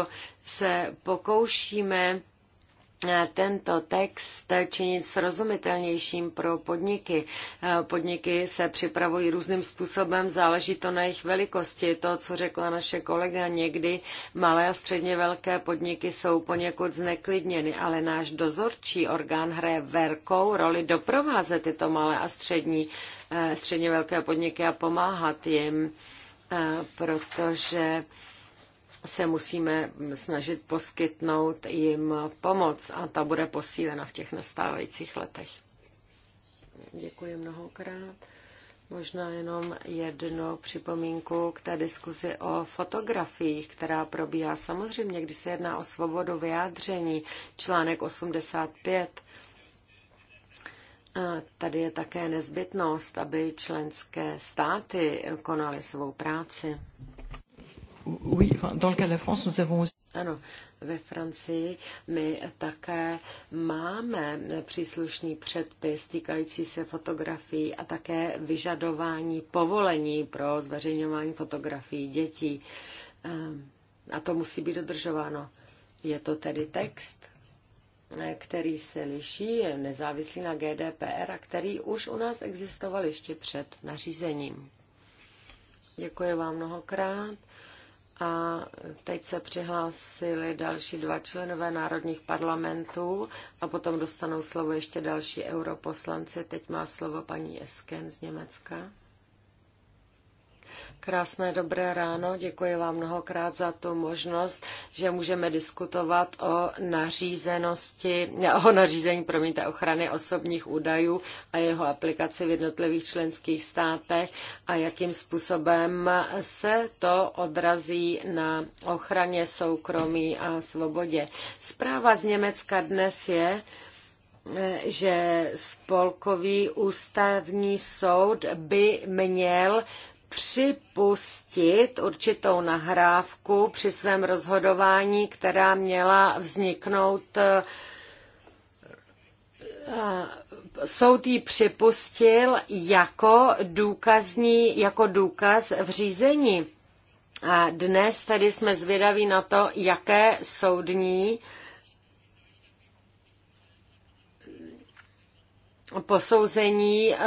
se pokoušíme Eh, tento text činit srozumitelnějším pro podniky. Eh, podniky se připravují různým způsobem, záleží to na jejich velikosti. To, co řekla naše kolega, někdy malé a středně velké podniky jsou poněkud zneklidněny, ale náš dozorčí orgán hraje velkou roli doprovázet tyto malé a střední, eh, středně velké podniky a pomáhat jim, protože se musíme snažit poskytnout jim pomoc a ta bude posílena v těch nastávajících letech. Děkuji mnohokrát. Možná jenom jednu připomínku k té diskuzi o fotografiích, která probíhá samozřejmě, když se jedná o svobodu vyjádření, článek 85. A tady je také nezbytnost, aby členské státy konaly svou práci. Oui, dans le cas de la France, nous avons aussi... Ano, ve Francii my také máme příslušný předpis týkající se fotografií a také vyžadování povolení pro zveřejňování fotografií dětí. Ehm, a to musí být dodržováno. Je to tedy text, eh, který se liší, je nezávislý na GDPR a který už u nás existoval ještě před nařízením. Děkuji vám mnohokrát. A teď se přihlásili další dva členové národních parlamentů a potom dostanou slovo ještě další europoslanci. Teď má slovo paní Esken z Německa. Krásné dobré ráno, děkuji vám mnohokrát za tu možnost, že můžeme diskutovat o nařízenosti, o nařízení promiňte, ochrany osobních údajů a jeho aplikaci v jednotlivých členských státech a jakým způsobem se to odrazí na ochraně soukromí a svobodě. Zpráva z Německa dnes je, že spolkový ústavní soud by měl připustit určitou nahrávku při svém rozhodování, která měla vzniknout. Eh, soud ji připustil jako, důkazní, jako důkaz v řízení. A dnes tedy jsme zvědaví na to, jaké soudní uh, posouzení eh,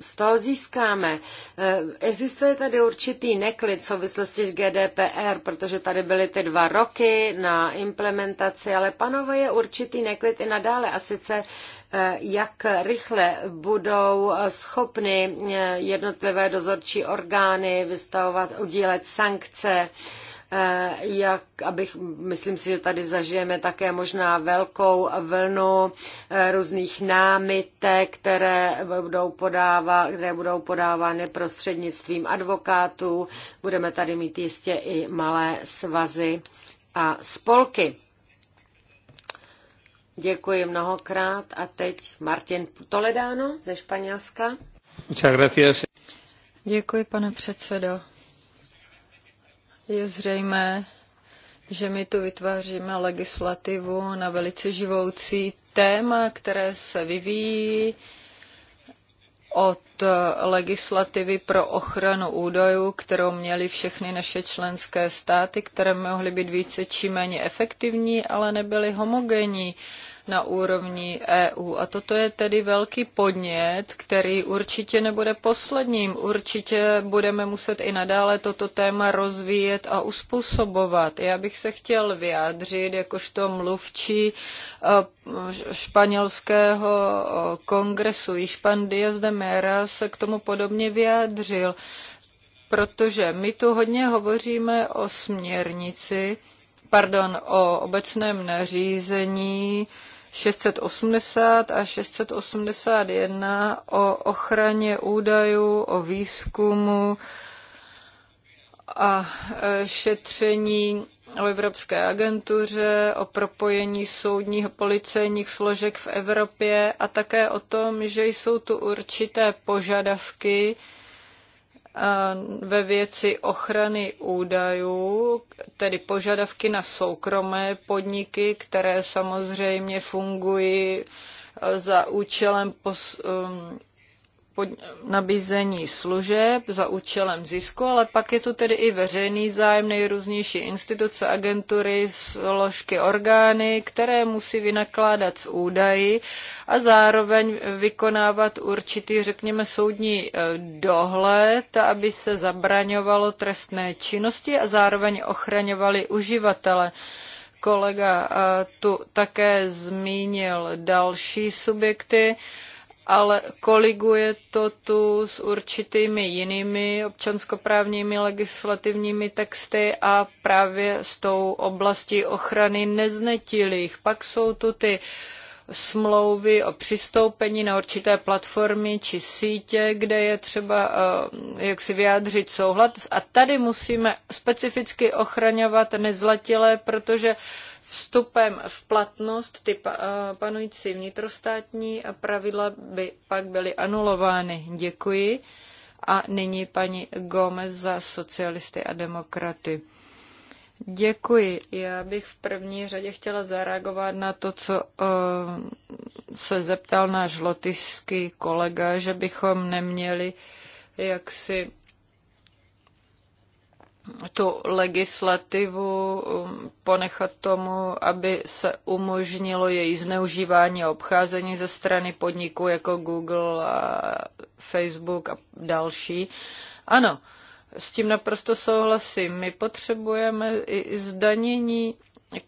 z toho získáme. Eh, existuje tady určitý neklid v souvislosti s GDPR, protože tady byly ty dva roky na implementaci, ale panové je určitý neklid i nadále a sice eh, jak rychle budou schopny jednotlivé dozorčí orgány vystavovat, udílet sankce, Eh, jak, abych, myslím si, že tady zažijeme také možná velkou vlnu eh, různých námitek, které budou, podává, které budou podávány prostřednictvím advokátů. Budeme tady mít jistě i malé svazy a spolky. Děkuji mnohokrát a teď Martin Toledano ze Španělska. Děkuji, pane předsedo. Je zřejmé, že my tu vytváříme legislativu na velice živoucí téma, které se vyvíjí od legislativy pro ochranu údajů, kterou měly všechny naše členské státy, které mohly být více či méně efektivní, ale nebyly homogenní na úrovni EU. A toto je tedy velký podnět, který určitě nebude posledním. Určitě budeme muset i nadále toto téma rozvíjet a uspůsobovat. Já bych se chtěl vyjádřit jakožto mluvčí eh, španělského eh, kongresu. Již pan Díaz de Mera se k tomu podobně vyjádřil, protože my tu hodně hovoříme o směrnici, pardon, o obecném nařízení, 680 a 681 o ochraně údajů, o výzkumu a e, šetření o Evropské agentuře, o propojení soudních policejních složek v Evropě a také o tom, že jsou tu určité požadavky, ve věci ochrany údajů, tedy požadavky na soukromé podniky, které samozřejmě fungují za účelem pos, um, pod, nabízení služeb za účelem zisku, ale pak je tu tedy i veřejný zájem, nejrůznější instituce, agentury, složky, orgány, které musí vynakládat z údaji a zároveň vykonávat určitý, řekněme, soudní eh, dohled, aby se zabraňovalo trestné činnosti a zároveň ochraňovali uživatele kolega eh, tu také zmínil další subjekty, ale koliguje to tu s určitými jinými občanskoprávními legislativními texty a právě s tou oblastí ochrany neznetilých. Pak jsou tu ty smlouvy o přistoupení na určité platformy či sítě, kde je třeba eh, jak si vyjádřit souhlas. A tady musíme specificky ochraňovat nezlatilé, protože vstupem v platnost ty eh, panující vnitrostátní pravidla by pak byly anulovány. Děkuji. A nyní paní Gomez za socialisty a demokraty. Děkuji. Já bych v první řadě chtěla zareagovat na to, co uh, se zeptal náš lotyšský kolega, že bychom neměli jaksi tu legislativu um, ponechat tomu, aby se umožnilo její zneužívání a obcházení ze strany podniků jako Google, a Facebook a další. Ano, s tím naprosto souhlasím. My potřebujeme i zdanění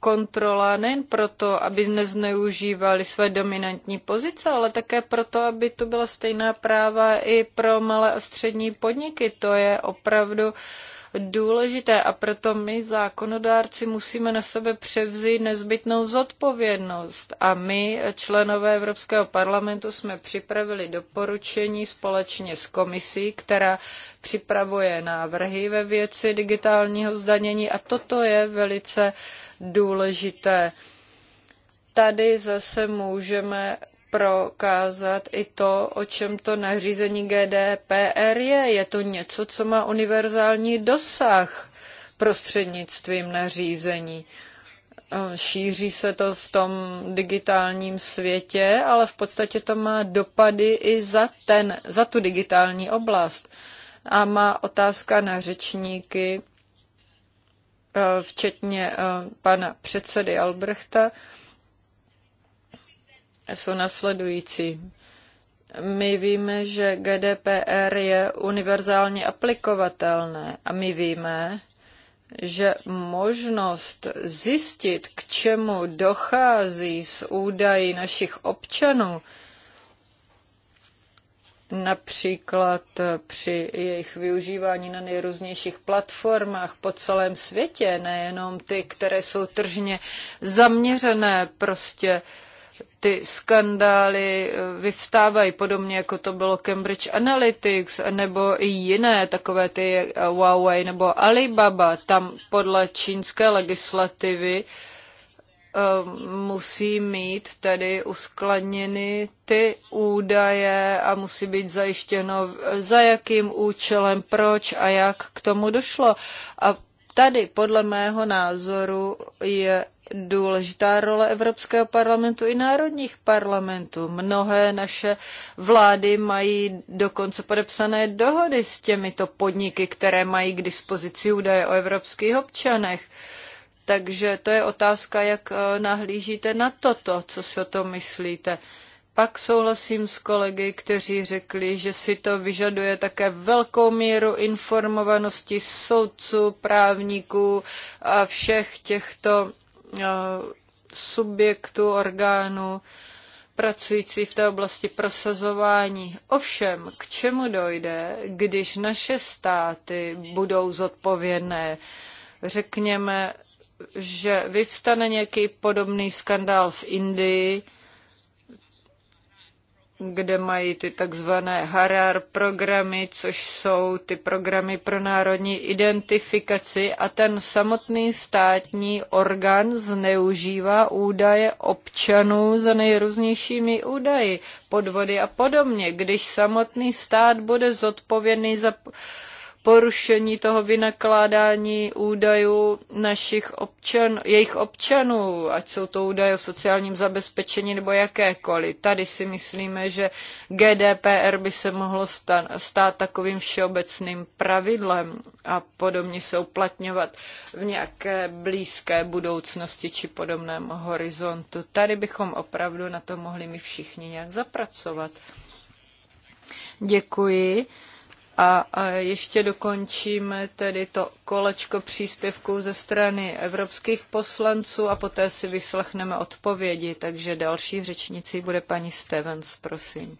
kontrola nejen proto, aby nezneužívali své dominantní pozice, ale také proto, aby to byla stejná práva i pro malé a střední podniky. To je opravdu uh, důležité a proto my, zákonodárci, musíme na sebe převzít nezbytnou zodpovědnost. A my, členové Evropského parlamentu, jsme připravili doporučení společně s komisí, která připravuje návrhy ve věci digitálního zdanění a toto je velice důležité tady zase můžeme prokázat i to, o čem to nařízení GDPR je. Je to něco, co má univerzální dosah prostřednictvím nařízení. Šíří se to v tom digitálním světě, ale v podstatě to má dopady i za, ten, za tu digitální oblast. A má otázka na řečníky, eh, včetně eh, pana předsedy Albrechta jsou nasledující. My víme, že GDPR je univerzálně aplikovatelné a my víme, že možnost zjistit, k čemu dochází s údaji našich občanů, například při jejich využívání na nejrůznějších platformách po celém světě, nejenom ty, které jsou tržně zaměřené, prostě ty skandály eh, vyvstávají, podobně jako to bylo Cambridge Analytics nebo i jiné, takové ty eh, Huawei nebo Alibaba. Tam podle čínské legislativy eh, musí mít tedy uskladněny ty údaje a musí být zajištěno, za jakým účelem, proč a jak k tomu došlo. A tady podle mého názoru je důležitá role Evropského parlamentu i národních parlamentů. Mnohé naše vlády mají dokonce podepsané dohody s těmito podniky, které mají k dispozici údaje o evropských občanech. Takže to je otázka, jak eh, nahlížíte na toto, co si o tom myslíte. Pak souhlasím s kolegy, kteří řekli, že si to vyžaduje také velkou míru informovanosti soudců, právníků a všech těchto Eh, subjektu, orgánu pracující v té oblasti prosazování. Ovšem, k čemu dojde, když naše státy budou zodpovědné? Řekněme, že vyvstane nějaký podobný skandál v Indii, kde mají ty takzvané HARAR programy, což jsou ty programy pro národní identifikaci a ten samotný státní orgán zneužívá údaje občanů za nejrůznějšími údaji, podvody a podobně. Když samotný stát bude zodpovědný za porušení toho vynakládání údajů našich občanů, jejich občanů, ať jsou to údaje o sociálním zabezpečení nebo jakékoliv. Tady si myslíme, že GDPR by se mohlo stát, stát takovým všeobecným pravidlem a podobně se uplatňovat v nějaké blízké budoucnosti či podobném horizontu. Tady bychom opravdu na to mohli my všichni nějak zapracovat. Děkuji. A ještě dokončíme tedy to kolečko příspěvků ze strany evropských poslanců a poté si vyslechneme odpovědi. Takže další řečnicí bude paní Stevens, prosím.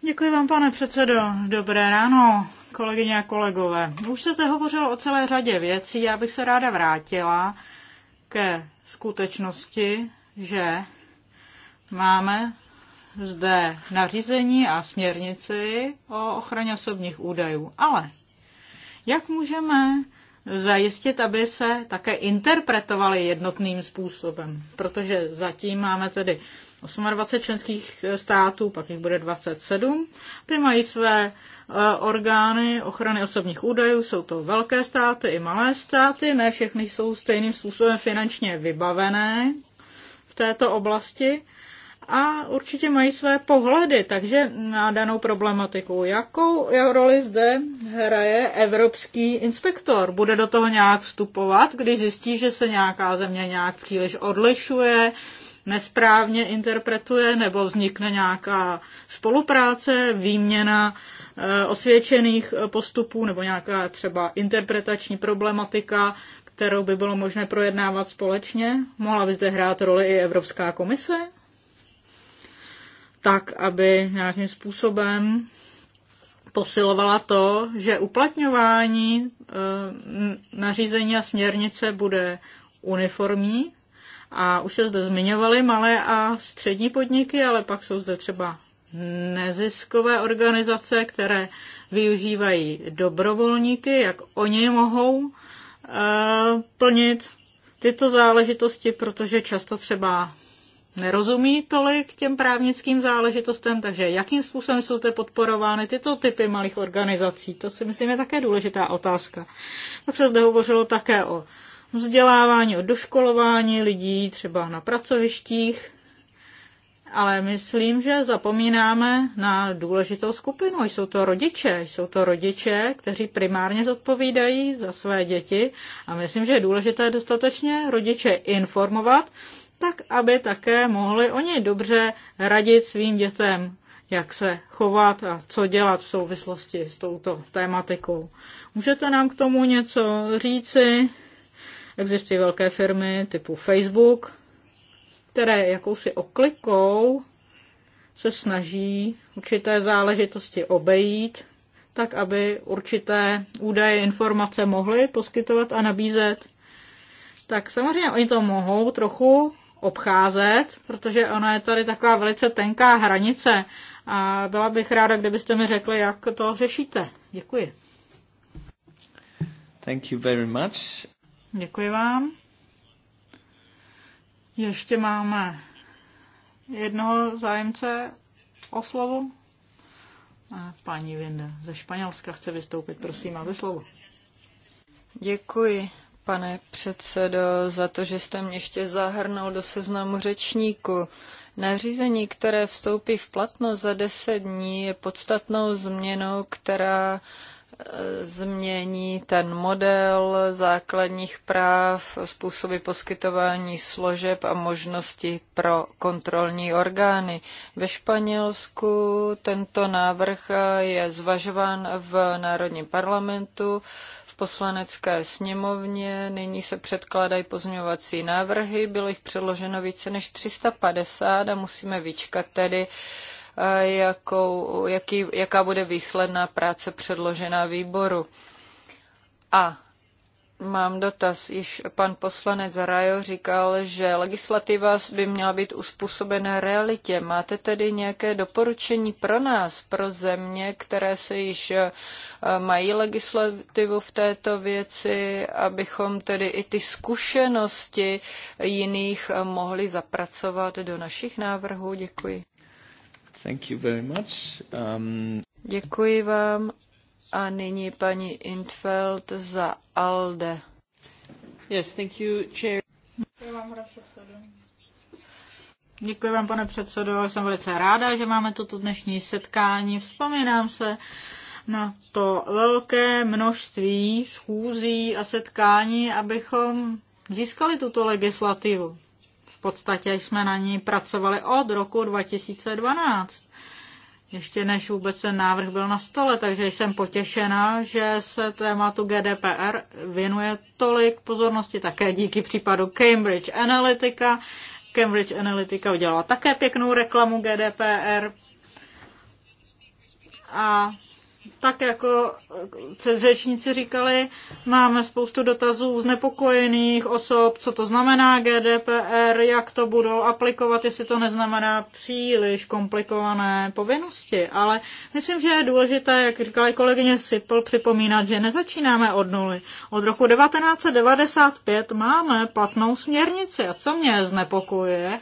Děkuji vám, pane předsedo. Dobré ráno, kolegyně a kolegové. Už se zde hovořilo o celé řadě věcí. Já bych se ráda vrátila ke skutečnosti, že máme zde nařízení a směrnici o ochraně osobních údajů. Ale jak můžeme zajistit, aby se také interpretovaly jednotným způsobem? Protože zatím máme tedy 28 členských států, pak jich bude 27. Ty mají své e, orgány ochrany osobních údajů, jsou to velké státy i malé státy, ne všechny jsou stejným způsobem finančně vybavené v této oblasti a určitě mají své pohledy, takže na danou problematiku. Jakou roli zde hraje evropský inspektor? Bude do toho nějak vstupovat, když zjistí, že se nějaká země nějak příliš odlišuje, nesprávně interpretuje nebo vznikne nějaká spolupráce, výměna eh, osvědčených postupů nebo nějaká třeba interpretační problematika, kterou by bylo možné projednávat společně? Mohla by zde hrát roli i Evropská komise? tak, aby nějakým způsobem posilovala to, že uplatňování eh, nařízení a směrnice bude uniformní. A už se zde zmiňovaly malé a střední podniky, ale pak jsou zde třeba neziskové organizace, které využívají dobrovolníky, jak oni mohou eh, plnit tyto záležitosti, protože často třeba nerozumí tolik těm právnickým záležitostem, takže jakým způsobem jsou zde podporovány tyto typy malých organizací, to si myslím je také důležitá otázka. Pak se zde hovořilo také o vzdělávání, o doškolování lidí třeba na pracovištích, ale myslím, že zapomínáme na důležitou skupinu. Jsou to rodiče, jsou to rodiče, kteří primárně zodpovídají za své děti a myslím, že je důležité dostatečně rodiče informovat tak aby také mohli oni dobře radit svým dětem, jak se chovat a co dělat v souvislosti s touto tématikou. Můžete nám k tomu něco říci? Existují velké firmy typu Facebook, které jakousi oklikou se snaží určité záležitosti obejít, tak aby určité údaje, informace mohly poskytovat a nabízet. Tak samozřejmě oni to mohou trochu obcházet, protože ona je tady taková velice tenká hranice a byla bych ráda, kdybyste mi řekli, jak to řešíte. Děkuji. Thank you very much. Děkuji vám. Ještě máme jednoho zájemce o slovo. A paní Vinda ze Španělska chce vystoupit, prosím, máte slovo. Děkuji pane předsedo, za to, že jste mě ještě zahrnul do seznamu řečníku. Nařízení, které vstoupí v platnost za deset dní, je podstatnou změnou, která eh, změní ten model základních práv, způsoby poskytování složeb a možnosti pro kontrolní orgány. Ve Španělsku tento návrh eh, je zvažován v Národním parlamentu poslanecké sněmovně, nyní se předkládají pozměňovací návrhy, bylo jich předloženo více než 350 a musíme vyčkat tedy, eh, jakou, jaký, jaká bude výsledná práce předložená výboru. A Mám dotaz. Již pan poslanec Rajo říkal, že legislativa by měla být uspůsobena realitě. Máte tedy nějaké doporučení pro nás, pro země, které se již eh, mají legislativu v této věci, abychom tedy i ty zkušenosti jiných eh, mohli zapracovat do našich návrhů? Děkuji. Thank you very much. Um... Děkuji vám. A nyní paní Intfeld za ALDE. Yes, thank you, chair. Děkuji vám, pane předsedo. Děkuji vám, pane předsedo. Jsem velice ráda, že máme toto dnešní setkání. Vzpomínám se na to velké množství schůzí a setkání, abychom získali tuto legislativu. V podstatě jsme na ní pracovali od roku 2012 ještě než vůbec ten návrh byl na stole, takže jsem potěšena, že se tématu GDPR věnuje tolik pozornosti také díky případu Cambridge Analytica. Cambridge Analytica udělala také pěknou reklamu GDPR a tak jako předřečníci říkali, máme spoustu dotazů znepokojených osob, co to znamená GDPR, jak to budou aplikovat, jestli to neznamená příliš komplikované povinnosti. Ale myslím, že je důležité, jak říkala kolegyně Sipl, připomínat, že nezačínáme od nuly. Od roku 1995 máme platnou směrnici a co mě znepokojuje,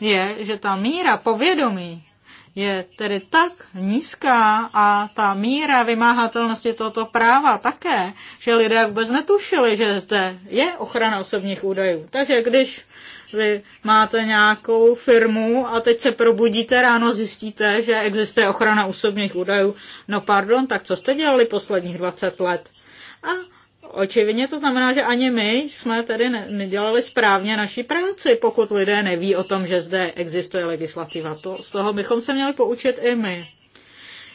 je, že ta míra povědomí je tedy tak nízká a ta míra vymáhatelnosti tohoto práva také, že lidé vůbec netušili, že zde je ochrana osobních údajů. Takže když vy máte nějakou firmu a teď se probudíte ráno, zjistíte, že existuje ochrana osobních údajů, no pardon, tak co jste dělali posledních 20 let? A Očividně to znamená, že ani my jsme tedy nedělali správně naší práci, pokud lidé neví o tom, že zde existuje legislativa. To, z toho bychom se měli poučit i my.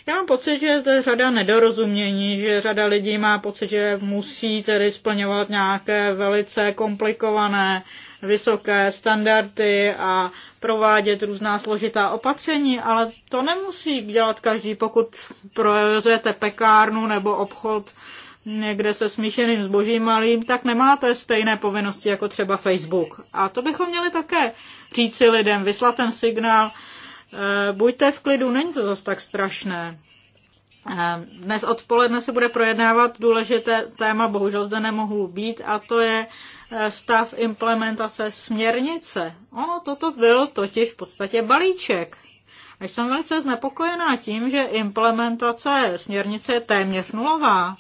Já mám pocit, že je zde řada nedorozumění, že řada lidí má pocit, že musí tedy splňovat nějaké velice komplikované, vysoké standardy a provádět různá složitá opatření, ale to nemusí dělat každý, pokud provozujete pekárnu nebo obchod někde se smíšeným zbožím malým, tak nemáte stejné povinnosti jako třeba Facebook. A to bychom měli také říci lidem, vyslat ten signál, eh, buďte v klidu, není to zase tak strašné. Eh, dnes odpoledne se bude projednávat důležité téma, bohužel zde nemohu být, a to je eh, stav implementace směrnice. Ono toto byl totiž v podstatě balíček. A jsem velice znepokojená tím, že implementace směrnice je téměř nulová.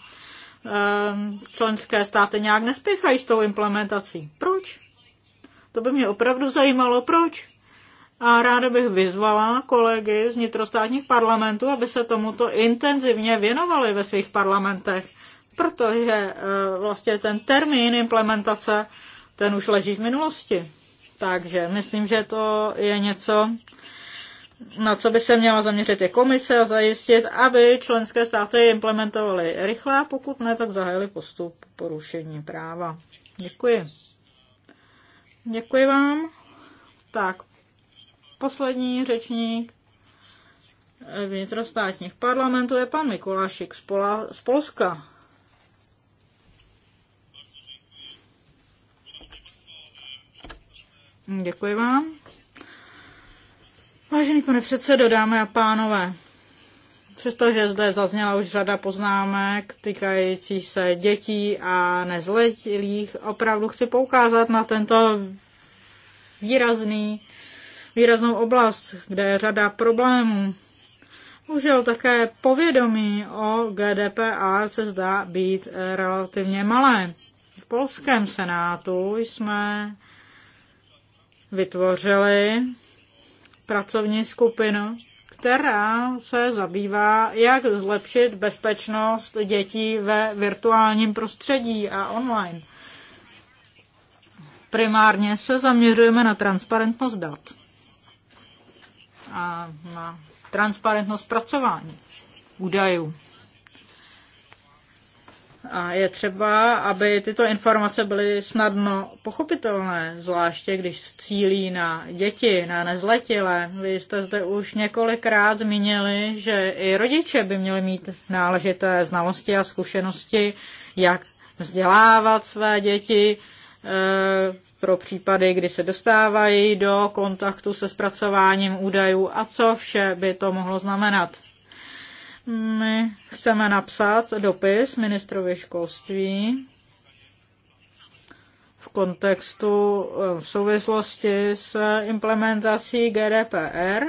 Ehm, členské státy nějak nespěchají s tou implementací. Proč? To by mě opravdu zajímalo, proč. A ráda bych vyzvala kolegy z nitrostátních parlamentů, aby se tomuto intenzivně věnovali ve svých parlamentech, protože eh, vlastně ten termín implementace, ten už leží v minulosti. Takže myslím, že to je něco, na co by se měla zaměřit je komise a zajistit, aby členské státy implementovaly rychle, pokud ne, tak zahájili postup porušení práva. Děkuji. Děkuji vám. Tak, poslední řečník vnitrostátních parlamentů je pan Mikulášik z, Pola, z Polska. Děkuji vám. Vážený pane předsedo, dámy a pánové, přestože zde zazněla už řada poznámek týkající se dětí a nezletilých, opravdu chci poukázat na tento výrazný, výraznou oblast, kde je řada problémů. Užel také povědomí o GDPR se zdá být relativně malé. V polském senátu jsme vytvořili pracovní skupinu, která se zabývá, jak zlepšit bezpečnost dětí ve virtuálním prostředí a online. Primárně se zaměřujeme na transparentnost dat a na transparentnost pracování. údajů. A je třeba, aby tyto informace byly snadno pochopitelné, zvláště když cílí na děti, na nezletilé. Vy jste zde už několikrát zmínili, že i rodiče by měli mít náležité znalosti a zkušenosti, jak vzdělávat své děti eh, pro případy, kdy se dostávají do kontaktu se zpracováním údajů a co vše by to mohlo znamenat. My chceme napsat dopis ministrovi školství v kontextu, eh, v souvislosti s implementací GDPR,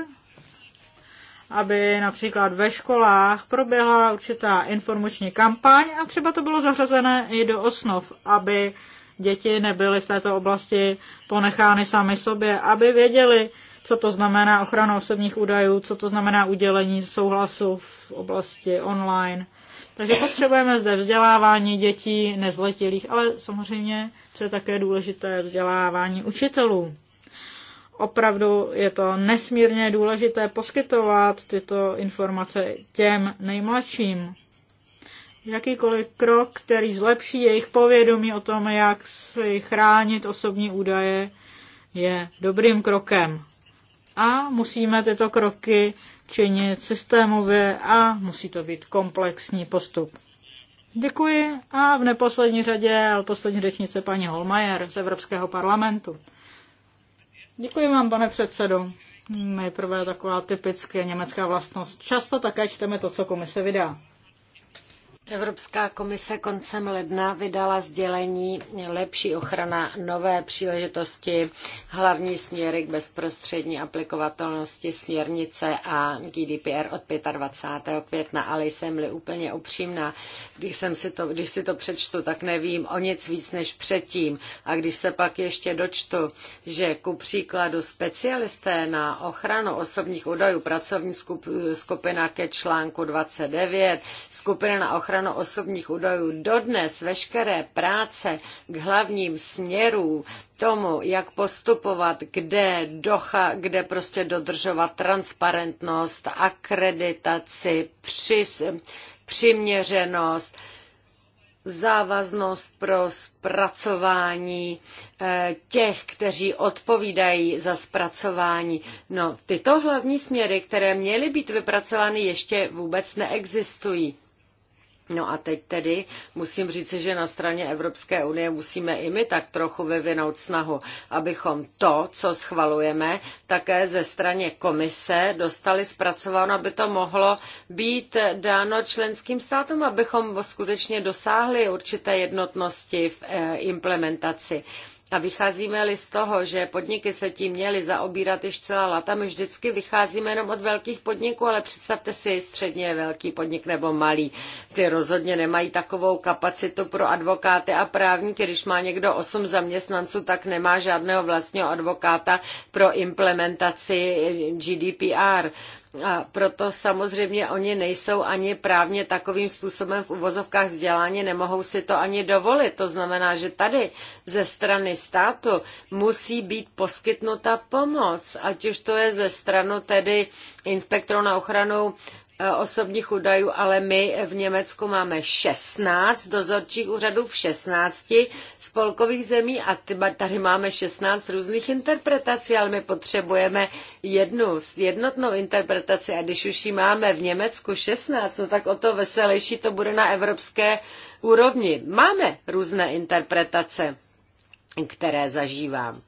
aby například ve školách proběhla určitá informační kampaň a třeba to bylo zařazené i do osnov, aby děti nebyly v této oblasti ponechány sami sobě, aby věděli, co to znamená ochrana osobních údajů, co to znamená udělení souhlasu v oblasti online. Takže potřebujeme zde vzdělávání dětí, nezletilých, ale samozřejmě, co je také důležité, vzdělávání učitelů. Opravdu je to nesmírně důležité poskytovat tyto informace těm nejmladším. Jakýkoliv krok, který zlepší jejich povědomí o tom, jak si chránit osobní údaje, je dobrým krokem. A musíme tyto kroky činit systémově a musí to být komplexní postup. Děkuji a v neposlední řadě, ale poslední řečnice paní Holmajer z Evropského parlamentu. Děkuji vám, pane předsedo. Nejprve taková typická německá vlastnost. Často také čteme to, co komise vydá. Evropská komise koncem ledna vydala sdělení Lepší ochrana nové příležitosti, hlavní směry k bezprostřední aplikovatelnosti směrnice a GDPR od 25. května, ale jsem-li úplně upřímná, když, jsem si to, když si to přečtu, tak nevím o nic víc než předtím. A když se pak ještě dočtu, že ku příkladu specialisté na ochranu osobních údajů pracovní skupina ke článku 29, skupina na ochranu ochranu osobních údajů. Dodnes veškeré práce k hlavním směrům, tomu, jak postupovat, kde, docha, kde prostě dodržovat transparentnost, akreditaci, při, přiměřenost, závaznost pro zpracování eh, těch, kteří odpovídají za zpracování. No, tyto hlavní směry, které měly být vypracovány, ještě vůbec neexistují. No a teď tedy musím říct, že na straně Evropské unie musíme i my tak trochu vyvinout snahu, abychom to, co schvalujeme, také ze straně komise dostali zpracováno, aby to mohlo být dáno členským státům, abychom skutečně dosáhli určité jednotnosti v eh, implementaci. A vycházíme-li z toho, že podniky se tím měly zaobírat již celá lata, my vždycky vycházíme jenom od velkých podniků, ale představte si středně velký podnik nebo malý. Ty rozhodně nemají takovou kapacitu pro advokáty a právníky. Když má někdo 8 zaměstnanců, tak nemá žádného vlastního advokáta pro implementaci GDPR. A proto samozřejmě oni nejsou ani právně takovým způsobem v uvozovkách vzdělání, nemohou si to ani dovolit. To znamená, že tady ze strany státu musí být poskytnuta pomoc, ať už to je ze stranu tedy inspektorů na ochranu Eh, osobních údajů, ale my v Německu máme 16 dozorčích úřadů v 16 spolkových zemí a tady máme 16 různých interpretací, ale my potřebujeme jednu jednotnou interpretaci a když už ji máme v Německu 16, no tak o to veselější to bude na evropské úrovni. Máme různé interpretace, které zažívám.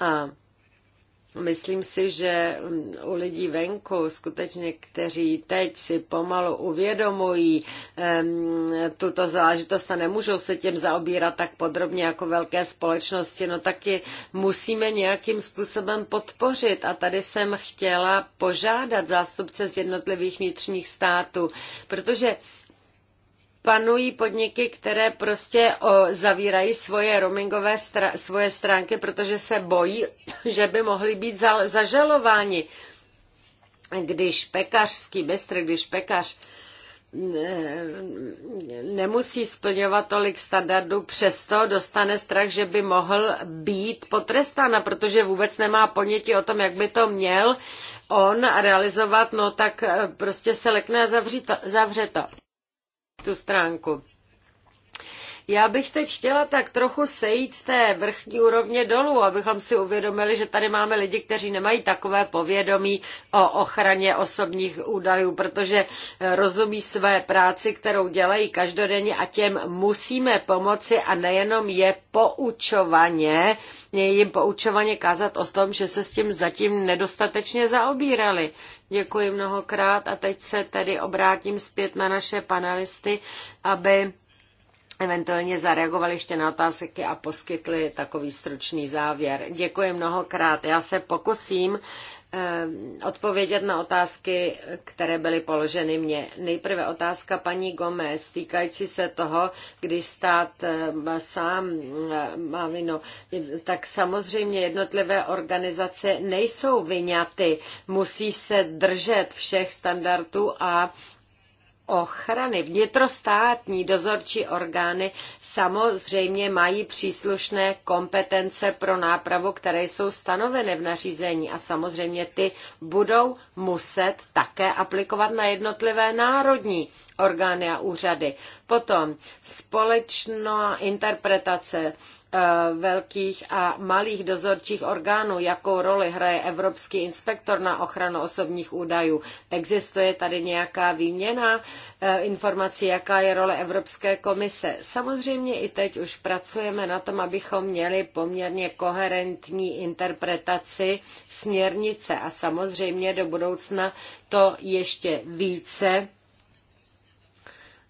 A Myslím si, že mm, u lidí venku, skutečně, kteří teď si pomalu uvědomují um, tuto záležitost a nemůžou se tím zaobírat tak podrobně jako velké společnosti, no taky musíme nějakým způsobem podpořit. A tady jsem chtěla požádat zástupce z jednotlivých vnitřních států, protože panují podniky, které prostě o, zavírají svoje roamingové stra, svoje stránky, protože se bojí, že by mohli být za, zažalováni. Když pekařský mistr, když pekař nemusí splňovat tolik standardů, přesto dostane strach, že by mohl být potrestán, protože vůbec nemá ponětí o tom, jak by to měl on realizovat, no tak eh, prostě se lekne a to. Zavře to tu stránku. Já bych teď chtěla tak trochu sejít z té vrchní úrovně dolů, abychom si uvědomili, že tady máme lidi, kteří nemají takové povědomí o ochraně osobních údajů, protože eh, rozumí své práci, kterou dělají každodenně a těm musíme pomoci a nejenom je poučovaně, jim poučovaně kázat o tom, že se s tím zatím nedostatečně zaobírali. Děkuji mnohokrát a teď se tedy obrátím zpět na naše panelisty, aby eventuálně zareagovali ještě na otázky a poskytli takový stručný závěr. Děkuji mnohokrát. Já se pokusím eh, odpovědět na otázky, které byly položeny mně. Nejprve otázka paní Gomez týkající se toho, když stát eh, sám eh, má vinu, tak samozřejmě jednotlivé organizace nejsou vyňaty, musí se držet všech standardů a ochrany. Vnitrostátní dozorčí orgány samozřejmě mají příslušné kompetence pro nápravu, které jsou stanoveny v nařízení a samozřejmě ty budou muset také aplikovat na jednotlivé národní orgány a úřady. Potom společná interpretace Eh, velkých a malých dozorčích orgánů, jakou roli hraje Evropský inspektor na ochranu osobních údajů. Existuje tady nějaká výměna eh, informací, jaká je role Evropské komise. Samozřejmě i teď už pracujeme na tom, abychom měli poměrně koherentní interpretaci směrnice a samozřejmě do budoucna to ještě více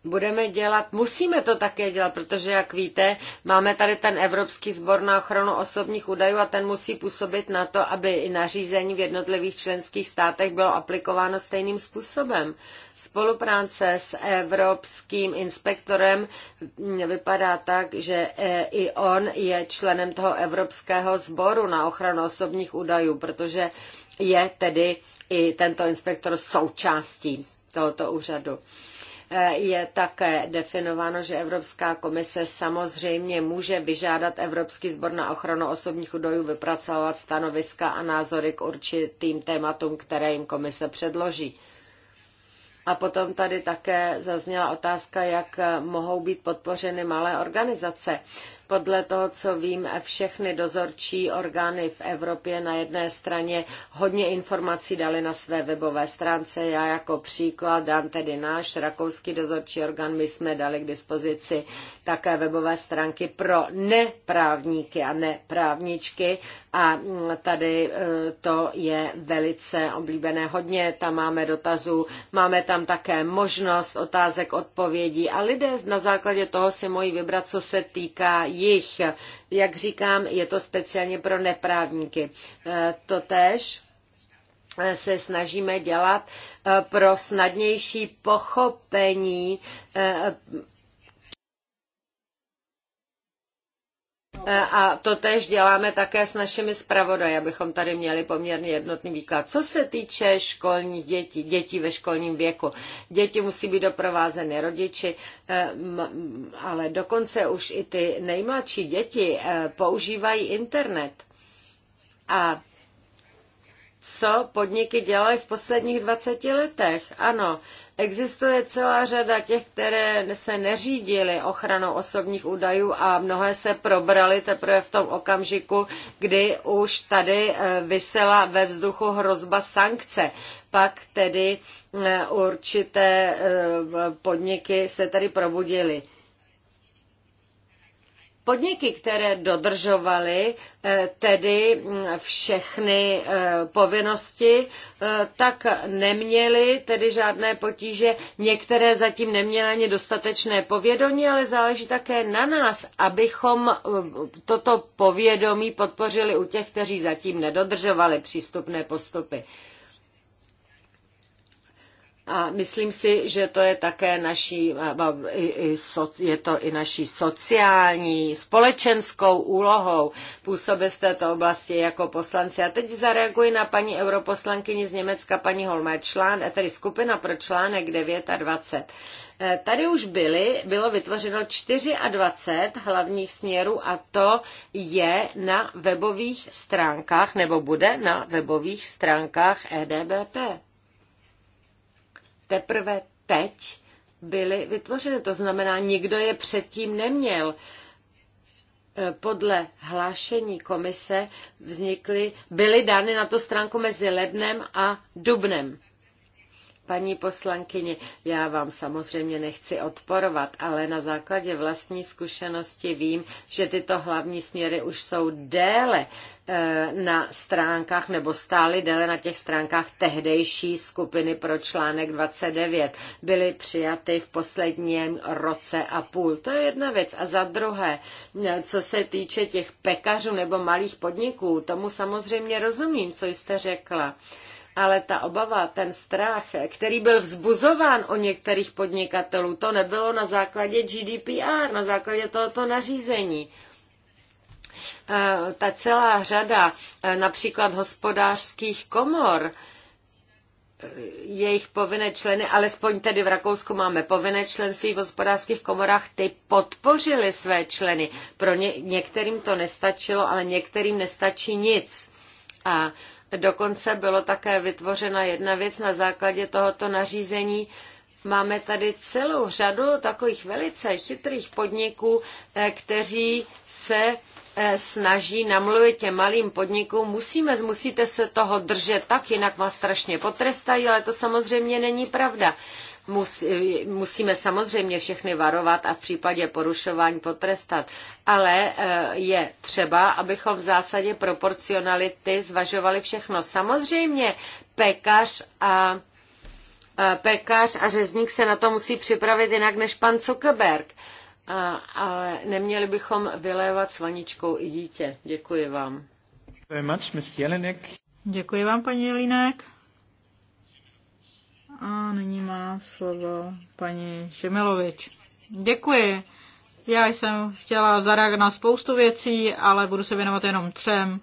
budeme dělat, musíme to také dělat, protože, jak víte, máme tady ten Evropský sbor na ochranu osobních údajů a ten musí působit na to, aby i nařízení v jednotlivých členských státech bylo aplikováno stejným způsobem. Spolupráce s Evropským inspektorem vypadá tak, že e, i on je členem toho Evropského sboru na ochranu osobních údajů, protože je tedy i tento inspektor součástí tohoto úřadu je také definováno, že Evropská komise samozřejmě může vyžádat Evropský sbor na ochranu osobních údajů vypracovat stanoviska a názory k určitým tématům, které jim komise předloží. A potom tady také zazněla otázka, jak mohou být podpořeny malé organizace. Podle toho, co vím, všechny dozorčí orgány v Evropě na jedné straně hodně informací dali na své webové stránce. Já jako příklad dám tedy náš rakouský dozorčí orgán. My jsme dali k dispozici také webové stránky pro neprávníky a neprávničky. A mm, tady e, to je velice oblíbené. Hodně tam máme dotazů, máme tam také možnost otázek, odpovědí a lidé na základě toho si mojí vybrat, co se týká jich. Jak říkám, je to speciálně pro neprávníky. E, Totež e, se snažíme dělat e, pro snadnější pochopení E, a to tež děláme také s našimi zpravodaji, abychom tady měli poměrně jednotný výklad. Co se týče školních dětí, dětí ve školním věku, děti musí být doprovázeny rodiči, e, ale dokonce už i ty nejmladší děti e, používají internet. A co podniky dělaly v posledních 20 letech. Ano, existuje celá řada těch, které se neřídily ochranou osobních údajů a mnohé se probraly teprve v tom okamžiku, kdy už tady eh, vysela ve vzduchu hrozba sankce. Pak tedy eh, určité eh, podniky se tady probudily. Podniky, které dodržovaly eh, tedy mm, všechny eh, povinnosti, eh, tak neměly tedy žádné potíže. Některé zatím neměly ani dostatečné povědomí, ale záleží také na nás, abychom toto povědomí podpořili u těch, kteří zatím nedodržovali přístupné postupy. A myslím si, že to je také naší, je to i naší sociální, společenskou úlohou působit v této oblasti jako poslanci. A teď zareaguji na paní europoslankyni z Německa, paní Holmer, člán, tedy skupina pro článek 9 a 20. E, tady už byly, bylo vytvořeno 24 hlavních směrů a to je na webových stránkách, nebo bude na webových stránkách EDBP teprve teď byly vytvořeny. To znamená, nikdo je předtím neměl. E, podle hlášení komise vznikly, byly dány na tu stránku mezi lednem a dubnem. Paní poslankyni, já vám samozřejmě nechci odporovat, ale na základě vlastní zkušenosti vím, že tyto hlavní směry už jsou déle eh, na stránkách nebo stály déle na těch stránkách tehdejší skupiny pro článek 29. Byly přijaty v posledním roce a půl. To je jedna věc. A za druhé, eh, co se týče těch pekařů nebo malých podniků, tomu samozřejmě rozumím, co jste řekla. Ale ta obava, ten strach, který byl vzbuzován o některých podnikatelů, to nebylo na základě GDPR, na základě tohoto nařízení eh, ta celá řada eh, například hospodářských komor, eh, jejich povinné členy, alespoň tedy v Rakousku máme povinné členství v hospodářských komorách, ty podpořili své členy. Pro ně, některým to nestačilo, ale některým nestačí nic. A Dokonce bylo také vytvořena jedna věc na základě tohoto nařízení. Máme tady celou řadu takových velice chytrých podniků, eh, kteří se eh, snaží namluvit těm malým podnikům, musíme, musíte se toho držet tak, jinak vás strašně potrestají, ale to samozřejmě není pravda musíme samozřejmě všechny varovat a v případě porušování potrestat, ale eh, je třeba, abychom v zásadě proporcionality zvažovali všechno. Samozřejmě pekař a eh, pekař a řezník se na to musí připravit jinak než pan Zuckerberg. A, eh, ale neměli bychom vylévat s vaničkou i dítě. Děkuji vám. Děkuji vám, paní Jelinek. A nyní má slovo paní Šemilovič. Děkuji. Já jsem chtěla zareagovat na spoustu věcí, ale budu se věnovat jenom třem.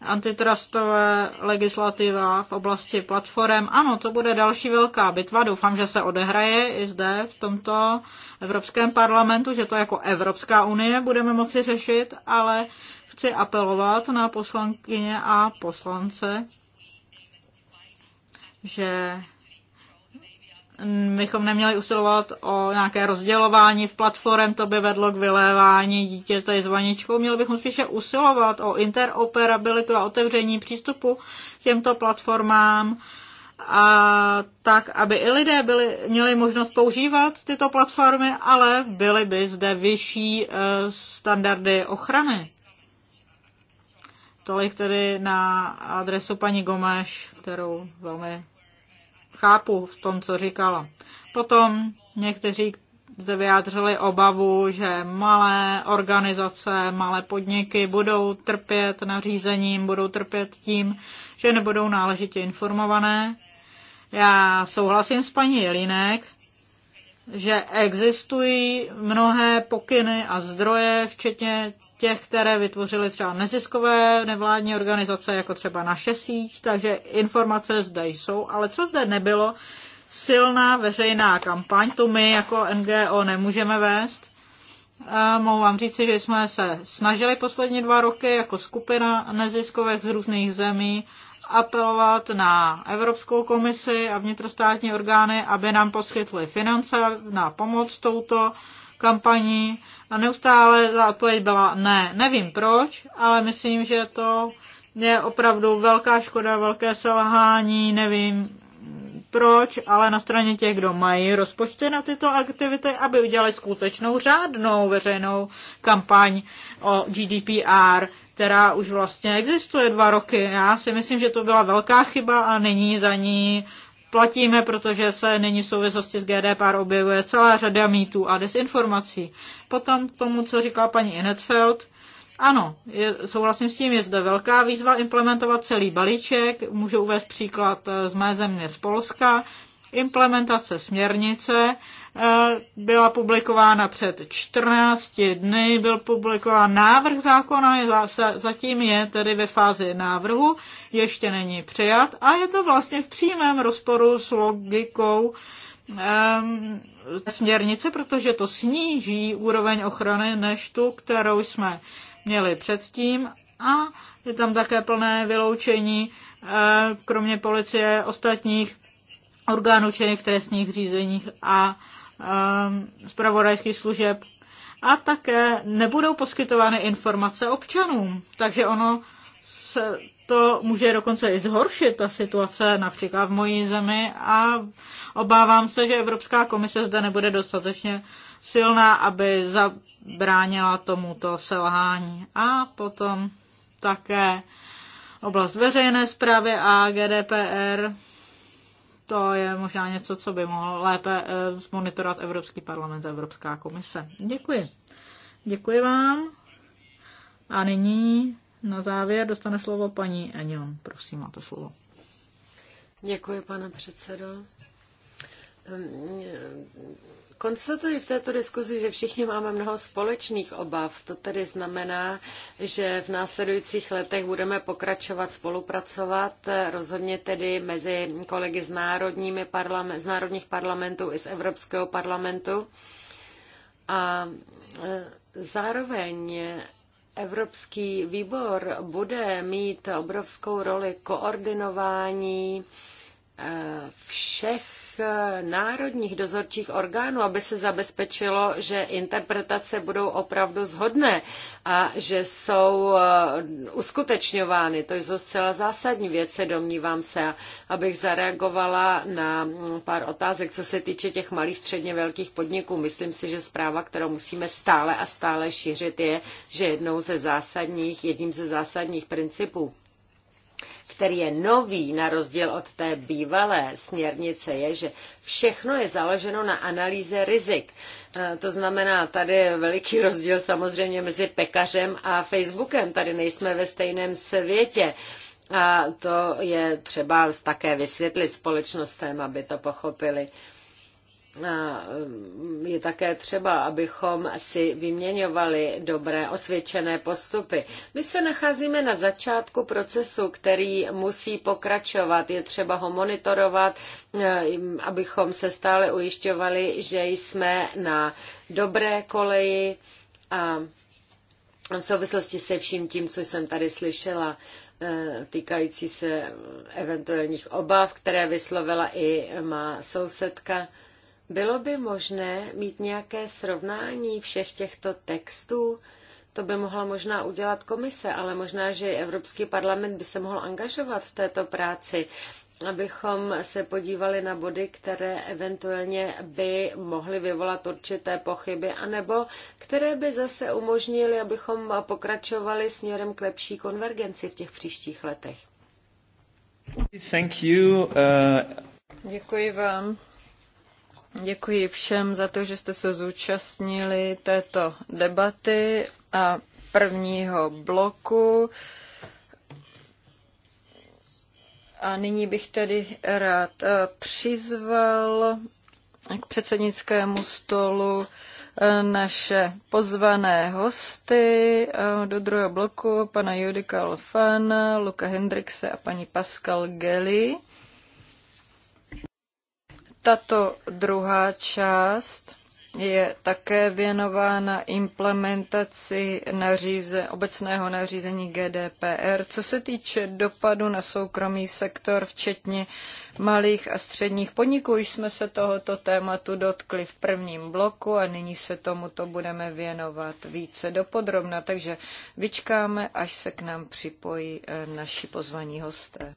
Antitrustové legislativa v oblasti platform. Ano, to bude další velká bitva. Doufám, že se odehraje i zde v tomto Evropském parlamentu, že to jako Evropská unie budeme moci řešit, ale chci apelovat na poslankyně a poslance, že bychom neměli usilovat o nějaké rozdělování v platform, to by vedlo k vylévání dítěte s vaničkou. Měli bychom spíše usilovat o interoperabilitu a otevření přístupu k těmto platformám, a tak, aby i lidé byli, měli možnost používat tyto platformy, ale byly by zde vyšší eh, standardy ochrany. Tolik tedy na adresu paní Gomeš, kterou velmi chápu v tom, co říkala. Potom někteří zde vyjádřili obavu, že malé organizace, malé podniky budou trpět nařízením, budou trpět tím, že nebudou náležitě informované. Já souhlasím s paní Jelinek, že existují mnohé pokyny a zdroje, včetně těch, které vytvořily třeba neziskové nevládní organizace, jako třeba naše síť, takže informace zde jsou, ale co zde nebylo, silná veřejná kampaň, tu my jako NGO nemůžeme vést. A mohu vám říci, že jsme se snažili poslední dva roky jako skupina neziskových z různých zemí apelovat na Evropskou komisi a vnitrostátní orgány, aby nám poskytly finance na pomoc touto kampaní. A neustále ta odpověď byla ne. Nevím proč, ale myslím, že to je opravdu velká škoda, velké selhání, nevím, proč, ale na straně těch, kdo mají rozpočty na tyto aktivity, aby udělali skutečnou řádnou veřejnou kampaň o GDPR, která už vlastně existuje dva roky. Já si myslím, že to byla velká chyba a není za ní platíme, protože se není v souvislosti s GDPR objevuje celá řada mýtů a desinformací. Potom k tomu, co říkala paní Inetfeld, ano, je, souhlasím s tím, je zde velká výzva implementovat celý balíček. Můžu uvést příklad eh, z mé země z Polska. Implementace směrnice eh, byla publikována před 14 dny, byl publikován návrh zákona, zatím je tedy ve fázi návrhu, ještě není přijat a je to vlastně v přímém rozporu s logikou ehm, směrnice, protože to sníží úroveň ochrany než tu, kterou jsme měli předtím a je tam také plné vyloučení, eh, kromě policie, ostatních orgánů činných v trestních řízeních a eh, zpravodajských služeb. A také nebudou poskytovány informace občanům, takže ono se to může dokonce i zhoršit, ta situace například v mojí zemi a obávám se, že Evropská komise zde nebude dostatečně silná, aby zabránila tomuto selhání. A potom také oblast veřejné zprávy a GDPR. To je možná něco, co by mohl lépe eh, zmonitorovat Evropský parlament a Evropská komise. Děkuji. Děkuji vám. A nyní na závěr dostane slovo paní Enion. Prosím, máte slovo. Děkuji, pane předsedo. Ehm, Konstatuji v této diskuzi, že všichni máme mnoho společných obav. To tedy znamená, že v následujících letech budeme pokračovat, spolupracovat, rozhodně tedy mezi kolegy z, národními parlament, z národních parlamentů i z Evropského parlamentu. A e, zároveň Evropský výbor bude mít obrovskou roli koordinování e, všech národních dozorčích orgánů, aby se zabezpečilo, že interpretace budou opravdu zhodné a že jsou eh, uskutečňovány. To jsou zcela zásadní věce, domnívám se, abych zareagovala na mm, pár otázek, co se týče těch malých, středně velkých podniků. Myslím si, že zpráva, kterou musíme stále a stále šířit, je, že jednou ze zásadních, jedním ze zásadních principů který je nový na rozdíl od té bývalé směrnice, je, že všechno je založeno na analýze rizik. Eh, to znamená, tady je veliký rozdíl samozřejmě mezi pekařem a Facebookem. Tady nejsme ve stejném světě. A to je třeba také vysvětlit společnostem, aby to pochopili. Mm, je také třeba, abychom si vyměňovali dobré osvědčené postupy. My se nacházíme na začátku procesu, který musí pokračovat. Je třeba ho monitorovat, e, abychom se stále ujišťovali, že jsme na dobré koleji a v souvislosti se vším tím, co jsem tady slyšela, e, týkající se eventuálních obav, které vyslovila i má sousedka, bylo by možné mít nějaké srovnání všech těchto textů? To by mohla možná udělat komise, ale možná, že i Evropský parlament by se mohl angažovat v této práci, abychom se podívali na body, které eventuálně by mohly vyvolat určité pochyby, anebo které by zase umožnily, abychom pokračovali směrem k lepší konvergenci v těch příštích letech. Thank you. Uh... Děkuji vám. Děkuji všem za to, že jste se zúčastnili této debaty a prvního bloku. A nyní bych tedy rád eh, přizval k předsednickému stolu eh, naše pozvané hosty eh, do druhého bloku, pana Judika Lofana, Luka Hendrikse a paní Pascal Gelly. Tato druhá část je také věnována implementaci naříze, obecného nařízení GDPR. Co se týče dopadu na soukromý sektor, včetně malých a středních podniků, už jsme se tohoto tématu dotkli v prvním bloku a nyní se tomuto budeme věnovat více dopodrobna, takže vyčkáme, až se k nám připojí eh, naši pozvaní hosté.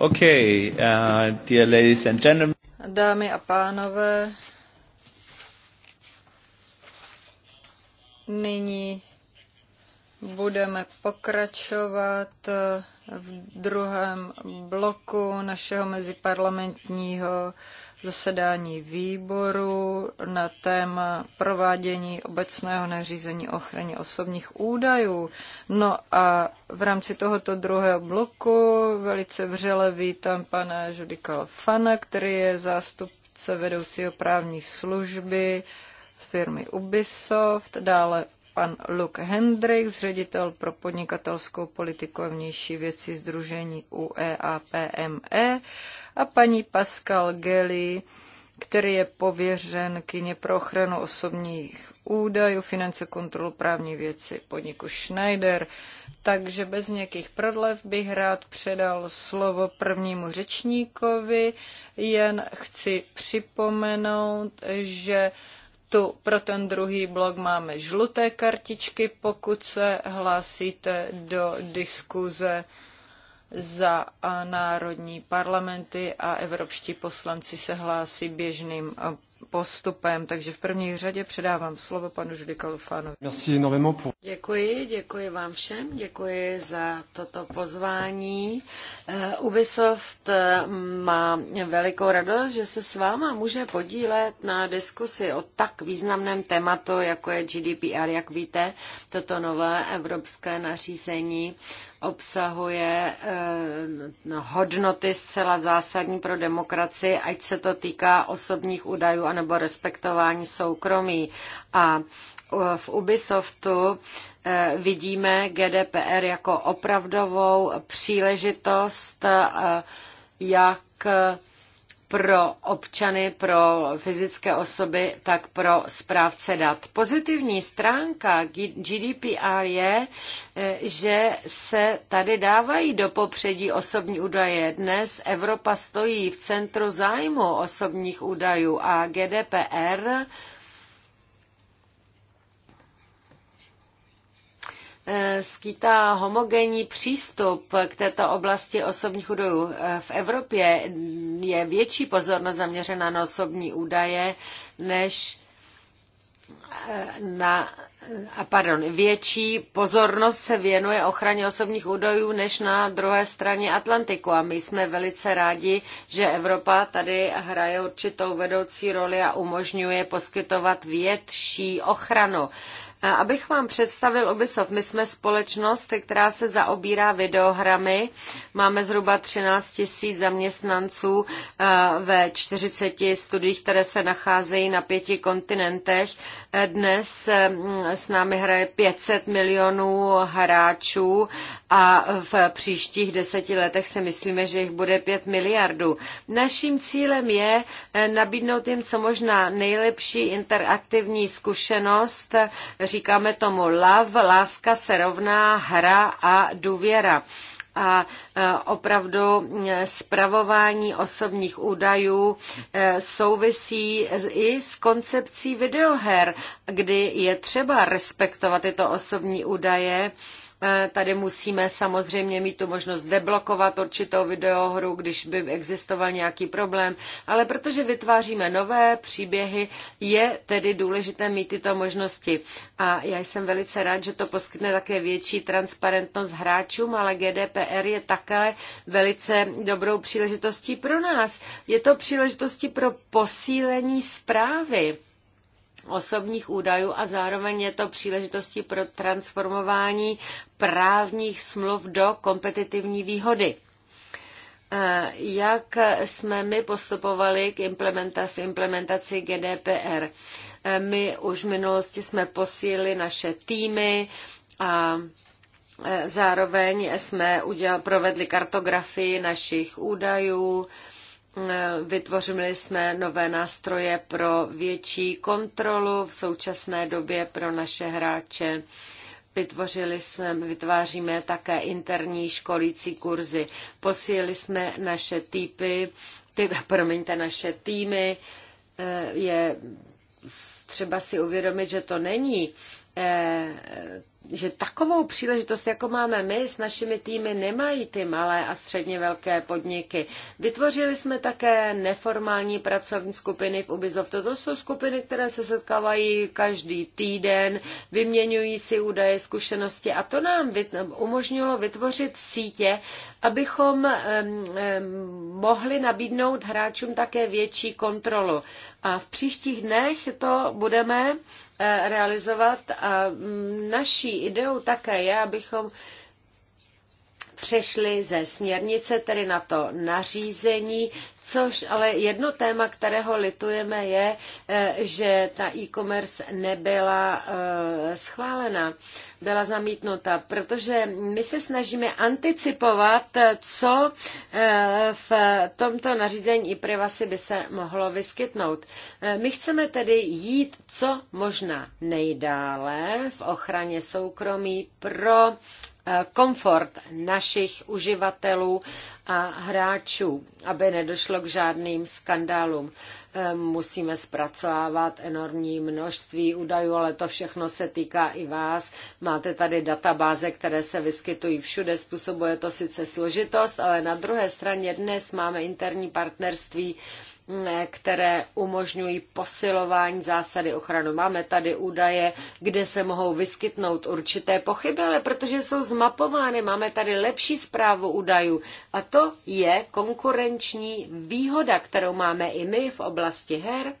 Okay, uh, dear ladies and gentlemen. Dámy a pánové, nyní budeme pokračovat v druhém bloku našeho meziparlamentního zasedání výboru na téma provádění obecného nařízení ochraně osobních údajů. No a v rámci tohoto druhého bloku velice vřele vítám pana Judikala Fana, který je zástupce vedoucího právní služby z firmy Ubisoft, dále pan Luk Hendricks, ředitel pro podnikatelskou politiku a vnější věci Združení UEAPME e, a paní Pascal Gelly, který je pověřen kyně pro ochranu osobních údajů, finance, kontrolu, právní věci podniku Schneider. Takže bez nějakých prodlev bych rád předal slovo prvnímu řečníkovi. Jen chci připomenout, že tu pro ten druhý blok máme žluté kartičky, pokud se hlásíte do diskuze za národní parlamenty a evropští poslanci se hlásí běžným postupem. Takže v první řadě předávám slovo panu Žudikalufánu. Děkuji, děkuji vám všem, děkuji za toto pozvání. Eh, Ubisoft eh, má velikou radost, že se s váma může podílet na diskusi o tak významném tématu, jako je GDPR, jak víte, toto nové evropské nařízení obsahuje eh, hodnoty zcela zásadní pro demokracii, ať se to týká osobních údajů anebo respektování soukromí. A eh, v Ubisoftu eh, vidíme GDPR jako opravdovou příležitost, jak pro občany, pro fyzické osoby, tak pro správce dat. Pozitivní stránka GDPR je, eh, že se tady dávají do popředí osobní údaje. Dnes Evropa stojí v centru zájmu osobních údajů a GDPR Eh, skýtá homogenní přístup k této oblasti osobních údajů. Eh, v Evropě je větší pozornost zaměřena na osobní údaje než eh, na a pardon, větší pozornost se věnuje ochraně osobních údajů než na druhé straně Atlantiku. A my jsme velice rádi, že Evropa tady hraje určitou vedoucí roli a umožňuje poskytovat větší ochranu. Eh, abych vám představil Ubisoft, my jsme společnost, která se zaobírá videohrami. Máme zhruba 13 tisíc zaměstnanců eh, ve 40 studiích, které se nacházejí na pěti kontinentech. Eh, dnes s námi hraje 500 milionů hráčů a v příštích deseti letech si myslíme, že jich bude 5 miliardů. Naším cílem je nabídnout jim co možná nejlepší interaktivní zkušenost, říkáme tomu love, láska se rovná hra a důvěra a e, opravdu e, spravování osobních údajů e, souvisí i s koncepcí videoher, kdy je třeba respektovat tyto osobní údaje Eh, tady musíme samozřejmě mít tu možnost deblokovat určitou videohru, když by existoval nějaký problém, ale protože vytváříme nové příběhy, je tedy důležité mít tyto možnosti. A já jsem velice rád, že to poskytne také větší transparentnost hráčům, ale GDPR je také velice dobrou příležitostí pro nás. Je to příležitostí pro posílení zprávy osobních údajů a zároveň je to příležitostí pro transformování právních smluv do kompetitivní výhody. Eh, jak jsme my postupovali k implementa- v implementaci GDPR? Eh, my už v minulosti jsme posílili naše týmy a eh, zároveň jsme udělali, provedli kartografii našich údajů, Vytvořili jsme nové nástroje pro větší kontrolu v současné době pro naše hráče. Vytvořili jsme, vytváříme také interní školící kurzy. Posílili jsme naše týpy, ty, promiňte, naše týmy. Eh, je třeba si uvědomit, že to není Eh, že takovou příležitost, jako máme my s našimi týmy, nemají ty malé a středně velké podniky. Vytvořili jsme také neformální pracovní skupiny v Ubisoft. To jsou skupiny, které se setkávají každý týden, vyměňují si údaje, zkušenosti a to nám umožnilo vytvořit sítě, abychom mohli nabídnout hráčům také větší kontrolu. A v příštích dnech to budeme eh, realizovat a mm, naší ideou také je, abychom přešli ze směrnice, tedy na to nařízení, což ale jedno téma, kterého litujeme, je, eh, že ta e-commerce nebyla eh, schválena, byla zamítnuta, protože my se snažíme anticipovat, eh, co v tomto nařízení i privacy by se mohlo vyskytnout. My chceme tedy jít co možná nejdále v ochraně soukromí pro Eh, komfort našich uživatelů a hráčů, aby nedošlo k žádným skandálům. Eh, musíme zpracovávat enormní množství údajů, ale to všechno se týká i vás. Máte tady databáze, které se vyskytují všude, způsobuje to sice složitost, ale na druhé straně dnes máme interní partnerství které umožňují posilování zásady ochranu. Máme tady údaje, kde se mohou vyskytnout určité pochyby, ale protože jsou zmapovány, máme tady lepší zprávu údajů. A to je konkurenční výhoda, kterou máme i my v oblasti her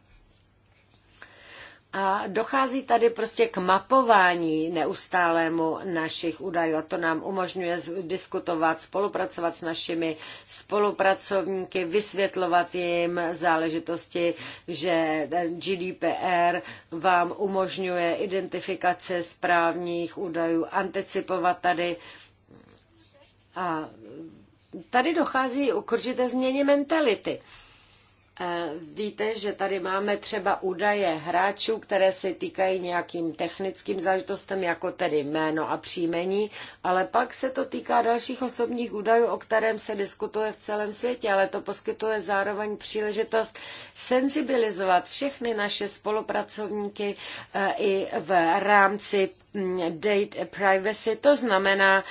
a dochází tady prostě k mapování neustálému našich údajů a to nám umožňuje diskutovat, spolupracovat s našimi spolupracovníky, vysvětlovat jim záležitosti, že eh, GDPR vám umožňuje identifikace správních údajů, anticipovat tady a tady dochází k určité změně mentality. Eh, víte, že tady máme třeba údaje hráčů, které se týkají nějakým technickým záležitostem, jako tedy jméno a příjmení, ale pak se to týká dalších osobních údajů, o kterém se diskutuje v celém světě, ale to poskytuje zároveň příležitost senzibilizovat všechny naše spolupracovníky eh, i v rámci data privacy, to znamená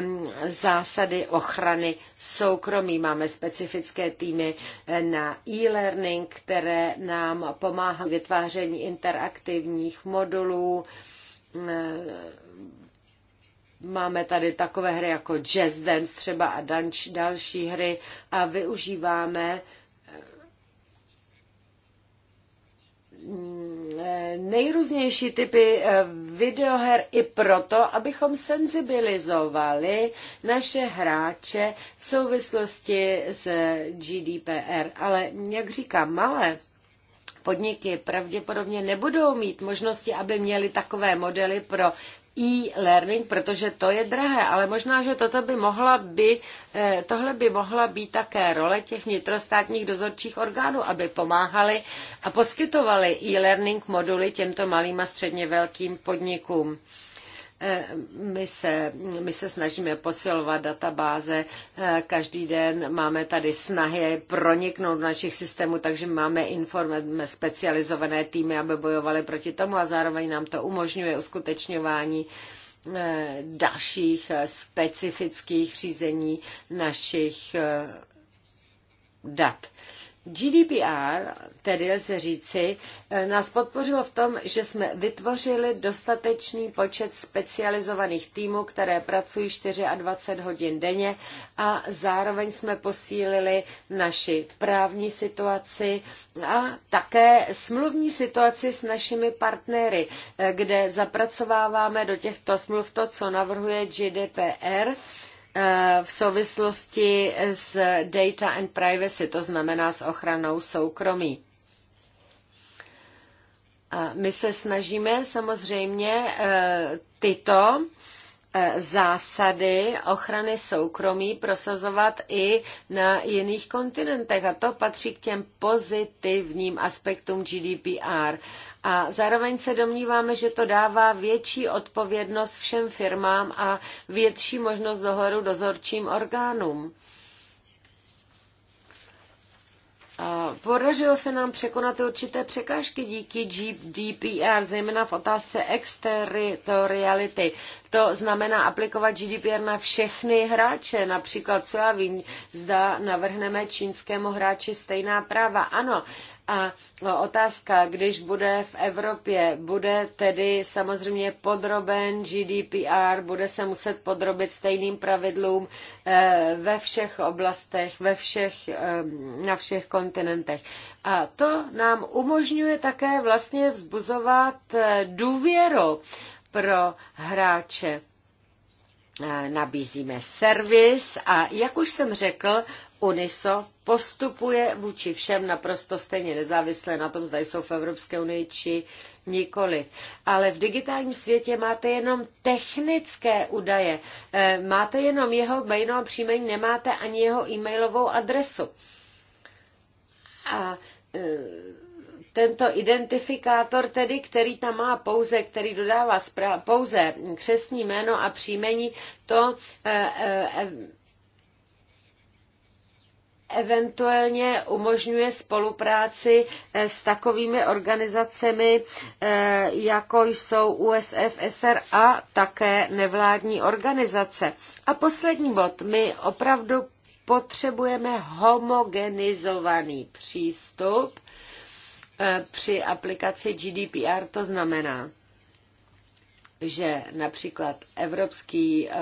um, zásady ochrany soukromí. Máme specifické týmy eh, na e-learning, které nám pomáhá vytváření interaktivních modulů. Eh, máme tady takové hry jako Jazz Dance třeba a další hry a využíváme Mm, eh, nejrůznější typy eh, videoher i proto, abychom senzibilizovali naše hráče v souvislosti s GDPR. Ale jak říkám, malé podniky pravděpodobně nebudou mít možnosti, aby měly takové modely pro e-learning, protože to je drahé, ale možná, že toto by mohla by, eh, tohle by mohla být také role těch vnitrostátních dozorčích orgánů, aby pomáhali a poskytovali e-learning moduly těmto malým a středně velkým podnikům. Eh, my se, my se snažíme posilovat databáze eh, každý den. Máme tady snahy proniknout do našich systémů, takže máme informace, specializované týmy, aby bojovali proti tomu a zároveň nám to umožňuje uskutečňování eh, dalších specifických řízení našich dat. GDPR, tedy lze říci, eh, nás podpořilo v tom, že jsme vytvořili dostatečný počet specializovaných týmů, které pracují 24 hodin denně a zároveň jsme posílili naši právní situaci a také smluvní situaci s našimi partnery, eh, kde zapracováváme do těchto smluv to, co navrhuje GDPR, Eh, v souvislosti s data and privacy, to znamená s ochranou soukromí. my se snažíme samozřejmě eh, tyto E, zásady ochrany soukromí prosazovat i na jiných kontinentech. A to patří k těm pozitivním aspektům GDPR. A zároveň se domníváme, že to dává větší odpovědnost všem firmám a větší možnost dohledu dozorčím orgánům. Podařilo se nám překonat určité překážky díky GDPR, zejména v otázce exteritoriality. To znamená aplikovat GDPR na všechny hráče. Například, co já vím, zda navrhneme čínskému hráči stejná práva. Ano, a no, otázka, když bude v Evropě, bude tedy samozřejmě podroben GDPR, bude se muset podrobit stejným pravidlům eh, ve všech oblastech, ve všech, eh, na všech kontinentech. A to nám umožňuje také vlastně vzbuzovat eh, důvěru pro hráče. Nabízíme servis a, jak už jsem řekl, Uniso postupuje vůči všem naprosto stejně nezávisle na tom, zda jsou v Evropské unii či nikoli. Ale v digitálním světě máte jenom technické údaje. Eh, máte jenom jeho jméno a příjmení, nemáte ani jeho e-mailovou adresu. A eh, tento identifikátor tedy, který tam má pouze, který dodává pouze křesní jméno a příjmení, to eh, eventuálně umožňuje spolupráci eh, s takovými organizacemi, eh, jako jsou USFSR a také nevládní organizace. A poslední bod. My opravdu potřebujeme homogenizovaný přístup eh, při aplikaci GDPR, to znamená, že například Evropský eh,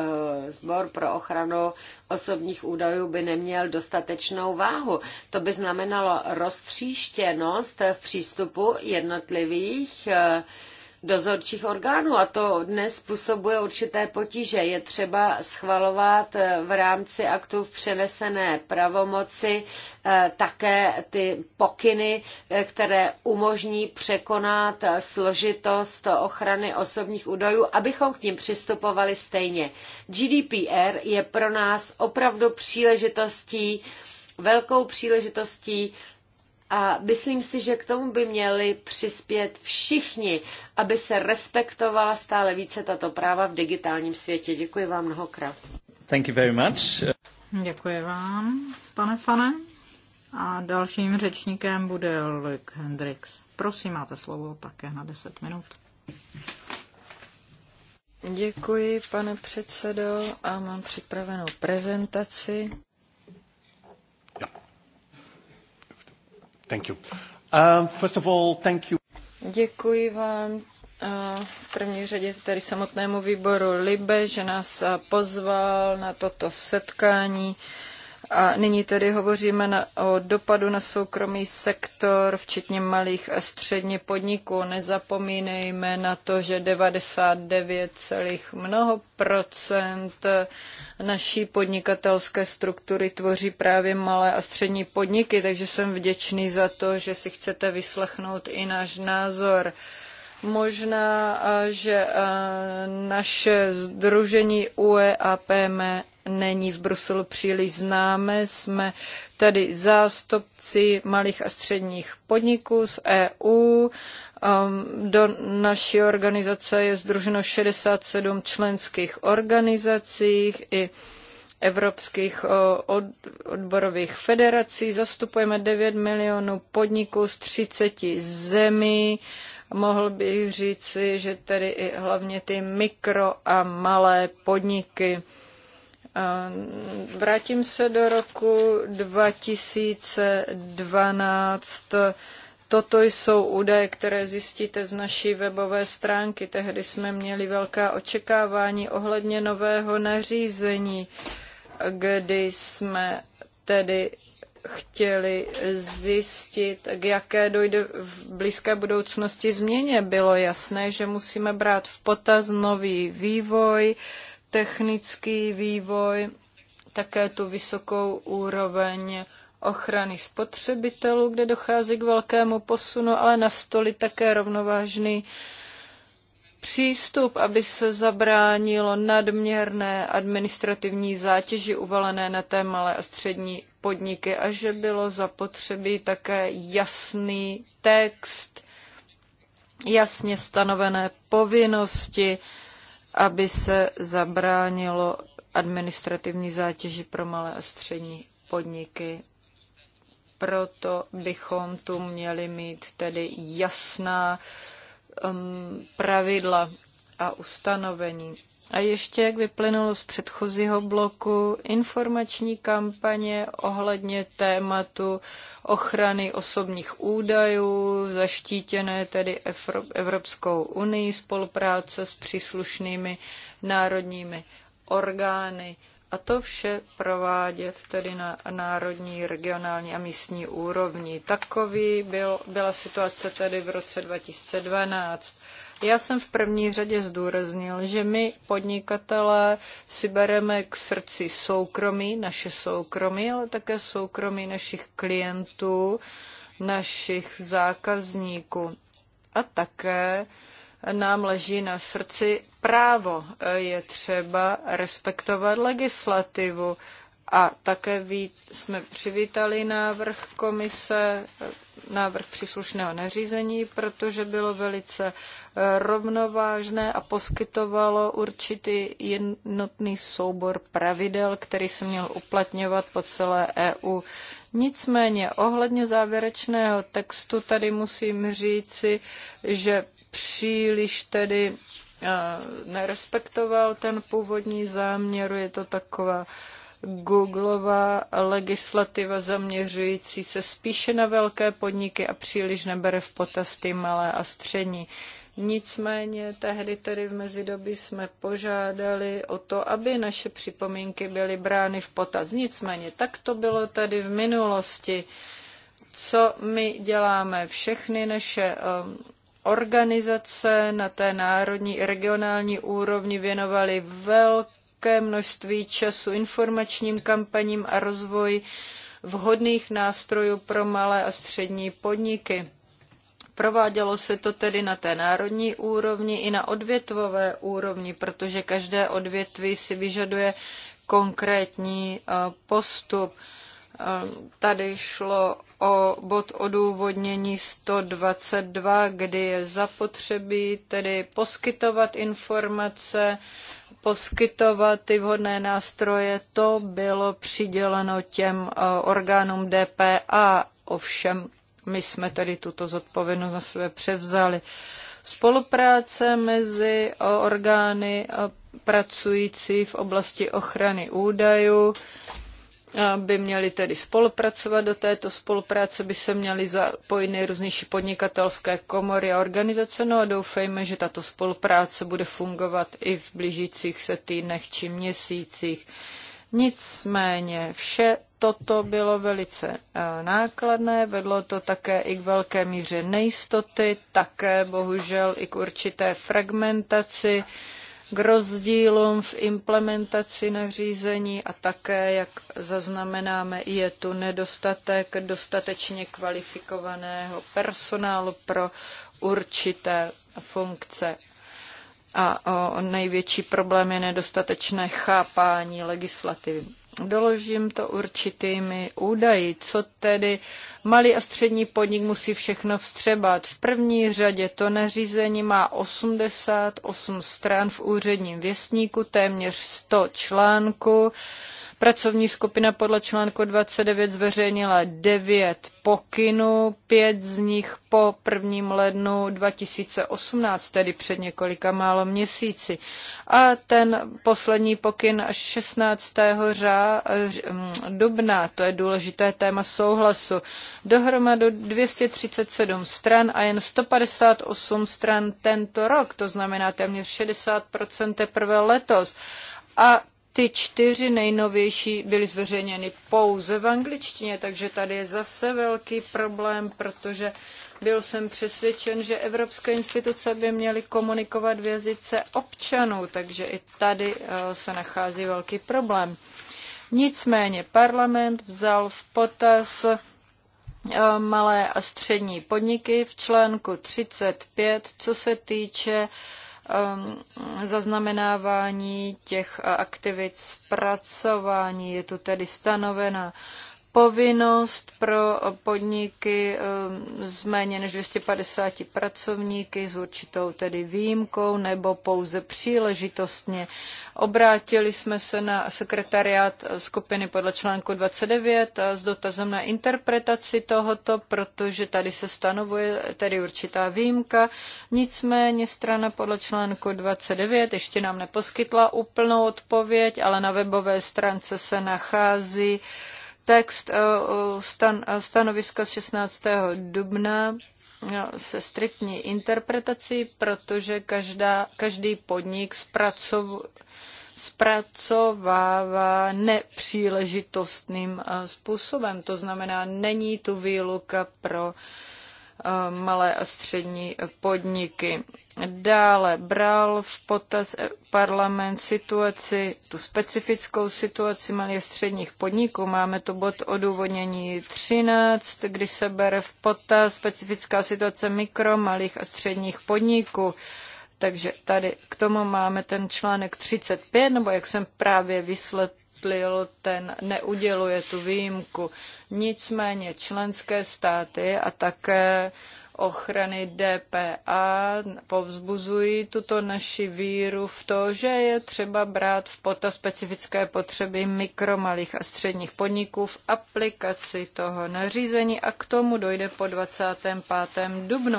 sbor pro ochranu osobních údajů by neměl dostatečnou váhu. To by znamenalo roztříštěnost v přístupu jednotlivých eh, dozorčích orgánů a to dnes způsobuje určité potíže. Je třeba schvalovat eh, v rámci aktů v přenesené pravomoci eh, také ty pokyny, eh, které umožní překonat složitost ochrany osobních údajů, abychom k ním přistupovali stejně. GDPR je pro nás opravdu příležitostí, velkou příležitostí a myslím si, že k tomu by měli přispět všichni, aby se respektovala stále více tato práva v digitálním světě. Děkuji vám mnohokrát. Thank you very much. Děkuji vám, pane Fane. A dalším řečníkem bude Luke Hendricks. Prosím, máte slovo také na 10 minut. Děkuji, pane předsedo, a mám připravenou prezentaci. Uh, Děkuji vám v první řadě tedy samotnému výboru Libe, že nás pozval na toto setkání. A nyní tedy hovoříme na, o dopadu na soukromý sektor, včetně malých a středně podniků. Nezapomínejme na to, že 99, mnoho procent naší podnikatelské struktury tvoří právě malé a střední podniky, takže jsem vděčný za to, že si chcete vyslechnout i náš názor možná, že naše združení UEAPM není v Bruselu příliš známé. Jsme tady zástupci malých a středních podniků z EU. Ehm, do naší organizace je združeno 67 členských organizací i evropských odborových federací. Zastupujeme 9 milionů podniků z 30 zemí. Mohl bych říci, že tedy i hlavně ty mikro a malé podniky. Vrátím se do roku 2012. Toto jsou údaje, které zjistíte z naší webové stránky. Tehdy jsme měli velká očekávání ohledně nového nařízení, kdy jsme tedy chtěli zjistit, k jaké dojde v blízké budoucnosti změně. Bylo jasné, že musíme brát v potaz nový vývoj, uh, technický vývoj, také tu vysokou úroveň ochrany spotřebitelů, kde dochází k velkému posunu, ale nastolit také rovnovážný přístup, aby se zabránilo nadměrné administrativní zátěži uvalené na té malé a střední podniky a že bylo zapotřebí také jasný text, jasně stanovené povinnosti, aby se zabránilo administrativní zátěži pro malé a střední podniky. Proto bychom tu měli mít tedy jasná um, pravidla a ustanovení. A ještě, jak vyplynulo z předchozího bloku, informační kampaně ohledně tématu ochrany osobních údajů, zaštítěné tedy Evropskou unii, spolupráce s příslušnými národními orgány. A to vše provádět tedy na národní, regionální a místní úrovni. Takový byl, byla situace tedy v roce 2012. Já jsem v první řadě zdůraznil, že my podnikatelé si bereme k srdci soukromí, naše soukromí, ale také soukromí našich klientů, našich zákazníků. A také nám leží na srdci právo. Je třeba respektovat legislativu. A také jsme přivítali návrh komise návrh příslušného nařízení, protože bylo velice eh, rovnovážné a poskytovalo určitý jednotný soubor pravidel, který se měl uplatňovat po celé EU. Nicméně ohledně závěrečného textu tady musím říci, že příliš tedy eh, nerespektoval ten původní záměr, je to taková Googleova legislativa zaměřující se spíše na velké podniky a příliš nebere v potaz ty malé a střední. Nicméně tehdy tedy v mezidobí jsme požádali o to, aby naše připomínky byly brány v potaz. Nicméně tak to bylo tady v minulosti. Co my děláme? Všechny naše um, organizace na té národní i regionální úrovni věnovaly velké obrovské množství času informačním kampaním a rozvoji vhodných nástrojů pro malé a střední podniky. Provádělo se to tedy na té národní úrovni i na odvětvové úrovni, protože každé odvětví si vyžaduje konkrétní e, postup. E, tady šlo o bod odůvodnění 122, kdy je zapotřebí tedy poskytovat informace poskytovat ty vhodné nástroje, to bylo přiděleno těm eh, orgánům DPA. Ovšem, my jsme tedy tuto zodpovědnost na sebe převzali. Spolupráce mezi eh, orgány eh, pracující v oblasti ochrany údajů, by měly tedy spolupracovat. Do této spolupráce by se měly zapojit nejrůznější podnikatelské komory a organizace. No a doufejme, že tato spolupráce bude fungovat i v blížících se týdnech či měsících. Nicméně vše toto bylo velice eh, nákladné, vedlo to také i k velké míře nejistoty, také bohužel i k určité fragmentaci k rozdílům v implementaci nařízení a také, jak zaznamenáme, je tu nedostatek dostatečně kvalifikovaného personálu pro určité funkce. A největší problém je nedostatečné chápání legislativy. Doložím to určitými údaji, co tedy malý a střední podnik musí všechno vstřebat. V první řadě to nařízení má 88 stran v úředním věstníku, téměř 100 článků. Pracovní skupina podle článku 29 zveřejnila 9 pokynů, pět z nich po 1. lednu 2018, tedy před několika málo měsíci. A ten poslední pokyn až 16. Řá, mm, dubna, to je důležité téma souhlasu. Dohromady 237 stran a jen 158 stran tento rok, to znamená téměř 60% teprve letos. A ty čtyři nejnovější byly zveřejněny pouze v angličtině, takže tady je zase velký problém, protože byl jsem přesvědčen, že evropské instituce by měly komunikovat v jazyce občanů, takže i tady eh, se nachází velký problém. Nicméně parlament vzal v potaz eh, malé a střední podniky v článku 35, co se týče uh, Um, zaznamenávání těch eh, aktivit, zpracování. Je tu tedy stanovena povinnost pro podniky eh, s méně než 250 pracovníky s určitou tedy výjimkou nebo pouze příležitostně. Obrátili jsme se na sekretariát skupiny podle článku 29 s dotazem na interpretaci tohoto, protože tady se stanovuje tedy určitá výjimka. Nicméně strana podle článku 29 ještě nám neposkytla úplnou odpověď, ale na webové stránce se nachází Text eh, eh, stan, eh, stanoviska z 16. dubna se striktní interpretací, protože každá, každý podnik zpracov, zpracovává nepříležitostným způsobem. To znamená, není tu výluka pro uh, malé a střední podniky. Dále bral v potaz parlament situaci, tu specifickou situaci malých středních podniků. Máme tu bod odůvodnění 13, kdy se bere v potaz specifická situace mikro, malých a středních podniků. Takže tady k tomu máme ten článek 35, nebo jak jsem právě vysvětlil, vysvětlil, ten neuděluje tu výjimku. Nicméně členské státy a také ochrany DPA povzbuzují tuto naši víru v to, že je třeba brát v potaz specifické potřeby mikromalých a středních podniků v aplikaci toho nařízení a k tomu dojde po 25. dubnu.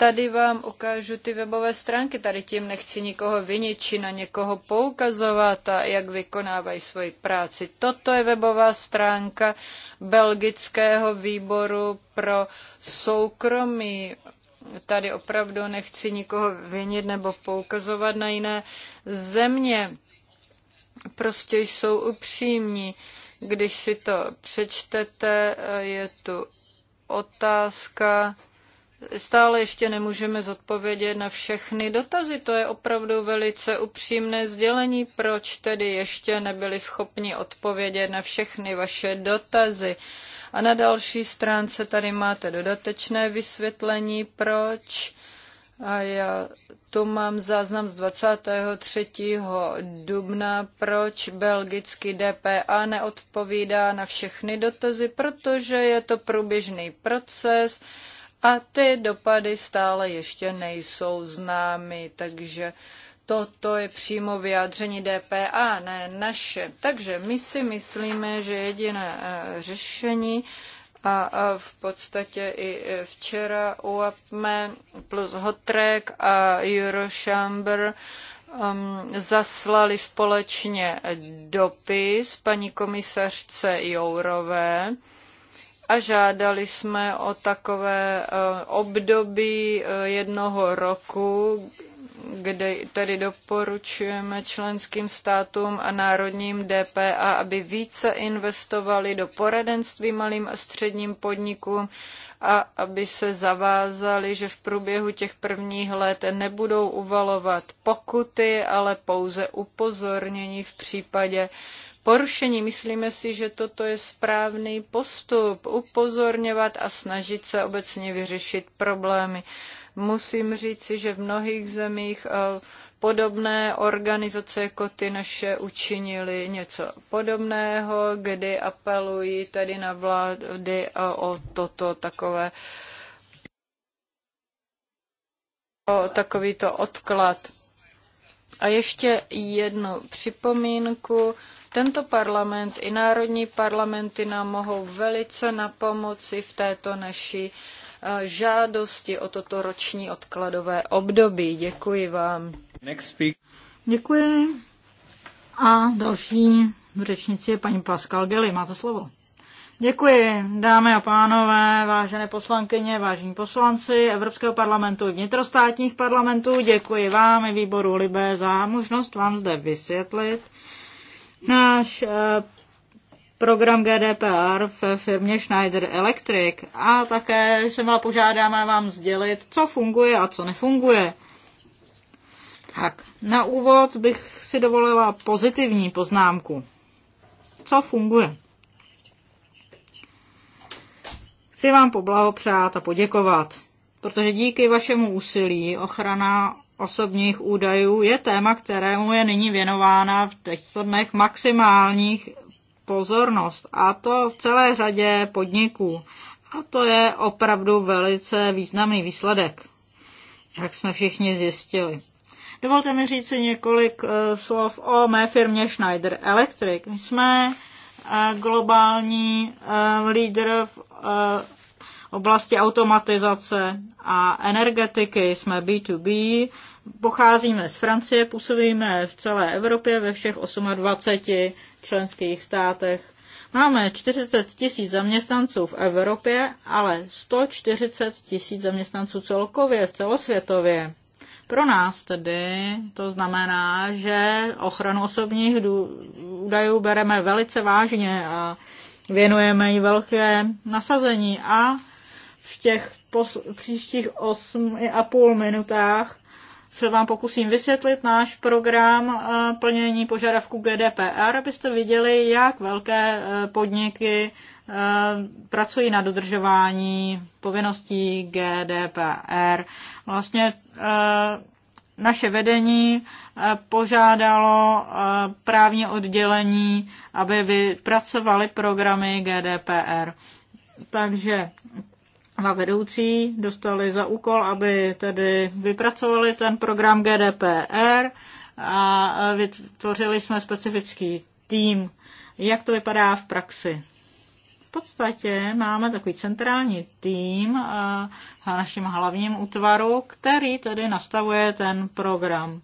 Tady vám ukážu ty webové stránky, tady tím nechci nikoho vinit či na někoho poukazovat a jak vykonávají svoji práci. Toto je webová stránka Belgického výboru pro soukromí. Tady opravdu nechci nikoho vinit nebo poukazovat na jiné země. Prostě jsou upřímní. Když si to přečtete, je tu otázka, Stále ještě nemůžeme zodpovědět na všechny dotazy. To je opravdu velice upřímné sdělení, proč tedy ještě nebyli schopni odpovědět na všechny vaše dotazy. A na další stránce tady máte dodatečné vysvětlení, proč. A já tu mám záznam z 23. dubna, proč belgický DPA neodpovídá na všechny dotazy, protože je to průběžný proces a ty dopady stále ještě nejsou známy, takže toto je přímo vyjádření DPA, ne naše. Takže my si myslíme, že jediné eh, řešení a, v podstatě i eh, včera UAPME plus Hotrek a Eurochamber um, zaslali společně dopis paní komisařce Jourové, a žádali jsme o takové eh, období eh, jednoho roku, kde tedy doporučujeme členským státům a národním DPA, aby více investovali do poradenství malým a středním podnikům a aby se zavázali, že v průběhu těch prvních let nebudou uvalovat pokuty, ale pouze upozornění v případě, porušení. Myslíme si, že toto je správný postup, upozorňovat a snažit se obecně vyřešit problémy. Musím říci, že v mnohých zemích eh, podobné organizace jako ty naše učinili něco podobného, kdy apelují tady na vlády eh, o toto takové o takovýto odklad. A ještě jednu připomínku. Tento parlament i národní parlamenty nám mohou velice napomoci v této naší eh, žádosti o toto roční odkladové období. Děkuji vám. Děkuji. A další řečnici je paní Pascal Gelly. Máte slovo. Děkuji, dámy a pánové, vážené poslankyně, vážení poslanci Evropského parlamentu i vnitrostátních parlamentů. Děkuji vám i výboru Libe za možnost vám zde vysvětlit náš eh, program GDPR v firmě Schneider Electric a také jsem vám požádáme vám sdělit, co funguje a co nefunguje. Tak, na úvod bych si dovolila pozitivní poznámku. Co funguje? Chci vám poblahopřát a poděkovat, protože díky vašemu úsilí ochrana osobních údajů je téma, kterému je nyní věnována v těchto dnech maximálních pozornost a to v celé řadě podniků. A to je opravdu velice významný výsledek, jak jsme všichni zjistili. Dovolte mi říct si několik eh, slov o mé firmě Schneider Electric. My jsme eh, globální eh, lídr v oblasti automatizace a energetiky. Jsme B2B, Pocházíme z Francie, působíme v celé Evropě ve všech 28 členských státech. Máme 40 tisíc zaměstnanců v Evropě, ale 140 tisíc zaměstnanců celkově, v celosvětově. Pro nás tedy to znamená, že ochranu osobních údajů bereme velice vážně a věnujeme jí velké nasazení a v těch pos- příštích 8,5 minutách se vám pokusím vysvětlit náš program eh, plnění požadavku GDPR, abyste viděli, jak velké eh, podniky eh, pracují na dodržování povinností GDPR. Vlastně naše vedení požádalo právní oddělení, aby vypracovali programy GDPR. Takže dva vedoucí dostali za úkol, aby tedy vypracovali ten program GDPR a vytvořili jsme specifický tým. Jak to vypadá v praxi? V podstatě máme takový centrální tým a eh, naším hlavním útvaru, který tedy nastavuje ten program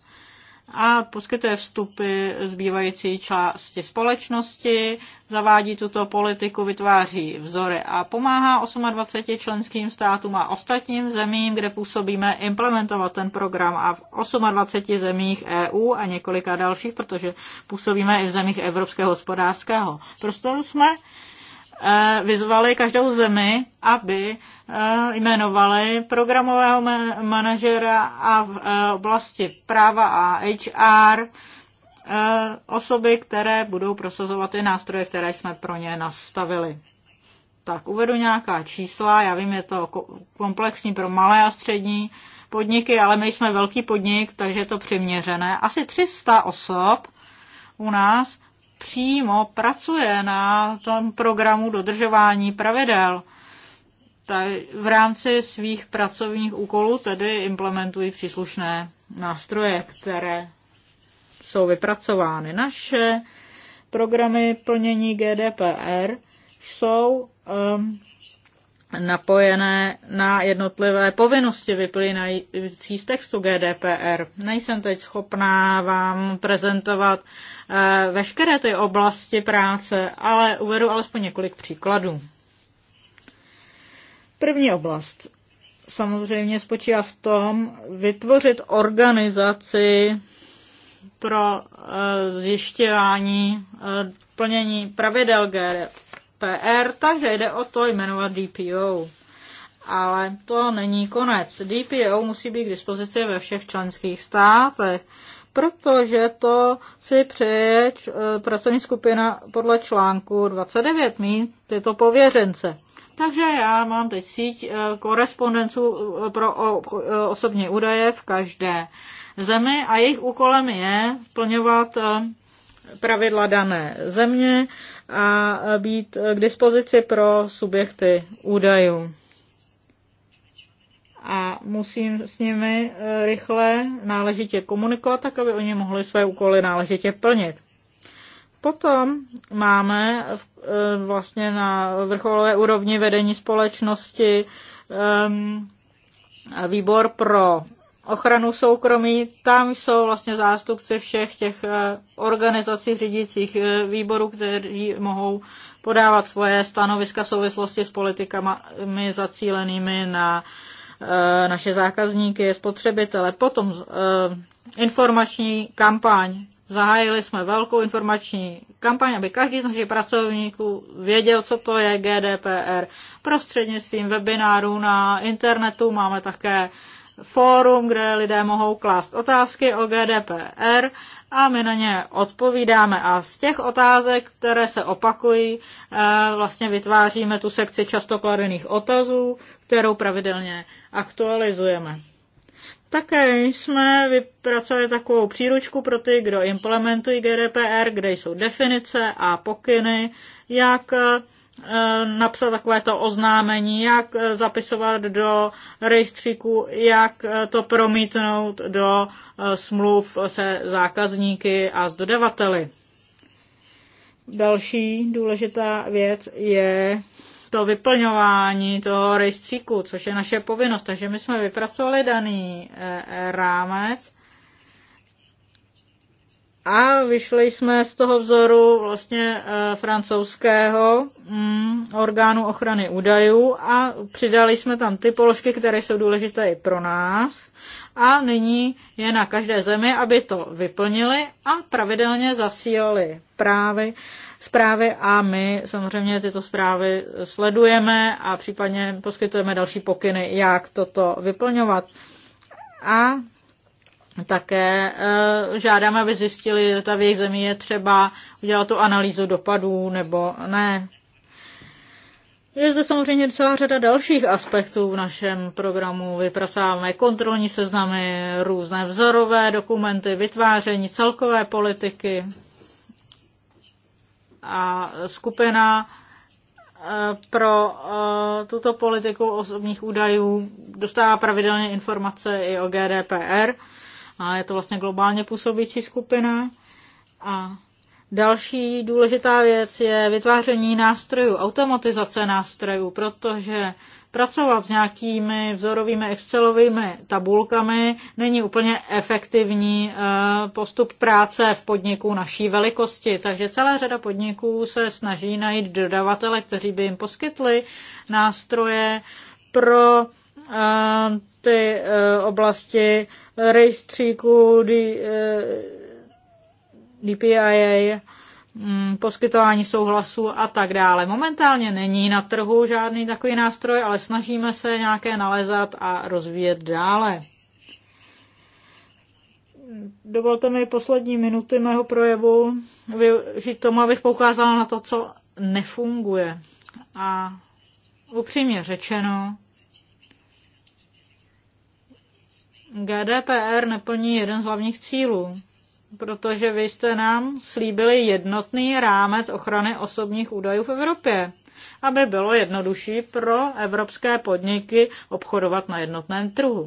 a poskytuje vstupy zbývající části společnosti, zavádí tuto politiku, vytváří vzory a pomáhá 28 členským státům a ostatním zemím, kde působíme, implementovat ten program a v 28 zemích EU a několika dalších, protože působíme i v zemích Evropského hospodářského prostoru jsme Eh, vyzvali každou zemi, aby eh, jmenovali programového manažera a v eh, oblasti práva a HR osoby, které budou prosazovat ty nástroje, které jsme pro ně nastavili. Tak uvedu nějaká čísla, já vím, je to komplexní pro malé a střední podniky, ale my jsme velký podnik, takže je to přiměřené. Asi 300 osob u nás přímo pracuje na tom programu dodržování pravidel. V rámci svých pracovních úkolů tedy implementují příslušné nástroje, které jsou vypracovány. Naše programy plnění GDPR jsou um, napojené na jednotlivé povinnosti vyplývající z textu GDPR. Nejsem teď schopná vám prezentovat eh, veškeré ty oblasti práce, ale uvedu alespoň několik příkladů. První oblast samozřejmě spočívá v tom vytvořit organizaci pro eh, zjišťování eh, plnění pravidel GDPR PR, takže jde o to jmenovat DPO. Ale to není konec. DPO musí být k dispozici ve všech členských státech, protože to si přeje e, pracovní skupina podle článku 29 mít tyto pověřence. Takže já mám teď síť e, korespondenců e, pro osobní údaje v každé zemi a jejich úkolem je plňovat pravidla dané země a být k dispozici pro subjekty údajů. A musím s nimi e, rychle náležitě komunikovat, tak aby oni mohli své úkoly náležitě plnit. Potom máme e, vlastně na vrcholové úrovni vedení společnosti e, výbor pro ochranu soukromí. Tam jsou vlastně zástupci všech těch eh, organizací řídících eh, výborů, kteří mohou podávat svoje stanoviska v souvislosti s politikami zacílenými na eh, naše zákazníky, spotřebitele. Potom informační kampaň. Zahájili jsme velkou informační kampaň, aby každý z našich pracovníků věděl, co to je GDPR. Prostřednictvím webinárů na internetu máme také fórum, kde lidé mohou klást otázky o GDPR a my na ně odpovídáme. A z těch otázek, které se opakují, eh, vlastně vytváříme tu sekci často kladených otazů, kterou pravidelně aktualizujeme. Také jsme vypracovali takovou příručku pro ty, kdo implementují GDPR, kde jsou definice a pokyny, jak Eh, napsat takovéto oznámení, jak eh, zapisovat do rejstříku, jak eh, to promítnout do smluv se zákazníky a s dodavateli. Další důležitá věc je to vyplňování toho rejstříku, což je naše povinnost. Takže my jsme vypracovali daný rámec a vyšli jsme z toho vzoru vlastně eh, francouzského mm, orgánu ochrany údajů a přidali jsme tam ty položky, které jsou důležité i pro nás. A nyní je na každé zemi, aby to vyplnili a pravidelně zasílali právy, zprávy a my samozřejmě tyto zprávy sledujeme a případně poskytujeme další pokyny, jak toto vyplňovat. A také eh, žádáme, aby zjistili, ta v jejich zemi je třeba udělat tu analýzu dopadů nebo ne. Je zde samozřejmě celá řada dalších aspektů v našem programu. Vypracáváme kontrolní seznamy, různé vzorové dokumenty, vytváření celkové politiky. A skupina eh, pro eh, tuto politiku osobních údajů dostává pravidelně informace i o GDPR a je to vlastně globálně působící skupina. A další důležitá věc je vytváření nástrojů, automatizace nástrojů, protože pracovat s nějakými vzorovými Excelovými tabulkami není úplně efektivní eh, postup práce v podniku naší velikosti. Takže celá řada podniků se snaží najít dodavatele, kteří by jim poskytli nástroje pro eh, ty eh, oblasti rejstříku DPIA, eh, mm, poskytování souhlasu a tak dále. Momentálně není na trhu žádný takový nástroj, ale snažíme se nějaké nalezat a rozvíjet dále. Dovolte mi poslední minuty mého projevu využít tomu, abych poukázala na to, co nefunguje. A upřímně řečeno, GDPR neplní jeden z hlavních cílů, protože vy jste nám slíbili jednotný rámec ochrany osobních údajů v Evropě, aby bylo jednodušší pro evropské podniky obchodovat na jednotném trhu.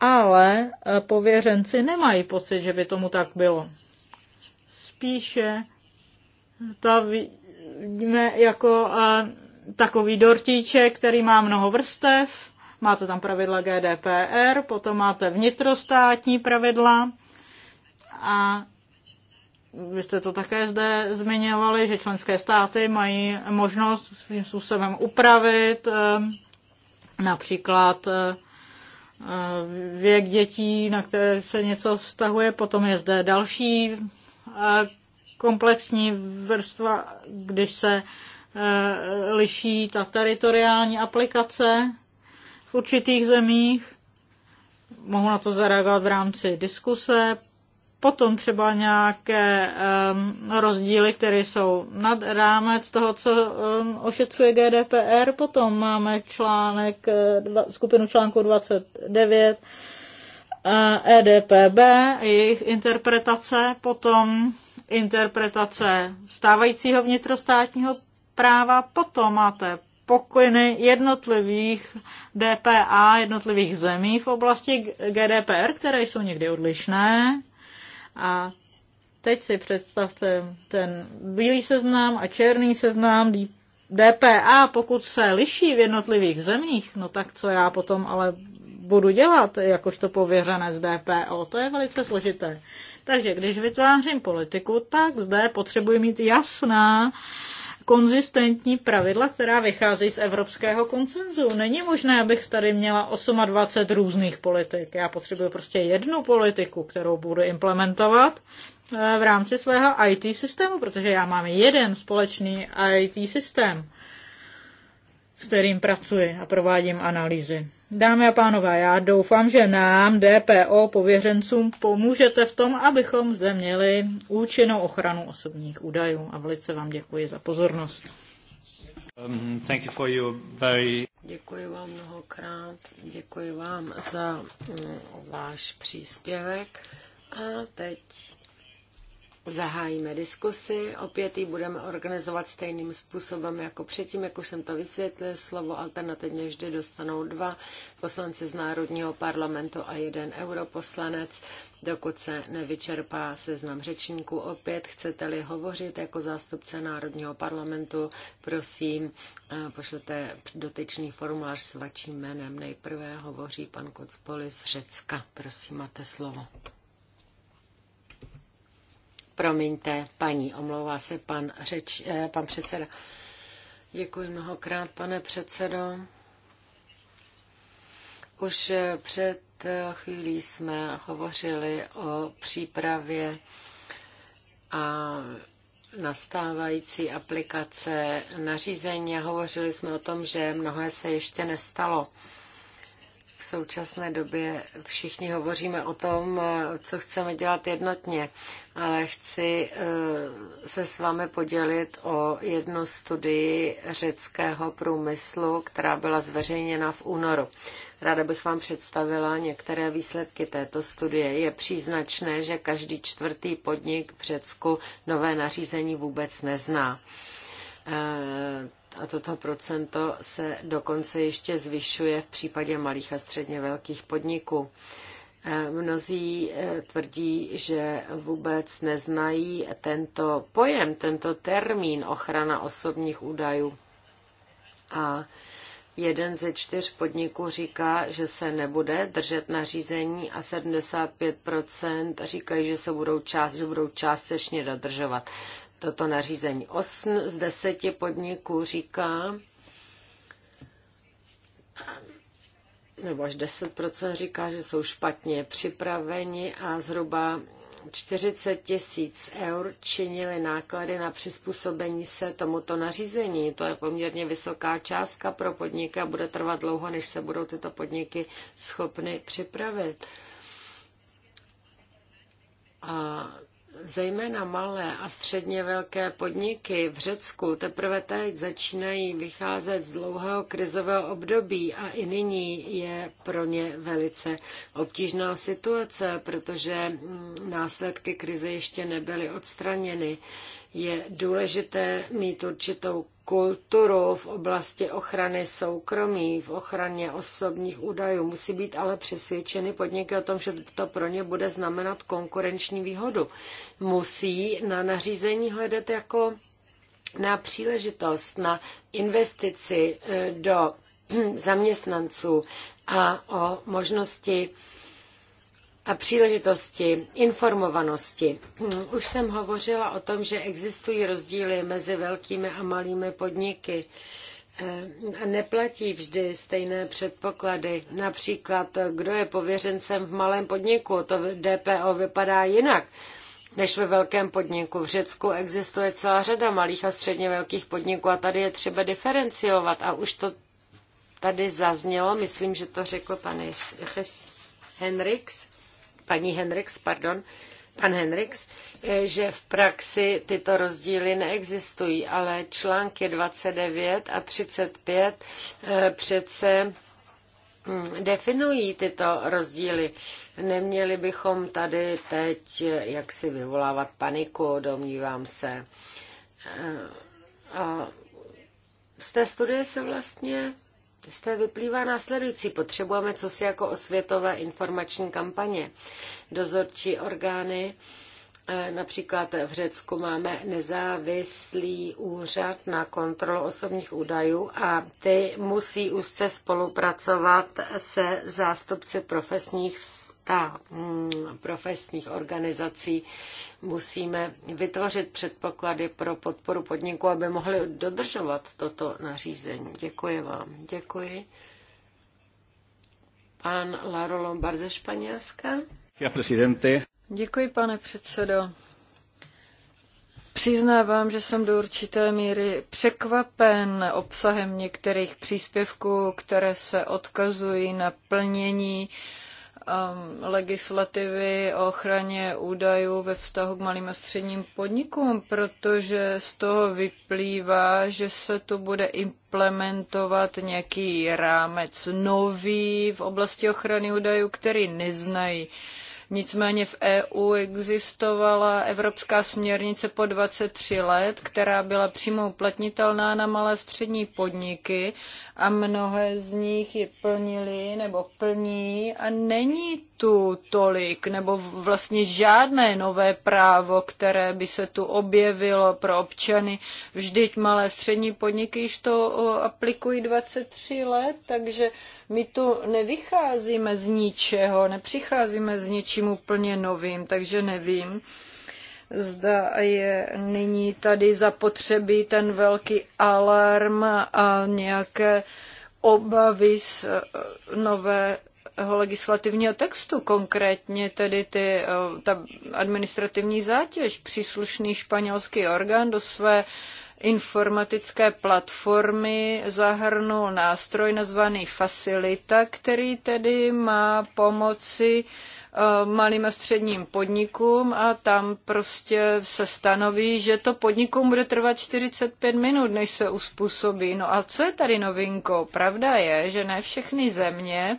Ale eh, pověřenci nemají pocit, že by tomu tak bylo. Spíše ta vidíme jako eh, takový dortíček, který má mnoho vrstev, máte tam pravidla GDPR, potom máte vnitrostátní pravidla a vy jste to také zde zmiňovali, že členské státy mají možnost svým způsobem upravit eh, například eh, eh, věk dětí, na které se něco vztahuje, potom je zde další komplexní vrstva, když se liší ta teritoriální aplikace určitých zemích. Mohu na to zareagovat v rámci diskuse. Potom třeba nějaké um, rozdíly, které jsou nad rámec toho, co um, ošetřuje GDPR. Potom máme článek, eh, dva, skupinu článku 29 EDPB, eh, e jejich interpretace, potom interpretace stávajícího vnitrostátního práva, potom máte pokyny jednotlivých DPA, jednotlivých zemí v oblasti GDPR, které jsou někdy odlišné. A teď si představte ten bílý seznam a černý seznam DPA, pokud se liší v jednotlivých zemích, no tak co já potom ale budu dělat, jakožto pověřené z DPO, to je velice složité. Takže když vytvářím politiku, tak zde potřebuji mít jasná konzistentní pravidla, která vycházejí z evropského koncenzu. Není možné, abych tady měla 28 různých politik. Já potřebuji prostě jednu politiku, kterou budu implementovat eh, v rámci svého IT systému, protože já mám jeden společný IT systém s kterým pracuji a provádím analýzy. Dámy a pánové, já doufám, že nám, DPO, pověřencům, pomůžete v tom, abychom zde měli účinnou ochranu osobních údajů. A velice vám děkuji za pozornost. Um, thank you for your very... Děkuji vám mnohokrát, děkuji vám za mm, váš příspěvek. A teď Zahájíme diskusy, opět ji budeme organizovat stejným způsobem jako předtím, jak už jsem to vysvětlil, slovo alternativně vždy dostanou dva poslanci z Národního parlamentu a jeden europoslanec, dokud se nevyčerpá seznam řečníků. Opět chcete-li hovořit jako zástupce Národního parlamentu, prosím, eh, pošlete dotyčný formulář s vaším jménem. Nejprve hovoří pan Kocpolis z Řecka. Prosím, máte slovo. Promiňte, paní, omlouvá se pan, řeč, eh, pan předseda. Děkuji mnohokrát, pane předsedo. Už eh, před eh, chvílí jsme hovořili o přípravě a nastávající aplikace nařízení a hovořili jsme o tom, že mnohé se ještě nestalo v současné době všichni hovoříme o tom, eh, co chceme dělat jednotně, ale chci eh, se s vámi podělit o jednu studii řeckého průmyslu, která byla zveřejněna v únoru. Ráda bych vám představila některé výsledky této studie. Je příznačné, že každý čtvrtý podnik v Řecku nové nařízení vůbec nezná eh, a toto procento se dokonce ještě zvyšuje v případě malých a středně velkých podniků. Eh, mnozí eh, tvrdí, že vůbec neznají tento pojem, tento termín ochrana osobních údajů. A jeden ze čtyř podniků říká, že se nebude držet nařízení a 75% říkají, že se budou, část, že budou částečně dodržovat toto nařízení. Osm z deseti podniků říká, nebo až 10% říká, že jsou špatně připraveni a zhruba 40 tisíc eur činily náklady na přizpůsobení se tomuto nařízení. To je poměrně vysoká částka pro podniky a bude trvat dlouho, než se budou tyto podniky schopny připravit. A zejména malé a středně velké podniky v Řecku teprve teď začínají vycházet z dlouhého krizového období a i nyní je pro ně velice obtížná situace, protože mm, následky krize ještě nebyly odstraněny. Je důležité mít určitou kulturu v oblasti ochrany soukromí, v ochraně osobních údajů. Musí být ale přesvědčeny podniky o tom, že to pro ně bude znamenat konkurenční výhodu. Musí na nařízení hledat jako na příležitost, na investici eh, do zaměstnanců a o možnosti a příležitosti, informovanosti. Hm, už jsem hovořila o tom, že existují rozdíly mezi velkými a malými podniky. Eh, a neplatí vždy stejné předpoklady. Například, kdo je pověřencem v malém podniku, to DPO vypadá jinak než ve velkém podniku. V Řecku existuje celá řada malých a středně velkých podniků a tady je třeba diferenciovat. A už to tady zaznělo, myslím, že to řekl pan Henriks paní Henrix, pardon, pan Henrix, eh, že v praxi tyto rozdíly neexistují, ale články 29 a 35 eh, přece hm, definují tyto rozdíly. Neměli bychom tady teď eh, jak si vyvolávat paniku, domnívám se. A z té studie se vlastně z té vyplývá následující. Potřebujeme co si jako osvětové informační kampaně. Dozorčí orgány, eh, například v Řecku máme nezávislý úřad na kontrolu osobních údajů a ty musí úzce spolupracovat se zástupci profesních ta mm, profesních organizací musíme vytvořit předpoklady pro podporu podniků, aby mohli dodržovat toto nařízení. Děkuji vám. Děkuji. Pan Laro Lombard ze Španělska. Děkuji, pane předsedo. Přiznávám, že jsem do určité míry překvapen obsahem některých příspěvků, které se odkazují na plnění uh, Um, legislativy o ochraně údajů ve vztahu k malým a středním podnikům, protože z toho vyplývá, že se tu bude implementovat nějaký rámec nový v oblasti ochrany údajů, který neznají. Uh, Nicméně v EU existovala evropská směrnice po 23 let, která byla přímo uplatnitelná na malé střední podniky a mnohé z nich ji plnili nebo plní a není tu tolik nebo vlastně žádné nové právo, které by se tu objevilo pro občany. Vždyť malé střední podniky již to aplikují 23 let, takže my tu nevycházíme z ničeho, nepřicházíme s něčím úplně novým, takže nevím, zda je nyní tady zapotřebí ten velký alarm a nějaké obavy z eh, nové legislativního textu, konkrétně tedy ty, eh, ta administrativní zátěž. Příslušný španělský orgán do své uh, informatické platformy zahrnul nástroj nazvaný Facilita, který tedy má pomoci eh, malým a středním podnikům a tam prostě se stanoví, že to podnikům bude trvat 45 minut, než se uspůsobí. No a co je tady novinkou? Pravda je, že ne všechny země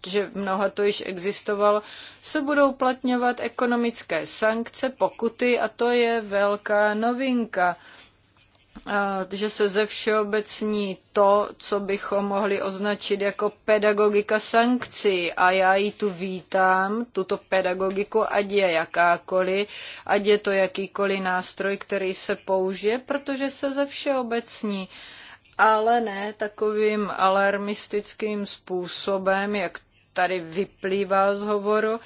protože mnoha to již existovalo, se budou uplatňovat ekonomické sankce, pokuty a to je velká novinka že se ze všeobecní to, co bychom mohli označit jako pedagogika sankcí. A já ji tu vítám, tuto pedagogiku, ať je jakákoliv, ať je to jakýkoliv nástroj, který se použije, protože se ze všeobecní ale ne takovým alarmistickým způsobem, jak tady vyplývá z hovoru,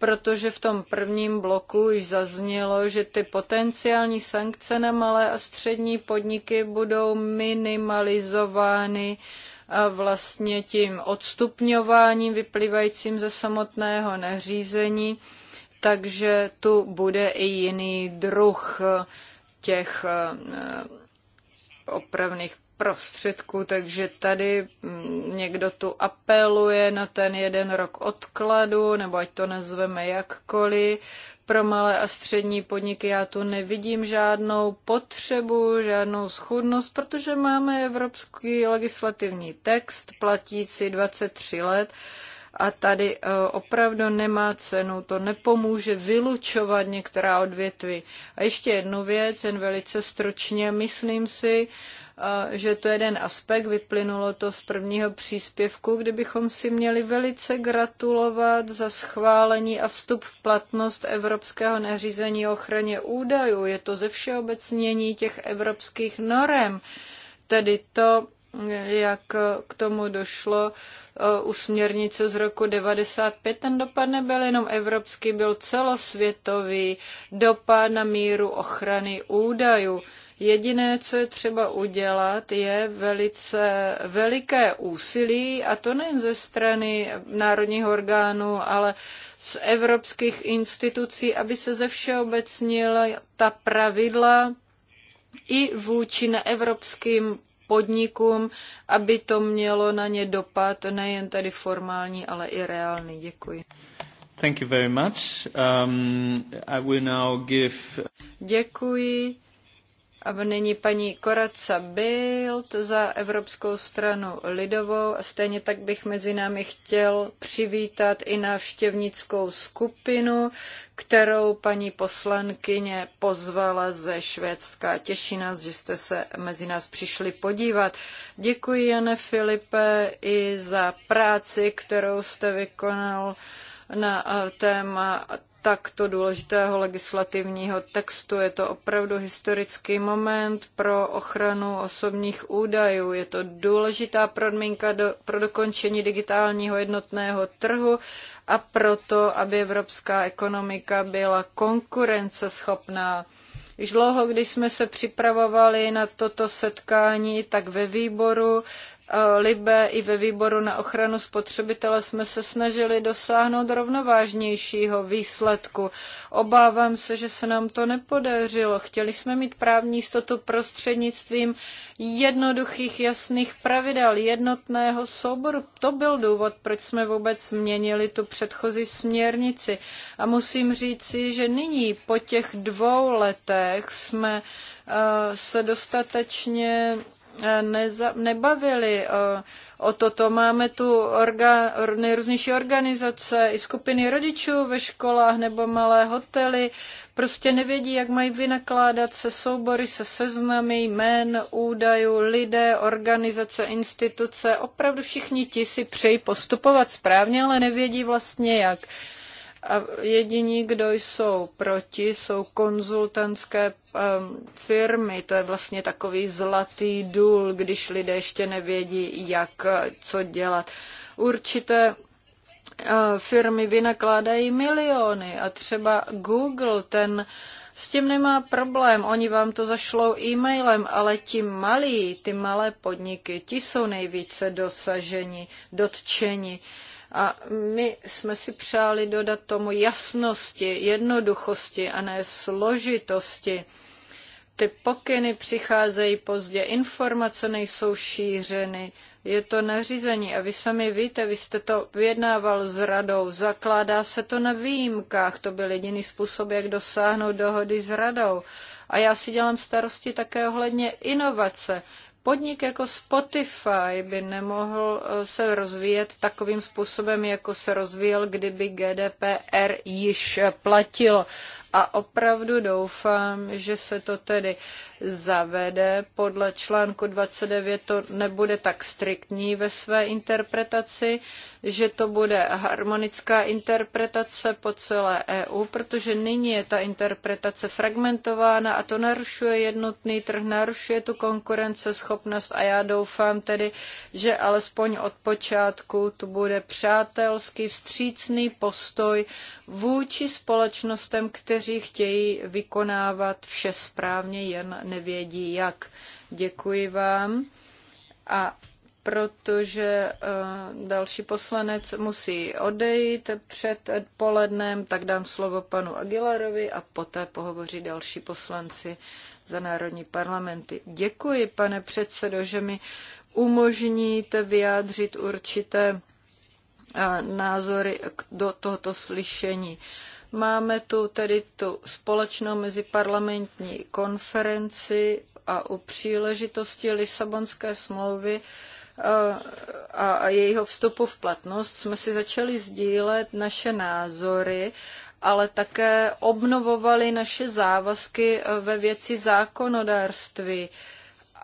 protože v tom prvním bloku již zaznělo, že ty potenciální sankce na malé a střední podniky budou minimalizovány a vlastně tím odstupňováním vyplývajícím ze samotného nařízení, takže tu bude i jiný druh těch eh, opravných prostředků, takže tady mm, někdo tu apeluje na ten jeden rok odkladu, nebo ať to nazveme jakkoliv. Pro malé a střední podniky já tu nevidím žádnou potřebu, žádnou schudnost, protože máme evropský legislativní text platící 23 let a tady eh, opravdu nemá cenu, to nepomůže vylučovat některá odvětví. A ještě jednu věc, jen velice stručně, myslím si, že to je jeden aspekt, vyplynulo to z prvního příspěvku, kdybychom si měli velice gratulovat za schválení a vstup v platnost Evropského nařízení o ochraně údajů. Je to ze všeobecnění těch evropských norem, tedy to, jak k tomu došlo e, u směrnice z roku 95. Ten dopad nebyl jenom evropský, byl celosvětový dopad na míru ochrany údajů. Jediné, co je třeba udělat, je velice veliké úsilí, a to nejen ze strany národních orgánů, ale z evropských institucí, aby se ze všeobecnila ta pravidla i vůči neevropským podnikům, aby to mělo na ně dopad nejen tedy formální, ale i reálný. Děkuji. Thank you very much. Um, I will now give... Děkuji. A nyní paní Koraca Bild za Evropskou stranu lidovou a stejně tak bych mezi námi chtěl přivítat i návštěvnickou skupinu, kterou paní poslankyně pozvala ze Švédska. Těší nás, že jste se mezi nás přišli podívat. Děkuji, Jane Filipe, i za práci, kterou jste vykonal na eh, téma takto důležitého legislativního textu. Je to opravdu historický moment pro ochranu osobních údajů. Je to důležitá podmínka do, pro dokončení digitálního jednotného trhu a proto, aby evropská ekonomika byla konkurenceschopná. Již dlouho, když jsme se připravovali na toto setkání, tak ve výboru Eh, Libe i ve výboru na ochranu spotřebitele jsme se snažili dosáhnout rovnovážnějšího výsledku. Obávám se, že se nám to nepodařilo. Chtěli jsme mít právní jistotu prostřednictvím jednoduchých, jasných pravidel, jednotného souboru. To byl důvod, proč jsme vůbec změnili tu předchozí směrnici. A musím říci, že nyní po těch dvou letech jsme eh, se dostatečně Eh, neza, nebavili eh, o toto. Máme tu orga, nejrůznější organizace, i skupiny rodičů ve školách nebo malé hotely. Prostě nevědí, jak mají vynakládat se soubory, se seznamy jmén, údajů, lidé, organizace, instituce. Opravdu všichni ti si přejí postupovat správně, ale nevědí vlastně jak. A jediní, kdo jsou proti, jsou konzultantské ehm, firmy. To je vlastně takový zlatý důl, když lidé ještě nevědí, jak co dělat. Určité eh, firmy vynakládají miliony a třeba Google, ten s tím nemá problém, oni vám to zašlou e-mailem, ale ti malí, ty malé podniky, ti jsou nejvíce dosaženi, dotčeni. Uh, a my jsme si přáli dodat tomu jasnosti, jednoduchosti a ne složitosti. Ty pokyny přicházejí pozdě, informace nejsou šířeny, je to nařízení a vy sami víte, vy jste to vyjednával s radou, zakládá se to na výjimkách, to byl jediný způsob, jak dosáhnout dohody s radou. A já si dělám starosti také ohledně inovace. Podnik jako Spotify by nemohl eh, se rozvíjet takovým způsobem, jako se rozvíjel, kdyby GDPR již eh, platilo a opravdu doufám, že se to tedy zavede. Podle článku 29 to nebude tak striktní ve své interpretaci, že to bude harmonická interpretace po celé EU, protože nyní je ta interpretace fragmentována a to narušuje jednotný trh, narušuje tu konkurenceschopnost a já doufám tedy, že alespoň od počátku tu bude přátelský, vstřícný postoj vůči společnostem, které kteří chtějí vykonávat vše správně, jen nevědí jak. Děkuji vám. A protože eh, další poslanec musí odejít před polednem, tak dám slovo panu Aguilarovi a poté pohovoří další poslanci za národní parlamenty. Děkuji, pane předsedo, že mi umožníte vyjádřit určité eh, názory do tohoto slyšení. Máme tu tedy tu společnou meziparlamentní konferenci a u příležitosti Lisabonské smlouvy eh, a jejího vstupu v platnost jsme si začali sdílet naše názory ale také obnovovali naše závazky eh, ve věci zákonodárství.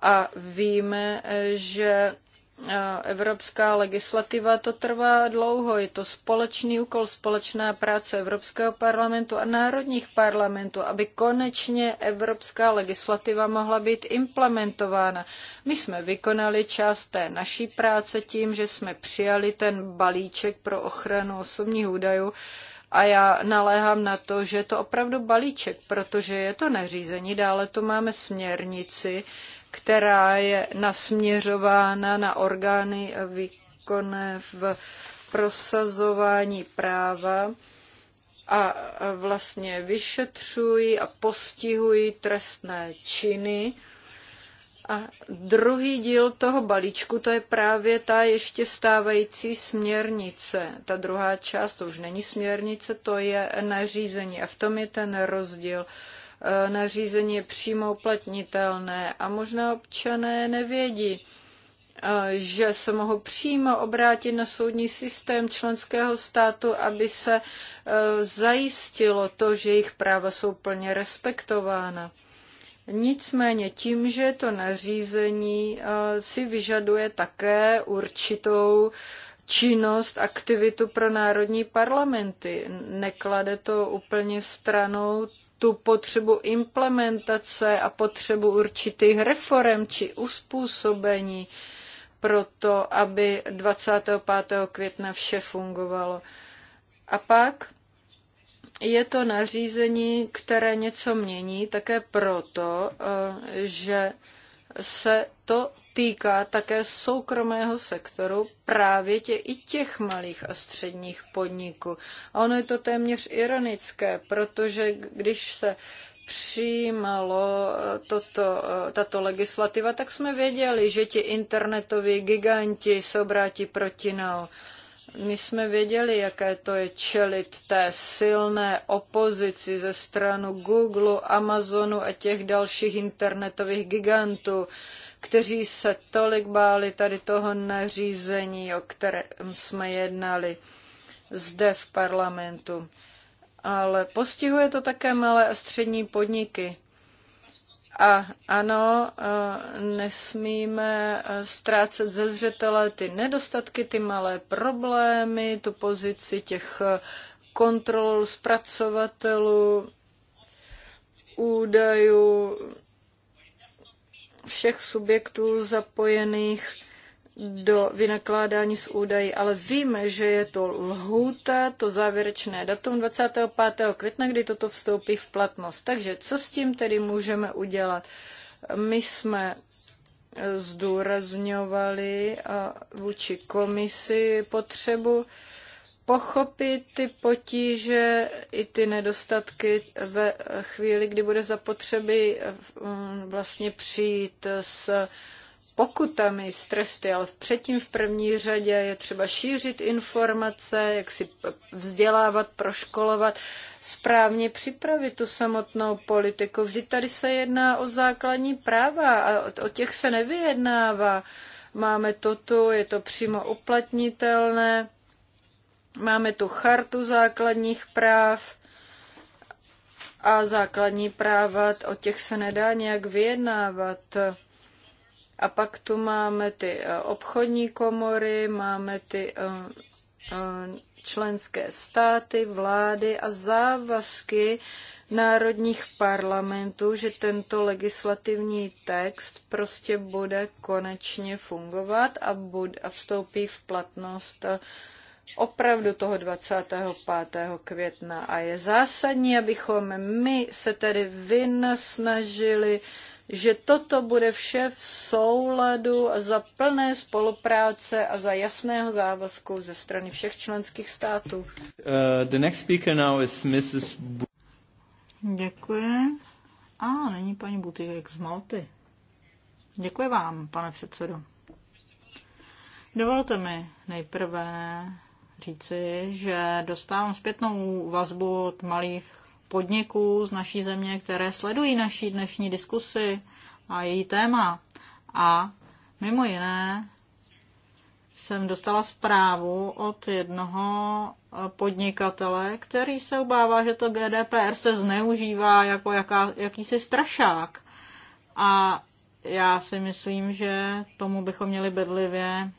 A víme, eh, že Evropská legislativa, to trvá dlouho. Je to společný úkol, společná práce Evropského parlamentu a národních parlamentů, aby konečně evropská legislativa mohla být implementována. My jsme vykonali část té naší práce tím, že jsme přijali ten balíček pro ochranu osobních údajů, a já naléhám na to, že je to opravdu balíček, protože je to nařízení, dále to máme směrnici, která je nasměřována na orgány výkonné v prosazování práva a vlastně vyšetřují a postihují trestné činy. A druhý díl toho balíčku, to je právě ta ještě stávající směrnice. Ta druhá část, to už není směrnice, to je nařízení. A v tom je ten rozdíl. Uh, E, nařízení je přímo uplatnitelné a možná občané nevědí, e, že se mohou přímo obrátit na soudní systém členského státu, aby se e, zajistilo to, že jejich práva jsou plně respektována. Nicméně tím, že to nařízení si vyžaduje také určitou činnost, aktivitu pro národní parlamenty. Neklade to úplně stranou tu potřebu implementace a potřebu určitých reform či uspůsobení pro to, aby 25. května vše fungovalo. A pak je to nařízení, které něco mění, také proto, eh, že se to týká také soukromého sektoru, právě tě i těch malých a středních podniků. A ono je to téměř ironické, protože když se přijímalo eh, toto, eh, tato legislativa, tak jsme věděli, že ti internetoví giganti se obrátí proti nám. My jsme věděli, jaké to je čelit té silné opozici ze stranu Google, Amazonu a těch dalších internetových gigantů kteří se tolik báli tady toho nařízení, o kterém jsme jednali zde v parlamentu. Ale postihuje to také malé a střední podniky. A ano, nesmíme ztrácet ze zřetele ty nedostatky, ty malé problémy, tu pozici těch kontrol, zpracovatelů, údajů, všech subjektů zapojených do vynakládání s údaji, ale víme, že je to lhůta, to závěrečné datum 25. května, kdy toto vstoupí v platnost. Takže co s tím tedy můžeme udělat? My jsme eh, zdůrazňovali vůči komisi potřebu pochopit ty potíže i ty nedostatky ve chvíli, kdy bude zapotřeby mm, vlastně přijít s pokutami, s tresty, ale předtím v první řadě je třeba šířit informace, jak si vzdělávat, proškolovat, správně připravit tu samotnou politiku. Vždy tady se jedná o základní práva a o těch se nevyjednává. Máme toto, je to přímo uplatnitelné Máme tu chartu základních práv a základní práva, o těch se nedá nějak vyjednávat. A pak tu máme ty eh, obchodní komory, máme ty eh, eh, členské státy, vlády a závazky národních parlamentů, že tento legislativní text prostě bude konečně fungovat a, bud- a vstoupí v platnost opravdu toho 25. května a je zásadní, abychom my se tedy vynasnažili, že toto bude vše v souladu a za plné spolupráce a za jasného závazku ze strany všech členských států. Uh, the next speaker now is Mrs. Děkuji. A ah, není paní Butyvek z Malty. Děkuji vám, pane předsedo. Dovolte mi nejprve říci, že dostávám zpětnou vazbu od malých podniků z naší země, které sledují naší dnešní diskusi a její téma. A mimo jiné jsem dostala zprávu od jednoho podnikatele, který se obává, že to GDPR se zneužívá jako jaká, jakýsi strašák. A já si myslím, že tomu bychom měli bedlivě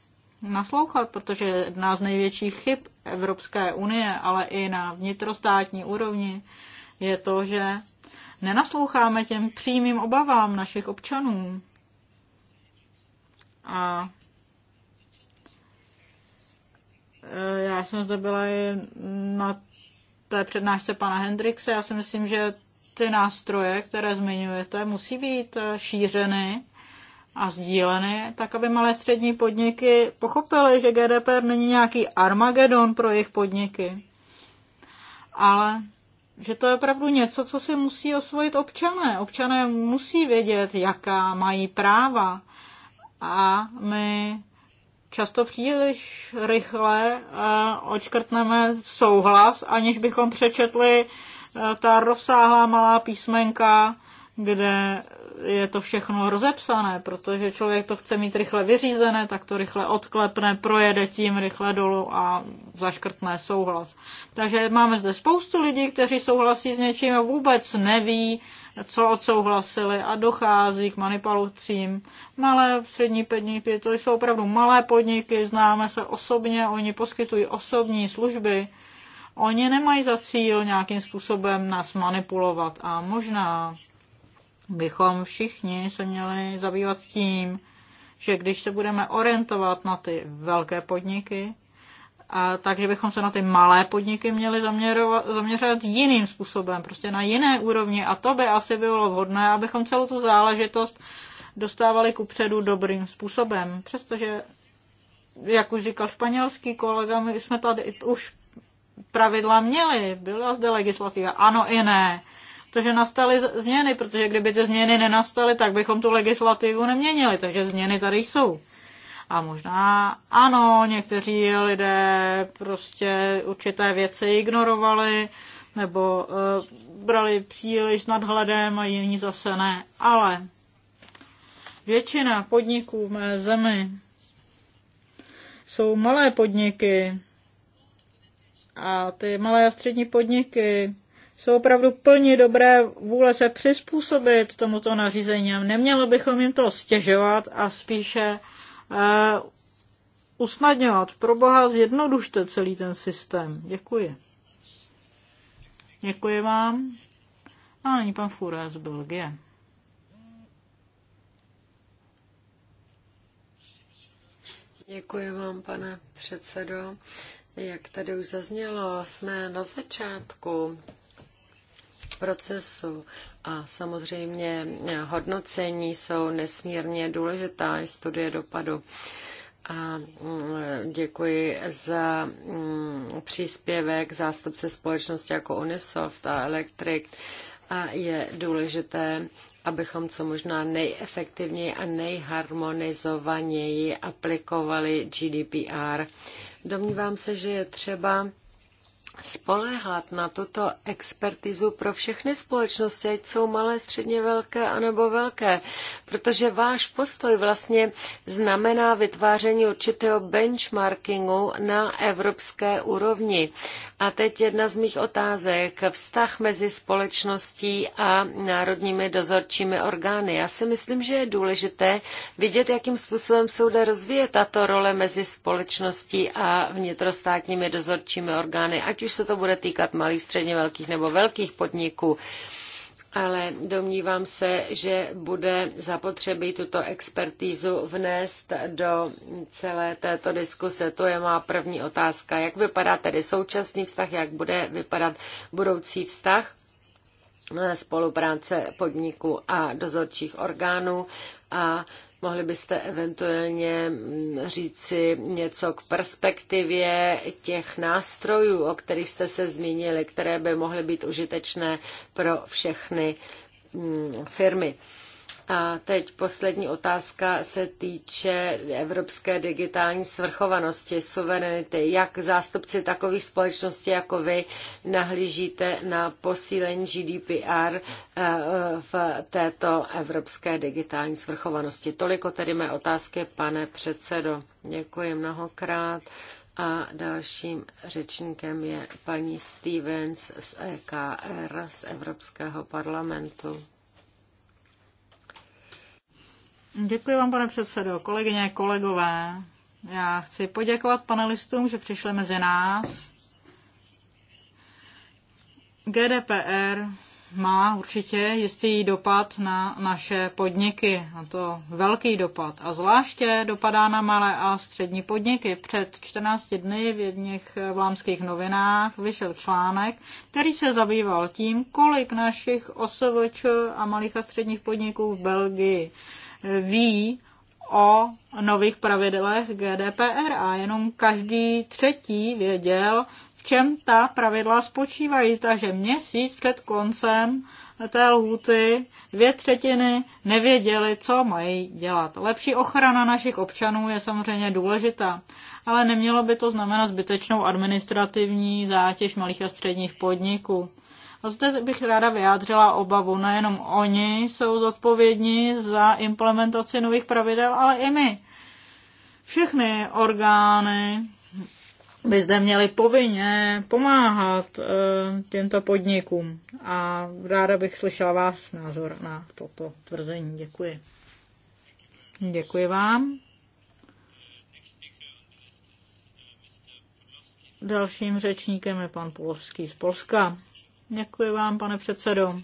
naslouchat, protože jedna z největších chyb Evropské unie, ale i na vnitrostátní úrovni, je to, že nenasloucháme těm přímým obavám našich občanů. A eh, já jsem zde byla i na té přednášce pana Hendrixe. Já si myslím, že ty nástroje, které zmiňujete, musí být eh, šířeny a sdíleny, tak aby malé střední podniky pochopily, že GDPR není nějaký armagedon pro jejich podniky, ale že to je opravdu něco, co si musí osvojit občané. Občané musí vědět, jaká mají práva. A my často příliš rychle eh, očkrtneme souhlas, aniž bychom přečetli eh, ta rozsáhlá malá písmenka, kde je to všechno rozepsané, protože člověk to chce mít rychle vyřízené, tak to rychle odklepne, projede tím rychle dolů a zaškrtne souhlas. Takže máme zde spoustu lidí, kteří souhlasí s něčím a vůbec neví, co odsouhlasili a dochází k manipulacím. Malé střední podniky, to jsou opravdu malé podniky, známe se osobně, oni poskytují osobní služby. Oni nemají za cíl nějakým způsobem nás manipulovat a možná bychom všichni se měli zabývat tím, že když se budeme orientovat na ty velké podniky, a takže bychom se na ty malé podniky měli zaměřovat jiným způsobem, prostě na jiné úrovni. A to by asi bylo vhodné, abychom celou tu záležitost dostávali ku předu dobrým způsobem. Přestože, jak už říkal španělský kolega, my jsme tady už pravidla měli, byla zde legislativa, ano i ne protože nastaly změny, protože kdyby ty změny nenastaly, tak bychom tu legislativu neměnili, takže změny tady jsou. A možná ano, někteří lidé prostě určité věci ignorovali nebo uh, brali příliš nadhledem a jiní zase ne. Ale většina podniků v mé zemi jsou malé podniky a ty malé a střední podniky jsou opravdu plně dobré vůle se přizpůsobit tomuto nařízení. Nemělo bychom jim to stěžovat a spíše uh, usnadňovat. Pro boha zjednodušte celý ten systém. Děkuji. Děkuji vám. A není pan Fura z Belgie. Děkuji vám, pane předsedo. Jak tady už zaznělo, jsme na začátku procesu. A samozřejmě hodnocení jsou nesmírně důležitá, i studie dopadu. A mm, děkuji za mm, příspěvek zástupce společnosti jako Unisoft a Electric. A je důležité, abychom co možná nejefektivněji a nejharmonizovaněji aplikovali GDPR. Domnívám se, že je třeba spolehat na tuto expertizu pro všechny společnosti, ať jsou malé, středně velké anebo velké, protože váš postoj vlastně znamená vytváření určitého benchmarkingu na evropské úrovni. A teď jedna z mých otázek. Vztah mezi společností a národními dozorčími orgány. Já si myslím, že je důležité vidět, jakým způsobem se bude rozvíjet tato role mezi společností a vnitrostátními dozorčími orgány, ať už už se to bude týkat malých, středně velkých nebo velkých podniků ale domnívám se, že bude zapotřebí tuto expertízu vnést do celé této diskuse. To je má první otázka. Jak vypadá tedy současný vztah, jak bude vypadat budoucí vztah spolupráce podniku a dozorčích orgánů a Mohli byste eventuálně mm, říci něco k perspektivě těch nástrojů, o kterých jste se zmínili, které by mohly být užitečné pro všechny mm, firmy. A teď poslední otázka se týče evropské digitální svrchovanosti, suverenity. Jak zástupci takových společností jako vy nahlížíte na posílení GDPR eh, v této evropské digitální svrchovanosti? Toliko tedy mé otázky, pane předsedo. Děkuji mnohokrát. A dalším řečníkem je paní Stevens z EKR z Evropského parlamentu. Děkuji vám, pane předsedo, kolegyně, kolegové. Já chci poděkovat panelistům, že přišli mezi nás. GDPR má určitě jistý dopad na naše podniky, a to velký dopad. A zvláště dopadá na malé a střední podniky. Před 14 dny v jedných vlámských novinách vyšel článek, který se zabýval tím, kolik našich osvč a malých a středních podniků v Belgii ví o nových pravidlech GDPR a jenom každý třetí věděl, čem ta pravidla spočívají. Takže měsíc před koncem té lhuty dvě třetiny nevěděli, co mají dělat. Lepší ochrana našich občanů je samozřejmě důležitá, ale nemělo by to znamenat zbytečnou administrativní zátěž malých a středních podniků. A zde bych ráda vyjádřila obavu, nejenom oni jsou zodpovědní za implementaci nových pravidel, ale i my. Všechny orgány by zde měli povinně pomáhat e, těmto podnikům. A ráda bych slyšela vás názor na toto tvrzení. Děkuji. Děkuji vám. Dalším řečníkem je pan Polovský z Polska. Děkuji vám, pane předsedo.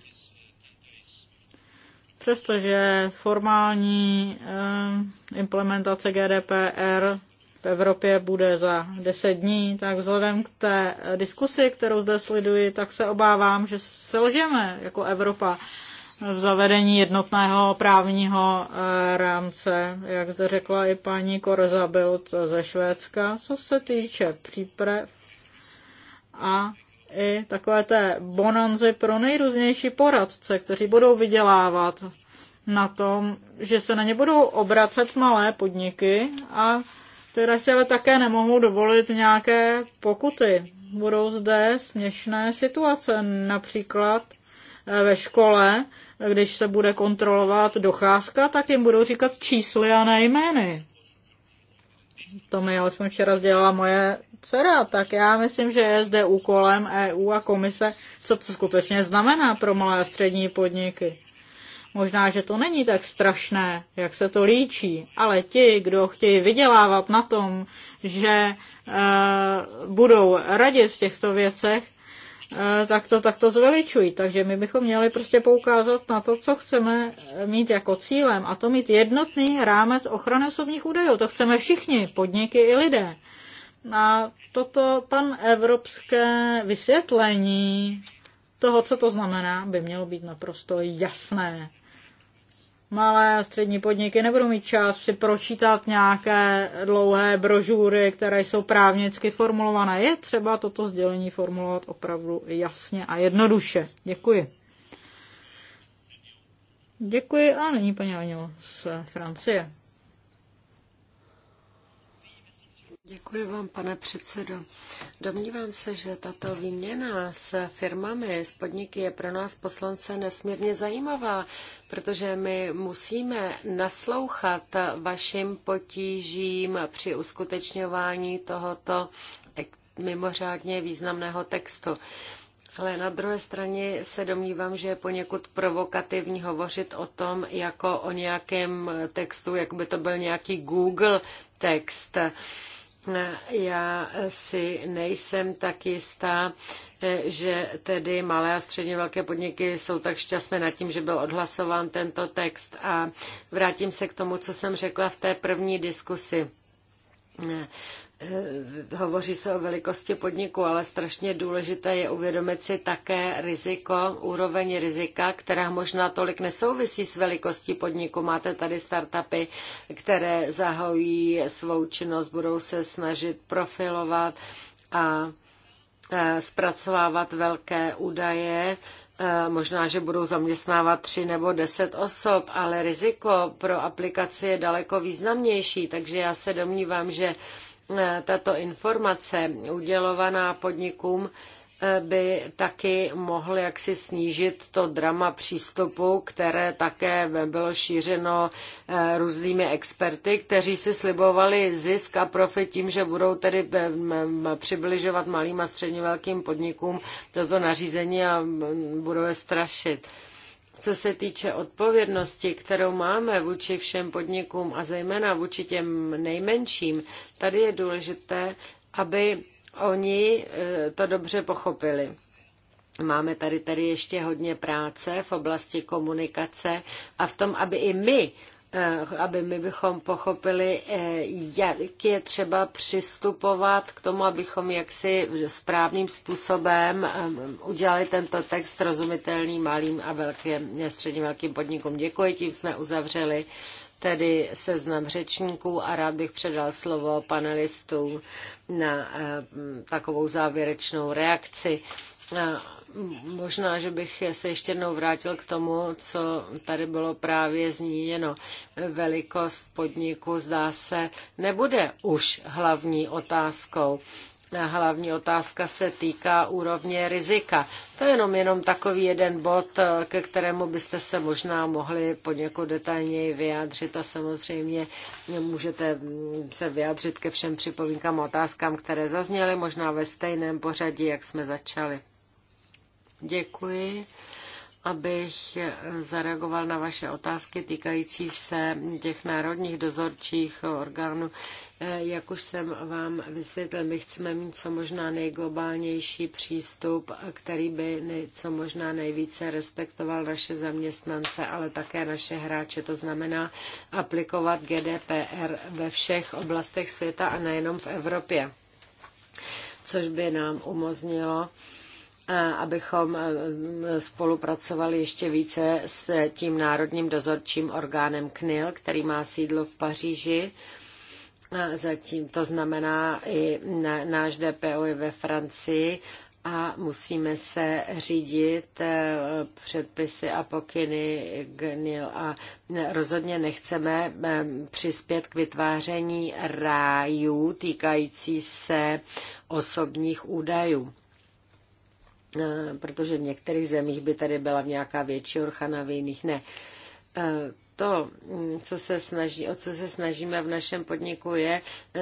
Přestože formální eh, implementace GDPR v Evropě bude za 10 dní, tak vzhledem k té diskusi, kterou zde sleduji, tak se obávám, že selžeme jako Evropa v zavedení jednotného právního eh, rámce, jak zde řekla i paní Korza Bild ze Švédska, co se týče příprav a i takové té bonanzy pro nejrůznější poradce, kteří budou vydělávat na tom, že se na ně budou obracet malé podniky a které si ale také nemohou dovolit nějaké pokuty. Budou zde směšné situace, například eh, ve škole, když se bude kontrolovat docházka, tak jim budou říkat čísly a ne jmény. To mi alespoň včera sdělala moje dcera, tak já myslím, že je zde úkolem EU a komise, co to skutečně znamená pro malé a střední podniky. Možná, že to není tak strašné, jak se to líčí, ale ti, kdo chtějí vydělávat na tom, že e, budou radit v těchto věcech, e, tak to takto zveličují. Takže my bychom měli prostě poukázat na to, co chceme mít jako cílem a to mít jednotný rámec ochrany osobních údajů. To chceme všichni, podniky i lidé. A toto pan evropské vysvětlení toho, co to znamená, by mělo být naprosto jasné malé a střední podniky nebudou mít čas si pročítat nějaké dlouhé brožury, které jsou právnicky formulované. Je třeba toto sdělení formulovat opravdu jasně a jednoduše. Děkuji. Děkuji a nyní paní Anil z Francie. Děkuji vám, pane předsedo. Domnívám se, že tato výměna s firmami, s podniky je pro nás poslance nesmírně zajímavá, protože my musíme naslouchat vašim potížím při uskutečňování tohoto mimořádně významného textu. Ale na druhé straně se domnívám, že je poněkud provokativní hovořit o tom jako o nějakém textu, jak by to byl nějaký Google text. Já si nejsem tak jistá, eh, že tedy malé a středně velké podniky jsou tak šťastné nad tím, že byl odhlasován tento text. A vrátím se k tomu, co jsem řekla v té první diskusi. Eh, Eh, hovoří se o velikosti podniku, ale strašně důležité je uvědomit si také riziko, úroveň rizika, která možná tolik nesouvisí s velikostí podniku. Máte tady startupy, které zahojí svou činnost, budou se snažit profilovat a eh, zpracovávat velké údaje. Eh, možná, že budou zaměstnávat tři nebo deset osob, ale riziko pro aplikaci je daleko významnější, takže já se domnívám, že Eh, tato informace udělovaná podnikům eh, by taky mohl jaksi snížit to drama přístupu, které také bylo šířeno eh, různými experty, kteří si slibovali zisk a profit tím, že budou tedy přibližovat malým a středně velkým podnikům toto nařízení a budou je strašit. Co se týče odpovědnosti, kterou máme vůči všem podnikům a zejména vůči těm nejmenším, tady je důležité, aby oni eh, to dobře pochopili. Máme tady tady ještě hodně práce v oblasti komunikace a v tom, aby i my Eh, aby my bychom pochopili, eh, jak je třeba přistupovat k tomu, abychom jaksi správným způsobem eh, udělali tento text rozumitelný malým a velkým, středně velkým podnikům. Děkuji, tím jsme uzavřeli tedy seznam řečníků a rád bych předal slovo panelistům na takovou závěrečnou reakci. Možná, že bych se ještě jednou vrátil k tomu, co tady bylo právě zmíněno. Velikost podniku zdá se nebude už hlavní otázkou. Hlavní otázka se týká úrovně rizika. To je jenom, jenom takový jeden bod, ke kterému byste se možná mohli poněkud detailněji vyjádřit a samozřejmě můžete se vyjádřit ke všem připomínkám a otázkám, které zazněly, možná ve stejném pořadí, jak jsme začali. Děkuji, abych zareagoval na vaše otázky týkající se těch národních dozorčích orgánů. Jak už jsem vám vysvětlil, my chceme mít co možná nejglobálnější přístup, který by co možná nejvíce respektoval naše zaměstnance, ale také naše hráče. To znamená aplikovat GDPR ve všech oblastech světa a nejenom v Evropě, což by nám umožnilo abychom e, spolupracovali ještě více s tím národním dozorčím orgánem KNIL, který má sídlo v Paříži. Zatím to znamená i náš DPO je ve Francii a musíme se řídit e, předpisy a pokyny GNIL a rozhodně nechceme e, přispět k vytváření rájů týkající se osobních údajů. Eh, protože v některých zemích by tady byla v nějaká větší orchana, v jiných ne. Eh, to, hm, co se snaží, o co se snažíme v našem podniku, je, eh,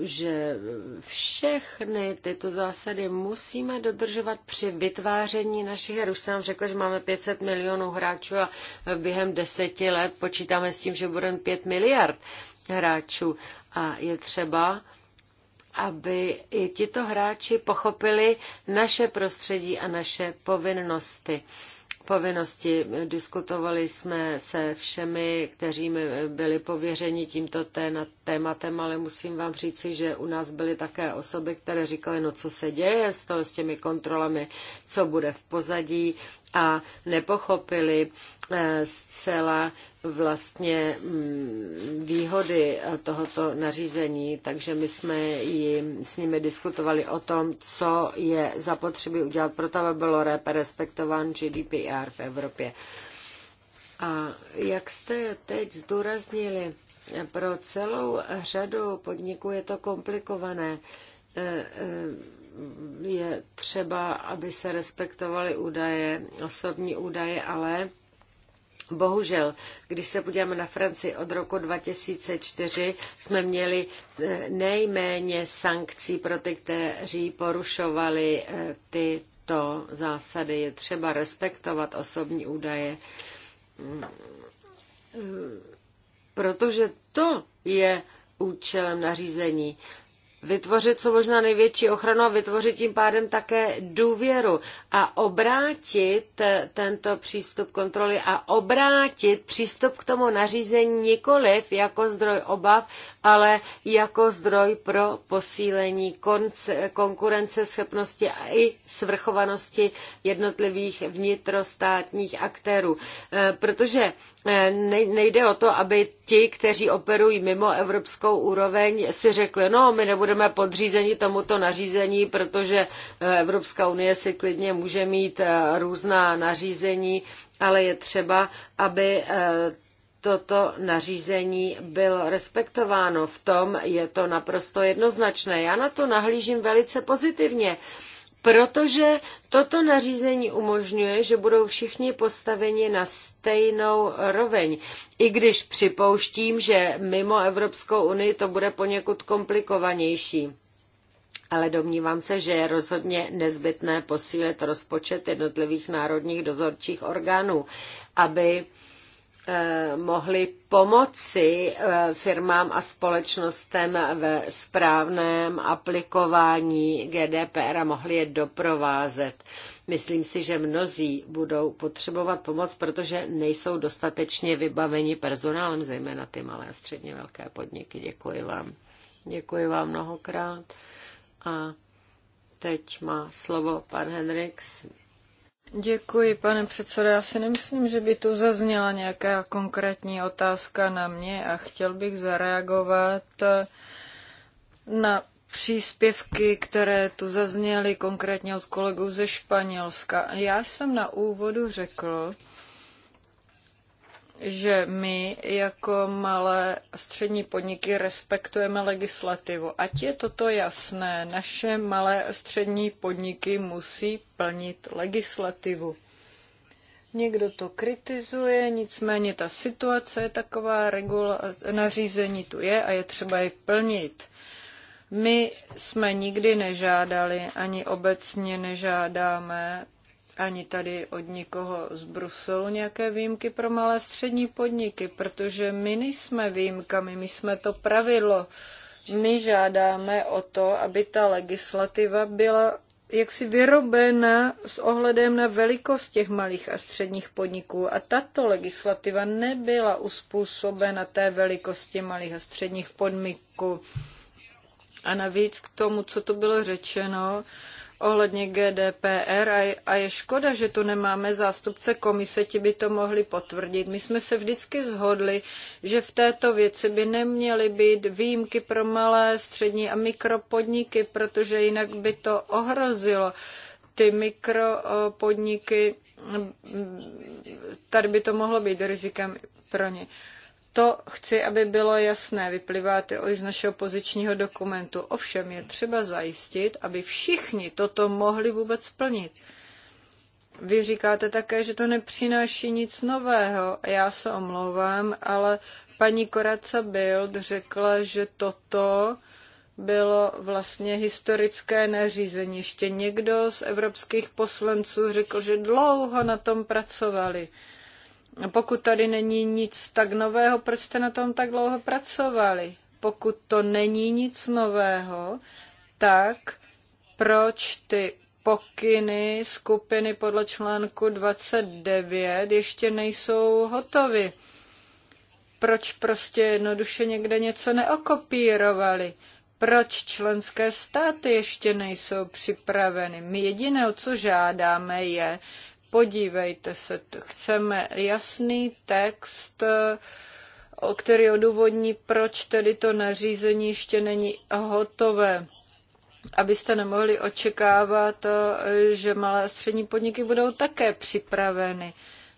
že všechny tyto zásady musíme dodržovat při vytváření našich her. Už jsem vám řekla, že máme 500 milionů hráčů a během deseti let počítáme s tím, že budeme 5 miliard hráčů. A je třeba aby i tito hráči pochopili naše prostředí a naše povinnosti. Povinnosti. Diskutovali jsme se všemi, kteří byli pověřeni tímto tématem, ale musím vám říci, že u nás byly také osoby, které říkaly, no co se děje s, to, s těmi kontrolami, co bude v pozadí, a nepochopili eh, zcela vlastně mm, výhody eh, tohoto nařízení, takže my jsme jim, s nimi diskutovali o tom, co je zapotřebí udělat pro to, aby bylo respektován GDPR v Evropě. A jak jste teď zdůraznili, pro celou řadu podniků je to komplikované eh, je třeba, aby se respektovaly údaje, osobní údaje, ale Bohužel, když se podíváme na Francii od roku 2004, jsme měli eh, nejméně sankcí pro ty, kteří porušovali eh, tyto zásady. Je třeba respektovat osobní údaje, mm. protože to je účelem nařízení vytvořit co možná největší ochranu a vytvořit tím pádem také důvěru a obrátit eh, tento přístup kontroly a obrátit přístup k tomu nařízení nikoliv jako zdroj obav, ale jako zdroj pro posílení konkurence, schopnosti a i svrchovanosti jednotlivých vnitrostátních aktérů. Eh, protože Eh, nejde o to, aby ti, kteří operují mimo evropskou úroveň, si řekli, no, my nebudeme podřízeni tomuto nařízení, protože eh, Evropská unie si klidně může mít eh, různá nařízení, ale je třeba, aby toto nařízení bylo respektováno. V tom je to naprosto jednoznačné. Já na to nahlížím velice pozitivně protože toto nařízení umožňuje, že budou všichni postaveni na stejnou roveň. I když připouštím, že mimo Evropskou unii to bude poněkud komplikovanější. Ale domnívám se, že je rozhodně nezbytné posílit rozpočet jednotlivých národních dozorčích orgánů, aby Eh, mohli pomoci eh, firmám a společnostem ve správném aplikování GDPR a mohli je doprovázet. Myslím si, že mnozí budou potřebovat pomoc, protože nejsou dostatečně vybaveni personálem, zejména ty malé a středně velké podniky. Děkuji vám. Děkuji vám mnohokrát. A teď má slovo pan Henriks. Děkuji, pane předsedo. Já si nemyslím, že by tu zazněla nějaká konkrétní otázka na mě a chtěl bych zareagovat na příspěvky, které tu zazněly konkrétně od kolegů ze Španělska. Já jsem na úvodu řekl, že my jako malé a střední podniky respektujeme legislativu. Ať je toto jasné, naše malé a střední podniky musí plnit legislativu. Někdo to kritizuje, nicméně ta situace je taková, regula, nařízení tu je a je třeba je plnit. My jsme nikdy nežádali, ani obecně nežádáme ani tady od nikoho z Bruselu nějaké výjimky pro malé střední podniky, protože my nejsme výjimkami, my jsme to pravidlo. My žádáme o to, aby ta legislativa byla jaksi vyrobena s ohledem na velikost těch malých a středních podniků. A tato legislativa nebyla uspůsobena té velikosti malých a středních podniků. A navíc k tomu, co tu bylo řečeno, ohledně GDPR a, a je škoda, že tu nemáme zástupce komise, ti by to mohli potvrdit. My jsme se vždycky zhodli, že v této věci by neměly být výjimky pro malé, střední a mikropodniky, protože jinak by to ohrozilo ty mikropodniky, tady by to mohlo být rizikem pro ně. To chci, aby bylo jasné, vyplývá to i z našeho pozičního dokumentu. Ovšem je třeba zajistit, aby všichni toto mohli vůbec splnit. Vy říkáte také, že to nepřináší nic nového. Já se omlouvám, ale paní Koraca Bild řekla, že toto bylo vlastně historické nařízení. Ještě někdo z evropských poslanců řekl, že dlouho na tom pracovali. Pokud tady není nic tak nového, proč jste na tom tak dlouho pracovali? Pokud to není nic nového, tak proč ty pokyny skupiny podle článku 29 ještě nejsou hotovy? Proč prostě jednoduše někde něco neokopírovali? Proč členské státy ještě nejsou připraveny? My jediné, o co žádáme, je, Podívejte se, chceme jasný text, eh, o který odůvodní, proč tedy to nařízení ještě není hotové abyste nemohli očekávat, eh, že malé a střední podniky budou také připraveny.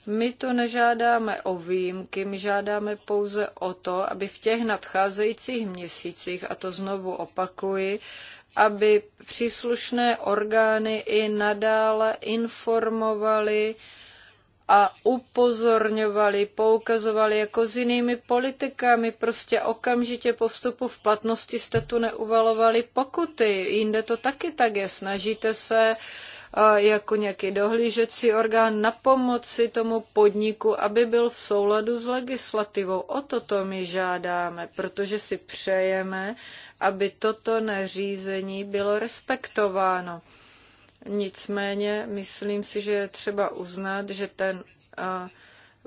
My to nežádáme o výjimky, my žádáme pouze o to, aby v těch nadcházejících měsících, a to znovu opakuji, aby příslušné orgány i nadále informovaly a upozorňovali, poukazovali jako s jinými politikami, prostě okamžitě po vstupu v platnosti jste tu neuvalovali pokuty, jinde to taky tak je, snažíte se uh, jako nějaký dohlížecí orgán na pomoci tomu podniku, aby byl v souladu s legislativou. O toto my žádáme, protože si přejeme, aby toto nařízení bylo respektováno. Nicméně, myslím si, že je třeba uznat, že ten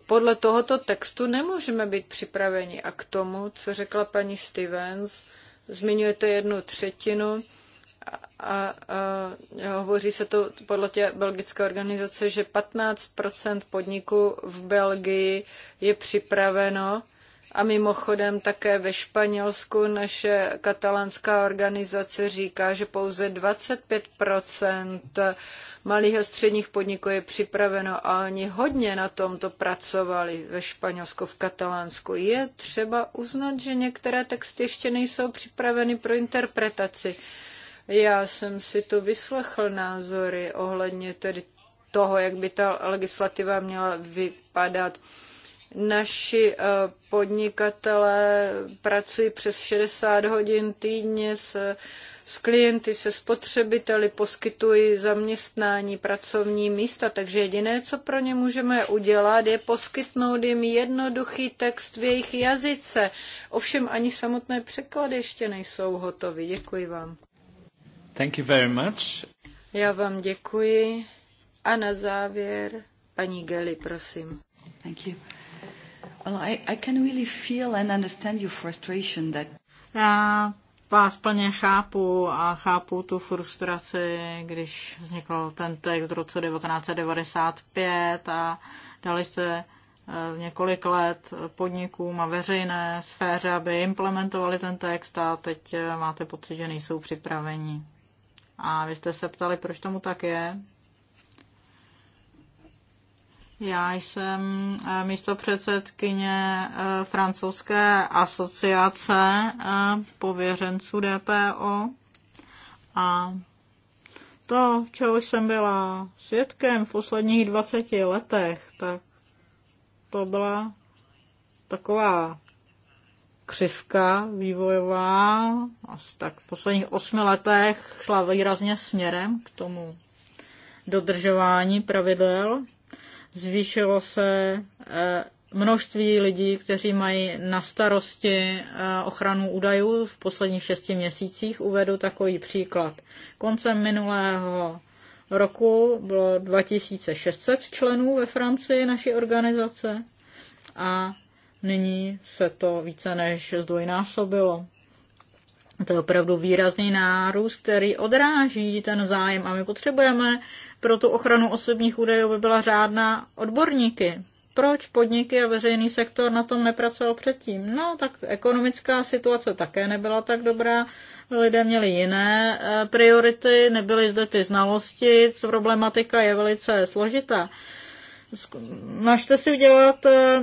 podle tohoto textu nemůžeme být připraveni. A k tomu, co řekla paní Stevens, zmiňujete jednu třetinu a, a hovoří se to podle tě belgické organizace, že 15 podniků v Belgii je připraveno a mimochodem také ve Španělsku naše katalánská organizace říká, že pouze 25 malých a středních podniků je připraveno a oni hodně na tomto pracovali ve Španělsku, v Katalánsku. Je třeba uznat, že některé texty ještě nejsou připraveny pro interpretaci. Já jsem si tu vyslechl názory ohledně tedy toho, jak by ta legislativa měla vypadat. Naši eh, podnikatelé pracují přes 60 hodin týdně s, s klienty, se spotřebiteli, poskytují zaměstnání, pracovní místa, takže jediné, co pro ně můžeme udělat, je poskytnout jim jednoduchý text v jejich jazyce. Ovšem ani samotné překlady ještě nejsou hotovy. Děkuji vám. Thank you very much. Já vám děkuji. A na závěr paní Geli, prosím. Thank you. Well, I, I can really feel and understand your frustration that... Já vás plně chápu a chápu tu frustraci, když vznikl ten text v roce 1995 a dali jste eh, několik let podnikům a veřejné sféře, aby implementovali ten text a teď eh, máte pocit, že nejsou připraveni. A vy jste se ptali, proč tomu tak je. Já jsem eh, místo předsedkyně eh, francouzské asociace eh, pověřenců DPO a to, čeho jsem byla svědkem v posledních 20 letech, tak to byla taková křivka vývojová asi tak v posledních osmi letech šla výrazně směrem k tomu dodržování pravidel. Zvýšilo se eh, množství lidí, kteří mají na starosti eh, ochranu údajů v posledních šesti měsících. Uvedu takový příklad. Koncem minulého roku bylo 2600 členů ve Francii naší organizace a nyní se to více než zdvojnásobilo. To je opravdu výrazný nárůst, který odráží ten zájem a my potřebujeme pro tu ochranu osobních údajů, by byla řádná odborníky. Proč podniky a veřejný sektor na tom nepracoval předtím? No, tak ekonomická situace také nebyla tak dobrá, lidé měli jiné eh, priority, nebyly zde ty znalosti, problematika je velice složitá. Snažte si udělat eh,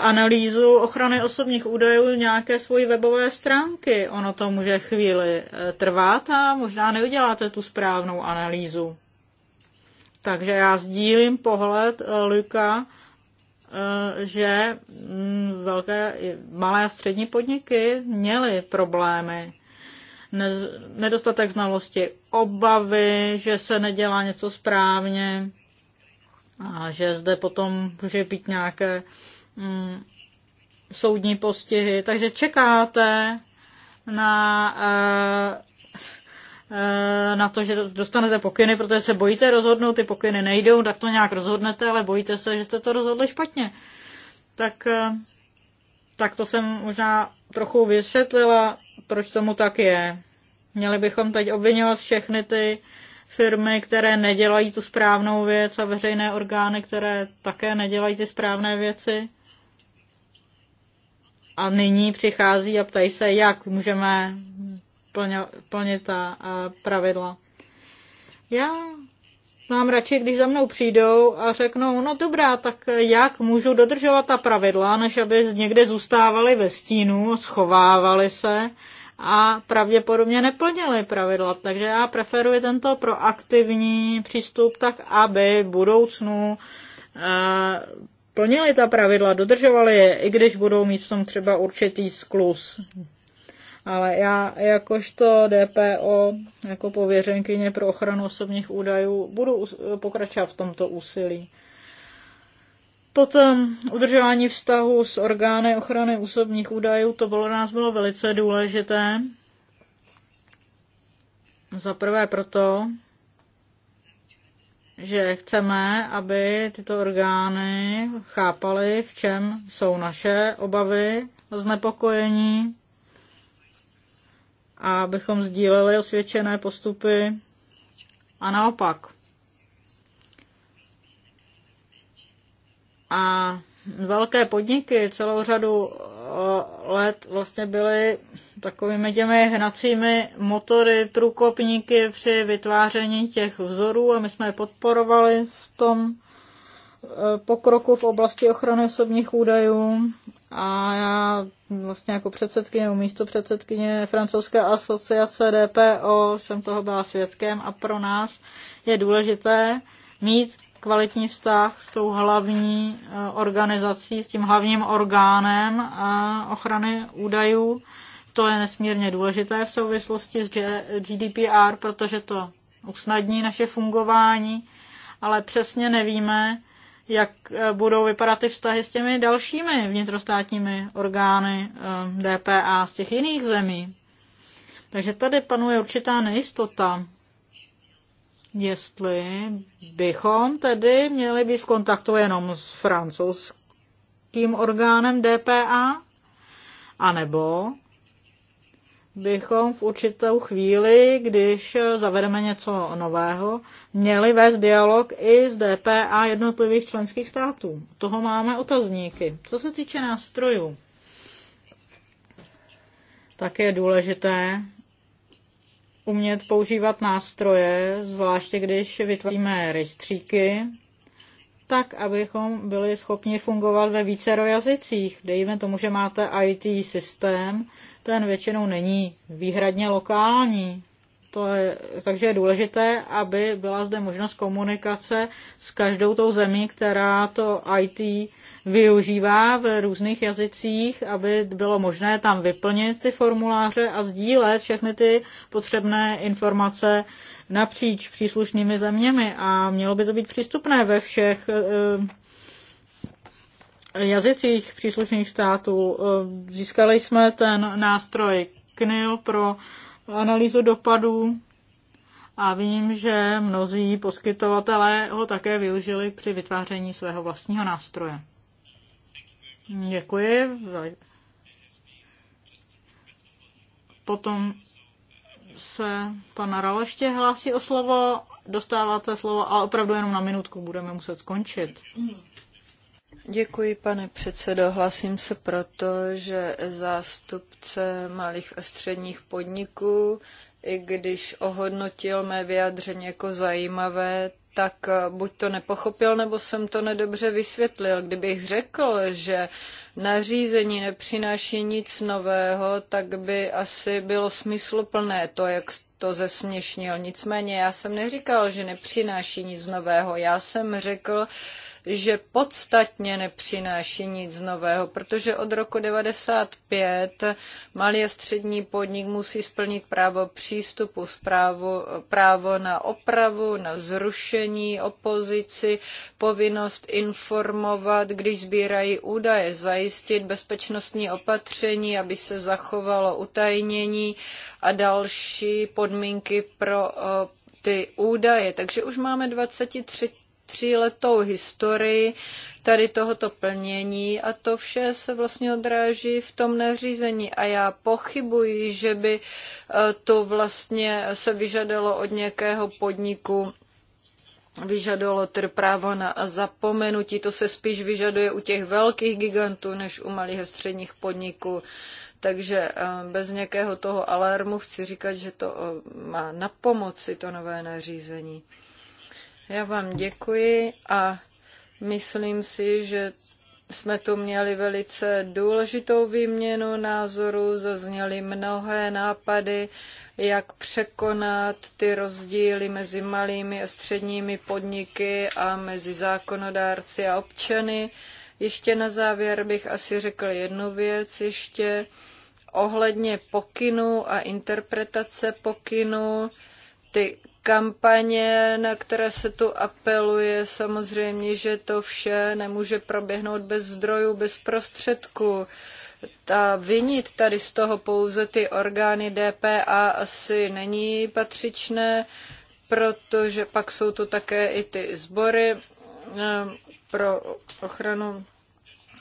analýzu ochrany osobních údajů nějaké svoji webové stránky. Ono to může chvíli eh, trvat a možná neuděláte tu správnou analýzu. Takže já sdílím pohled eh, Luka, že mm, velké, malé a střední podniky měly problémy. Nedostatek znalosti, obavy, že se nedělá něco správně a že zde potom může být nějaké mm, soudní postihy. Takže čekáte na, eh, eh, na to, že dostanete pokyny, protože se bojíte rozhodnout, ty pokyny nejdou, tak to nějak rozhodnete, ale bojíte se, že jste to rozhodli špatně. Tak, eh, tak to jsem možná trochu vysvětlila, proč tomu tak je. Měli bychom teď obvinovat všechny ty firmy, které nedělají tu správnou věc a veřejné orgány, které také nedělají ty správné věci. A nyní přichází a ptají se, jak můžeme plnit ta pravidla. Já mám radši, když za mnou přijdou a řeknou, no dobrá, tak jak můžu dodržovat ta pravidla, než aby někde zůstávali ve stínu, schovávali se a pravděpodobně neplnili pravidla. Takže já preferuji tento proaktivní přístup tak, aby v budoucnu eh, plnili ta pravidla, dodržovali je, i když budou mít v tom třeba určitý sklus. Ale já jakožto DPO, jako pověřenkyně pro ochranu osobních údajů, budu pokračovat v tomto úsilí. Potom udržování vztahu s orgány ochrany osobních údajů, to bylo nás bylo velice důležité. Za prvé proto, že chceme, aby tyto orgány chápaly, v čem jsou naše obavy a znepokojení a abychom sdíleli osvědčené postupy a naopak. A velké podniky celou řadu let vlastně byly takovými těmi hnacími motory, průkopníky při vytváření těch vzorů a my jsme je podporovali v tom e, pokroku v oblasti ochrany osobních údajů a já vlastně jako předsedkyně, místo předsedkyně francouzské asociace DPO jsem toho byla svědkem a pro nás je důležité mít kvalitní vztah s tou hlavní eh, organizací, s tím hlavním orgánem eh, ochrany údajů. To je nesmírně důležité v souvislosti s GDPR, protože to usnadní naše fungování, ale přesně nevíme, jak eh, budou vypadat ty vztahy s těmi dalšími vnitrostátními orgány DPA z těch jiných zemí. Takže tady panuje určitá nejistota jestli bychom tedy měli být v kontaktu jenom s francouzským orgánem DPA, anebo bychom v určitou chvíli, když zavedeme něco nového, měli vést dialog i s DPA jednotlivých členských států. Toho máme otazníky. Co se týče nástrojů, tak je důležité umět používat nástroje, zvláště když vytváříme rejstříky, tak, abychom byli schopni fungovat ve více jazycích. Dejme tomu, že máte IT systém, ten většinou není výhradně lokální. To je, takže je důležité, aby byla zde možnost komunikace s každou tou zemí, která to IT využívá v různých jazycích, aby bylo možné tam vyplnit ty formuláře a sdílet všechny ty potřebné informace napříč příslušnými zeměmi. A mělo by to být přístupné ve všech eh, eh, jazycích příslušných států. Eh, získali jsme ten nástroj KNIL pro analýzu dopadů a vím, že mnozí poskytovatelé ho také využili při vytváření svého vlastního nástroje. Děkuji. Potom se pan Rala ještě hlásí o slovo. Dostáváte slovo, ale opravdu jenom na minutku budeme muset skončit. Děkuji, pane předsedo. Hlásím se proto, že zástupce malých a středních podniků, i když ohodnotil mé vyjádření jako zajímavé, tak buď to nepochopil, nebo jsem to nedobře vysvětlil. Kdybych řekl, že nařízení nepřináší nic nového, tak by asi bylo smysluplné to, jak to zesměšnil. Nicméně já jsem neříkal, že nepřináší nic nového. Já jsem řekl, že podstatně nepřináší nic nového, protože od roku 95 malý a střední podnik musí splnit právo přístupu, právo, právo na opravu, na zrušení, opozici, povinnost informovat, když sbírají údaje, zajistit bezpečnostní opatření, aby se zachovalo utajnění a další podmínky pro ty údaje. Takže už máme 23 tříletou historii tady tohoto plnění a to vše se vlastně odráží v tom nařízení a já pochybuji, že by e, to vlastně se vyžadalo od nějakého podniku vyžadovalo tedy právo na zapomenutí. To se spíš vyžaduje u těch velkých gigantů než u malých a středních podniků. Takže e, bez nějakého toho alarmu chci říkat, že to e, má na pomoci to nové nařízení. Já vám děkuji a myslím si, že jsme tu měli velice důležitou výměnu názorů, zazněly mnohé nápady, jak překonat ty rozdíly mezi malými a středními podniky a mezi zákonodárci a občany. Ještě na závěr bych asi řekl jednu věc ještě ohledně pokynů a interpretace pokynů. Ty kampaně, na které se tu apeluje, samozřejmě, že to vše nemůže proběhnout bez zdrojů, bez prostředků. Ta vinit tady z toho pouze ty orgány DPA asi není patřičné, protože pak jsou to také i ty sbory eh, pro ochranu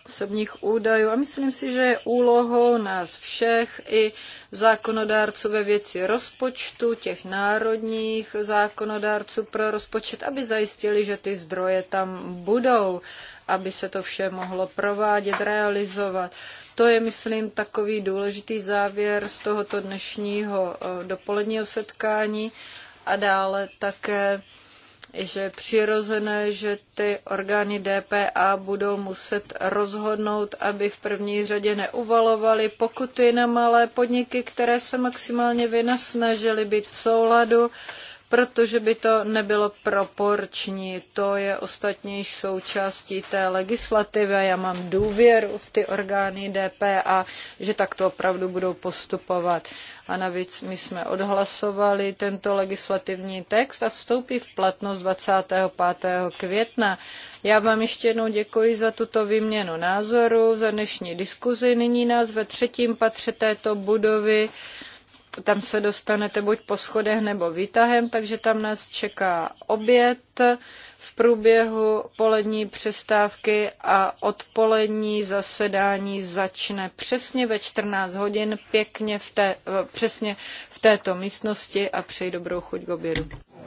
osobních údajů. A myslím si, že je úlohou nás všech i zákonodárců ve věci rozpočtu, těch národních zákonodárců pro rozpočet, aby zajistili, že ty zdroje tam budou, aby se to vše mohlo provádět, realizovat. To je, myslím, takový důležitý závěr z tohoto dnešního eh, dopoledního setkání a dále také že je přirozené, že ty orgány DPA budou muset rozhodnout, aby v první řadě neuvalovaly pokuty na malé podniky, které se maximálně vynasnažily být v souladu protože by to nebylo proporční. To je ostatně již součástí té legislativy. Já mám důvěru v ty orgány DPA, že tak to opravdu budou postupovat. A navíc my jsme odhlasovali tento legislativní text a vstoupí v platnost 25. května. Já vám ještě jednou děkuji za tuto výměnu názoru, za dnešní diskuzi. Nyní nás ve třetím patře této budovy tam se dostanete buď po schodech nebo výtahem, takže tam nás čeká oběd v průběhu polední přestávky a odpolední zasedání začne přesně ve 14 hodin, pěkně v té, eh, přesně v této místnosti a přeji dobrou chuť k obědu.